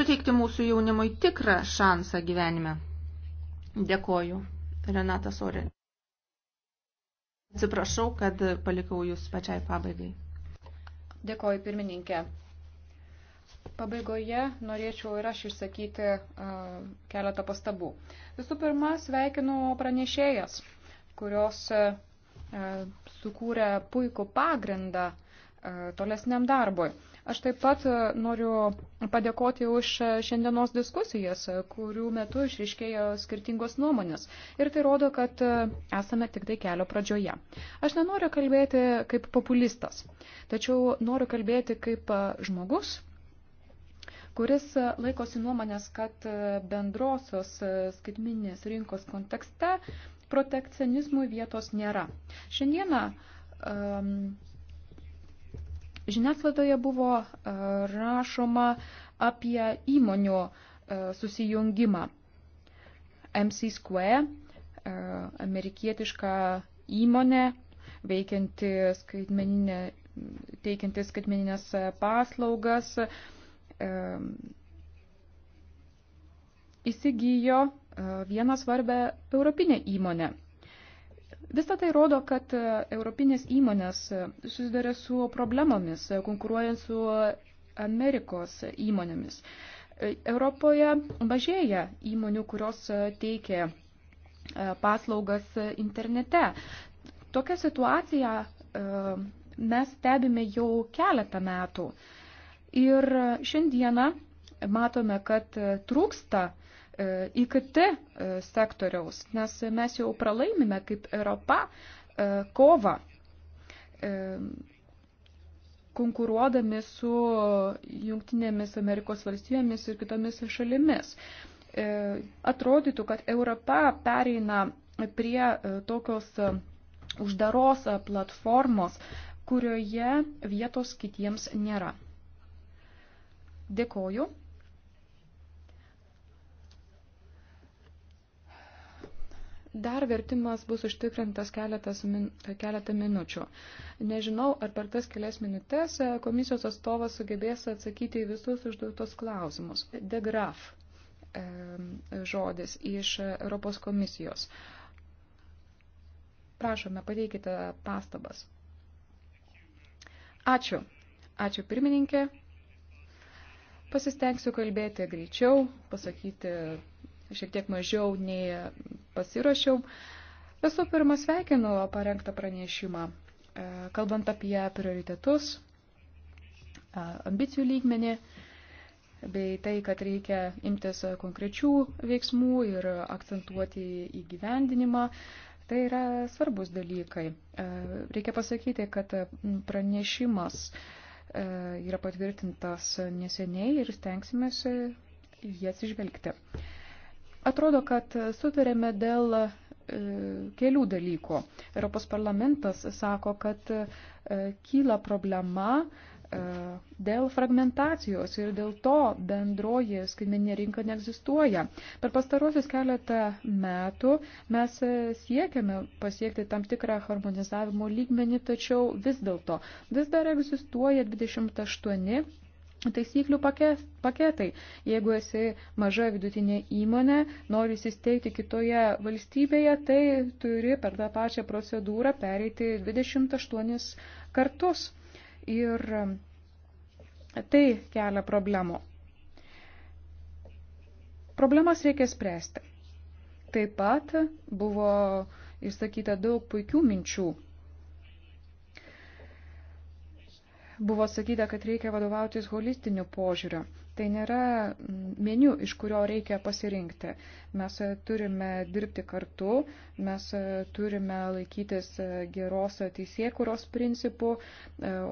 suteikti mūsų jaunimui tikrą šansą gyvenime. Dėkoju. Renata Sorė. Atsiprašau, kad palikau jūs pačiai pabaigai. Dėkoju, pirmininkė. Pabaigoje norėčiau ir aš išsakyti uh, keletą pastabų. Visų pirma, sveikinu pranešėjas, kurios uh, sukūrė puikų pagrindą uh, E, tolesniam darbui. Aš taip pat e, noriu padėkoti už e, šiandienos diskusijas, kurių metu išriškėjo skirtingos nuomonės. Ir tai rodo, kad esame tik tai kelio pradžioje. Aš nenoriu kalbėti kaip populistas, tačiau noriu kalbėti kaip žmogus, kuris laikosi nuomonės, kad bendrosios skaitminės rinkos kontekste protekcionizmui vietos nėra. Šiandieną um, Žiniasklaidoje buvo e, rašoma apie įmonių e, susijungimą. MC Square, e, amerikietiška įmonė, veikianti skaitmeninė, teikianti skaitmeninės paslaugas, įsigijo vieną svarbę europinę įmonę. Visą tai rodo, kad e, europinės įmonės e, susiduria su problemomis, e, konkuruojant su Amerikos įmonėmis. Europoje mažėja įmonių, kurios teikia paslaugas internete. Tokią situaciją mes stebime jau keletą metų. Ir šiandieną matome, kad trūksta uh, E, IKT e, sektoriaus, nes mes jau pralaimime kaip Europa e, kovą konkuruodami su Junktinėmis Amerikos valstijomis ir kitomis šalimis. Atrodytų, kad Europa pereina prie tokios uždaros platformos, kurioje vietos kitiems nėra. Dėkoju. Dar vertimas bus užtikrintas min, keletą minučių. Nežinau, ar per tas kelias minutės e, komisijos atstovas sugebės atsakyti į visus užduotos klausimus. Degraf e, žodis iš Europos komisijos. Prašome, pateikite pastabas. Ačiū. Ačiū pirmininkė. Pasistengsiu kalbėti greičiau, pasakyti šiek tiek mažiau nei pasirašiau. Visų pirma, sveikinu parengtą pranešimą. E, kalbant apie prioritetus, e, ambicijų lygmenį, bei tai, kad reikia imtis konkrečių veiksmų ir akcentuoti įgyvendinimą. Tai yra svarbus dalykai. E, reikia pasakyti, kad pranešimas yra patvirtintas neseniai ir stengsime jį atsižvelgti. Atrodo, kad sutarėme dėl e, kelių dalykų. Europos parlamentas sako, kad e, kyla problema e, dėl fragmentacijos ir dėl to bendroji skaitmeninė rinka neegzistuoja. Per pastarosius keletą metų mes siekiame pasiekti tam tikrą harmonizavimo lygmenį, tačiau vis dėlto vis dar egzistuoja 28 taisyklių paketai. Jeigu esi maža vidutinė įmonė, nori įsisteigti kitoje valstybėje, tai turi per tą pačią procedūrą pereiti 28 kartus. Ir um, tai kelia problemų. Problemas reikia spręsti. Taip pat buvo išsakyta daug puikių minčių buvo sakyta, kad reikia vadovautis holistiniu požiūriu. Tai nėra meniu, iš kurio reikia pasirinkti. Mes turime dirbti kartu, mes turime laikytis geros teisėkuros principų,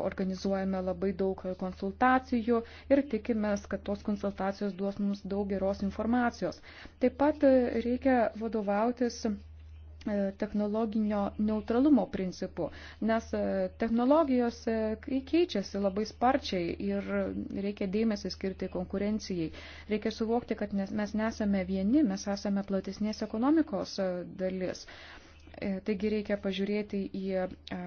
organizuojame labai daug konsultacijų ir tikimės, kad tos konsultacijos duos mums daug geros informacijos. Taip pat reikia vadovautis E, technologinio neutralumo principu, nes e, technologijos e, keičiasi labai sparčiai ir reikia dėmesį skirti konkurencijai. Reikia suvokti, kad mes nesame vieni, mes esame platesnės ekonomikos dalis. E, taigi reikia pažiūrėti į e,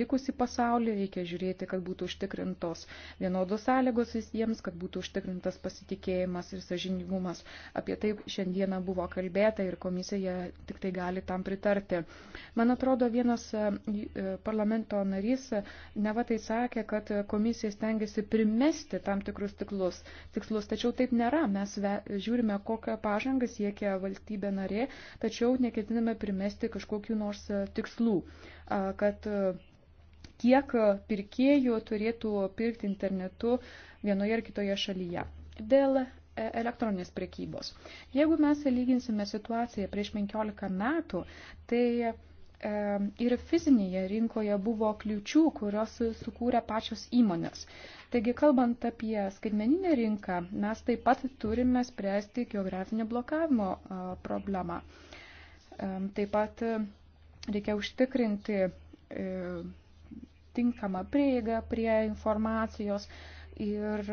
likusį pasaulį, reikia žiūrėti, kad būtų užtikrintos vienodos sąlygos visiems, kad būtų užtikrintas pasitikėjimas ir sažiningumas. Apie tai šiandieną buvo kalbėta ir komisija tik tai gali tam pritarti. Man atrodo, vienas e, parlamento narys nevatai sakė, kad komisija stengiasi primesti tam tikrus tiklus, tikslus, tačiau taip nėra. Mes žiūrime, kokią pažangą siekia valstybė narė, tačiau neketiname primesti kažkokiu kokiu nors e, tikslu, kad e, kiek pirkėjų turėtų pirkti internetu vienoje ar kitoje šalyje. Dėl e, elektroninės prekybos. Jeigu mes lyginsime situaciją prieš 15 metų, tai ir fizinėje rinkoje buvo kliučių, kurios sukūrė pačios įmonės. Taigi, kalbant apie skaitmeninę rinką, mes taip pat turime spręsti geografinio blokavimo problemą. Taip pat reikia užtikrinti tinkamą prieigą prie informacijos ir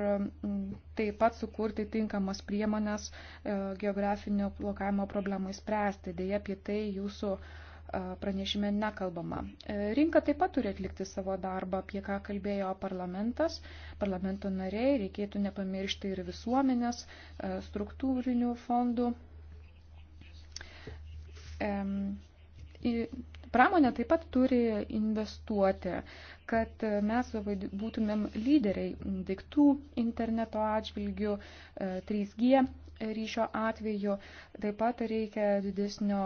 taip pat sukurti tinkamos priemonės e, geografinio blokavimo problemai spręsti. Deja, apie tai jūsų e, pranešime nekalbama. E, rinka taip pat turi atlikti savo darbą, apie ką kalbėjo parlamentas, parlamento nariai, reikėtų nepamiršti ir visuomenės, struktūrinių fondų Pramonė taip pat turi investuoti, kad mes būtumėm lyderiai daiktų interneto atžvilgių, 3G e, ryšio atveju. Taip pat reikia didesnio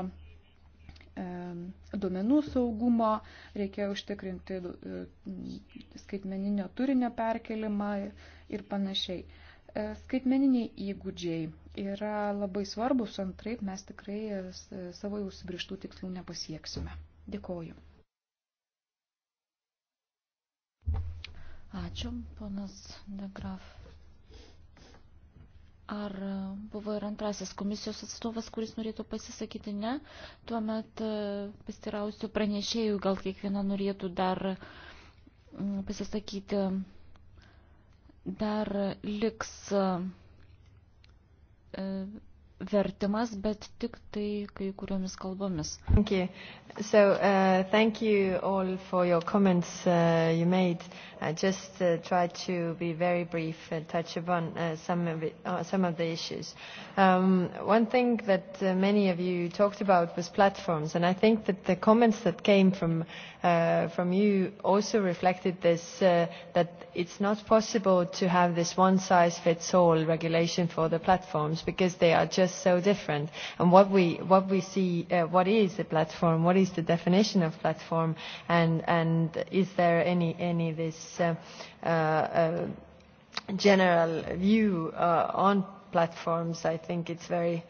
duomenų saugumo, reikia užtikrinti e, skaitmeninio turinio perkelimą ir panašiai. E, skaitmeniniai įgūdžiai yra labai svarbus, antraip mes tikrai savo jau subrištų tikslų nepasieksime. Dėkoju. Ačiū, ponas Degraf. Ar buvo ir antrasis komisijos atstovas, kuris norėtų pasisakyti? Ne. Tuomet e, pastirausiu pranešėjų, gal kiekviena norėtų dar pasisakyti. Dar liks E, vertimas, bet tik tai kai kuriomis kalbomis. Thank you. So, uh, thank you all for your comments uh, you made. I just uh, tried to be very brief and touch upon uh, some, of it, uh, some of the issues. Um, one thing that uh, many of you talked about was platforms, and I think that the comments that came from uh, uh, from you also reflected this, uh, that it's not possible to have this one-size-fits-all regulation for the platforms because they are just so different. And what we, what we see, uh, what is a platform? What is the definition of platform? And, and is there any, any this uh, uh, uh, general view uh, on platforms? I think it's very... Uh,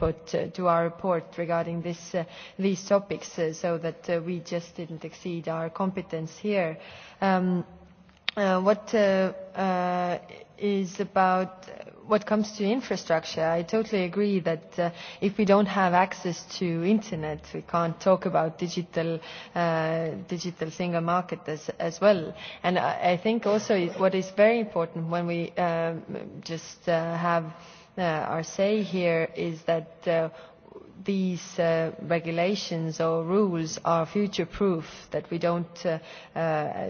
input uh, to our report regarding this, uh, these topics uh, so that we just didn't exceed our competence here. Um, what is about what comes to infrastructure, I totally agree that uh, if we don't have access to internet, we can't talk about digital uh, digital single market as, as well. And I, I think also what is very important when we um, just uh, have uh, are saying here is that uh, these uh, regulations or rules are future proof that we don't uh, uh,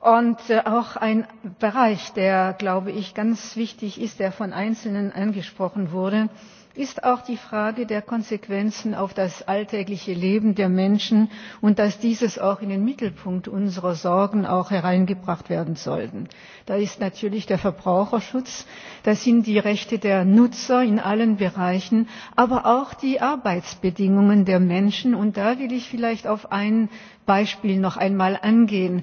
und äh, auch ein bereich der glaube ich ganz wichtig ist der von einzelnen angesprochen wurde ist auch die frage der konsequenzen auf das alltägliche leben der menschen und dass diese auch in den mittelpunkt unserer sorgen hereingebracht werden sollten. da ist natürlich der verbraucherschutz das sind die rechte der nutzer in allen bereichen aber auch die arbeitsbedingungen der menschen und da will ich vielleicht auf ein beispiel noch einmal eingehen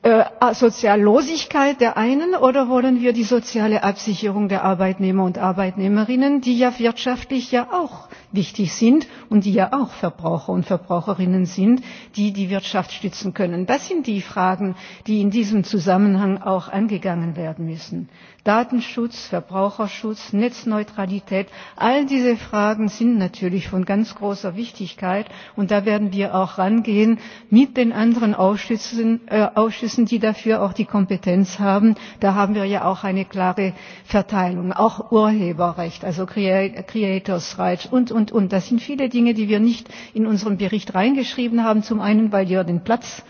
Äh, soziallosigkeit der einen oder wollen wir die soziale absicherung der arbeitnehmer und arbeitnehmerinnen die ja wirtschaftlich auch wichtig sind und die ja auch verbraucher und verbraucherinnen sind die die wirtschaft stützen können? das sind die fragen die in diesem zusammenhang auch angegangen werden müssen. Datenschutz, Verbraucherschutz, Netzneutralität, all diese Fragen sind natürlich von ganz großer Wichtigkeit und da werden wir auch rangehen mit den anderen Ausschüssen, äh, Ausschüssen die dafür auch die Kompetenz haben. Da haben wir ja auch eine klare Verteilung, auch Urheberrecht, also Creators Rights und, und, und. Das sind viele Dinge, die wir nicht in unserem Bericht reingeschrieben haben. Zum einen, weil wir den Platz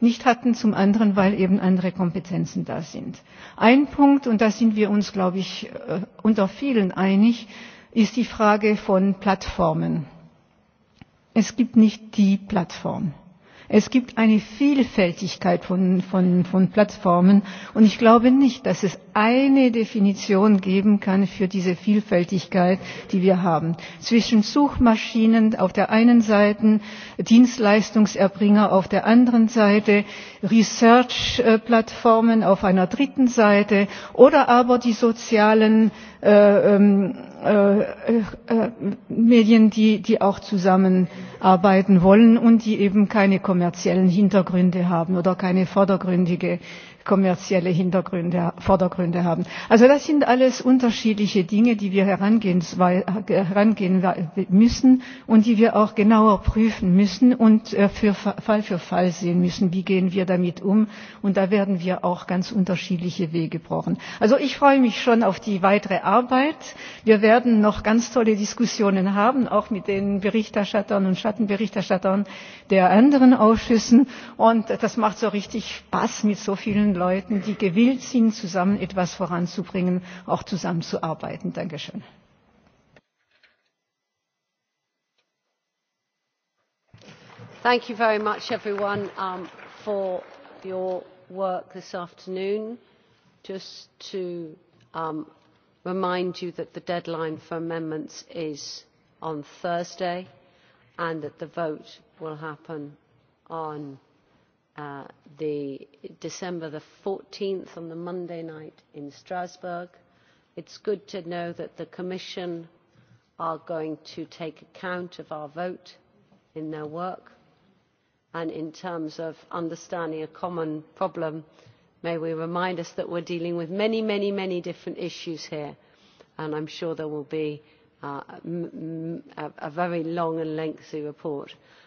nicht hatten, zum anderen, weil eben andere Kompetenzen da sind. Ein Punkt, und da sind wir uns, glaube ich, äh, unter vielen einig, ist die Frage von Plattformen. Es gibt nicht die Plattform. Es gibt eine Vielfältigkeit von, von, von Plattformen und ich glaube nicht, dass es eine Definition geben kann für diese Vielfältigkeit, die wir haben. Zwischen Suchmaschinen auf der einen Seite, Dienstleistungserbringer auf der anderen Seite, Research-Plattformen auf einer dritten Seite oder aber die sozialen äh, ähm, äh, äh, Medien, die, die auch zusammenarbeiten wollen und die eben keine kommerziellen Hintergründe haben oder keine vordergründige kommerzielle Hintergründe, Vordergründe haben. Also das sind alles unterschiedliche Dinge, die wir herangehen, herangehen müssen und die wir auch genauer prüfen müssen und äh, für Fall für Fall sehen müssen, wie gehen wir damit um. Und da werden wir auch ganz unterschiedliche Wege brauchen. Also ich freue mich schon auf die weitere Arbeit. Wir werden noch ganz tolle Diskussionen haben, auch mit den Berichterstattern und Schattenberichterstattern der anderen ausschüssen. Und das macht so richtig Spaß, mit so vielen Leuten, die gewillt sind, zusammen etwas voranzubringen, auch zusammenzuarbeiten. Dankeschön. Thank you very much, everyone, um, for your work this afternoon. Just to um, remind you that the deadline for amendments is on Thursday and that the vote will happen on uh, the December the 14th, on the Monday night in Strasbourg. It's good to know that the Commission are going to take account of our vote in their work and in terms of understanding a common problem may we remind us that we are dealing with many many many different issues here and i am sure there will be uh, a very long and lengthy report.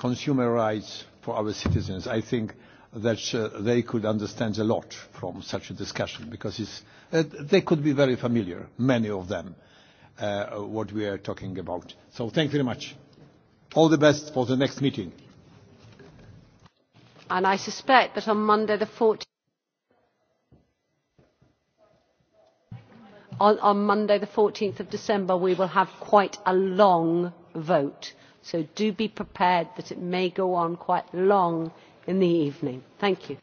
consumer rights for our citizens. I think that uh, they could understand a lot from such a discussion because it's, uh, they could be very familiar, many of them, uh, what we are talking about. So thank you very much. All the best for the next meeting. And I suspect that on Monday the 14th, on, on Monday the 14th of December we will have quite a long vote so do be prepared that it may go on quite long in the evening. thank you.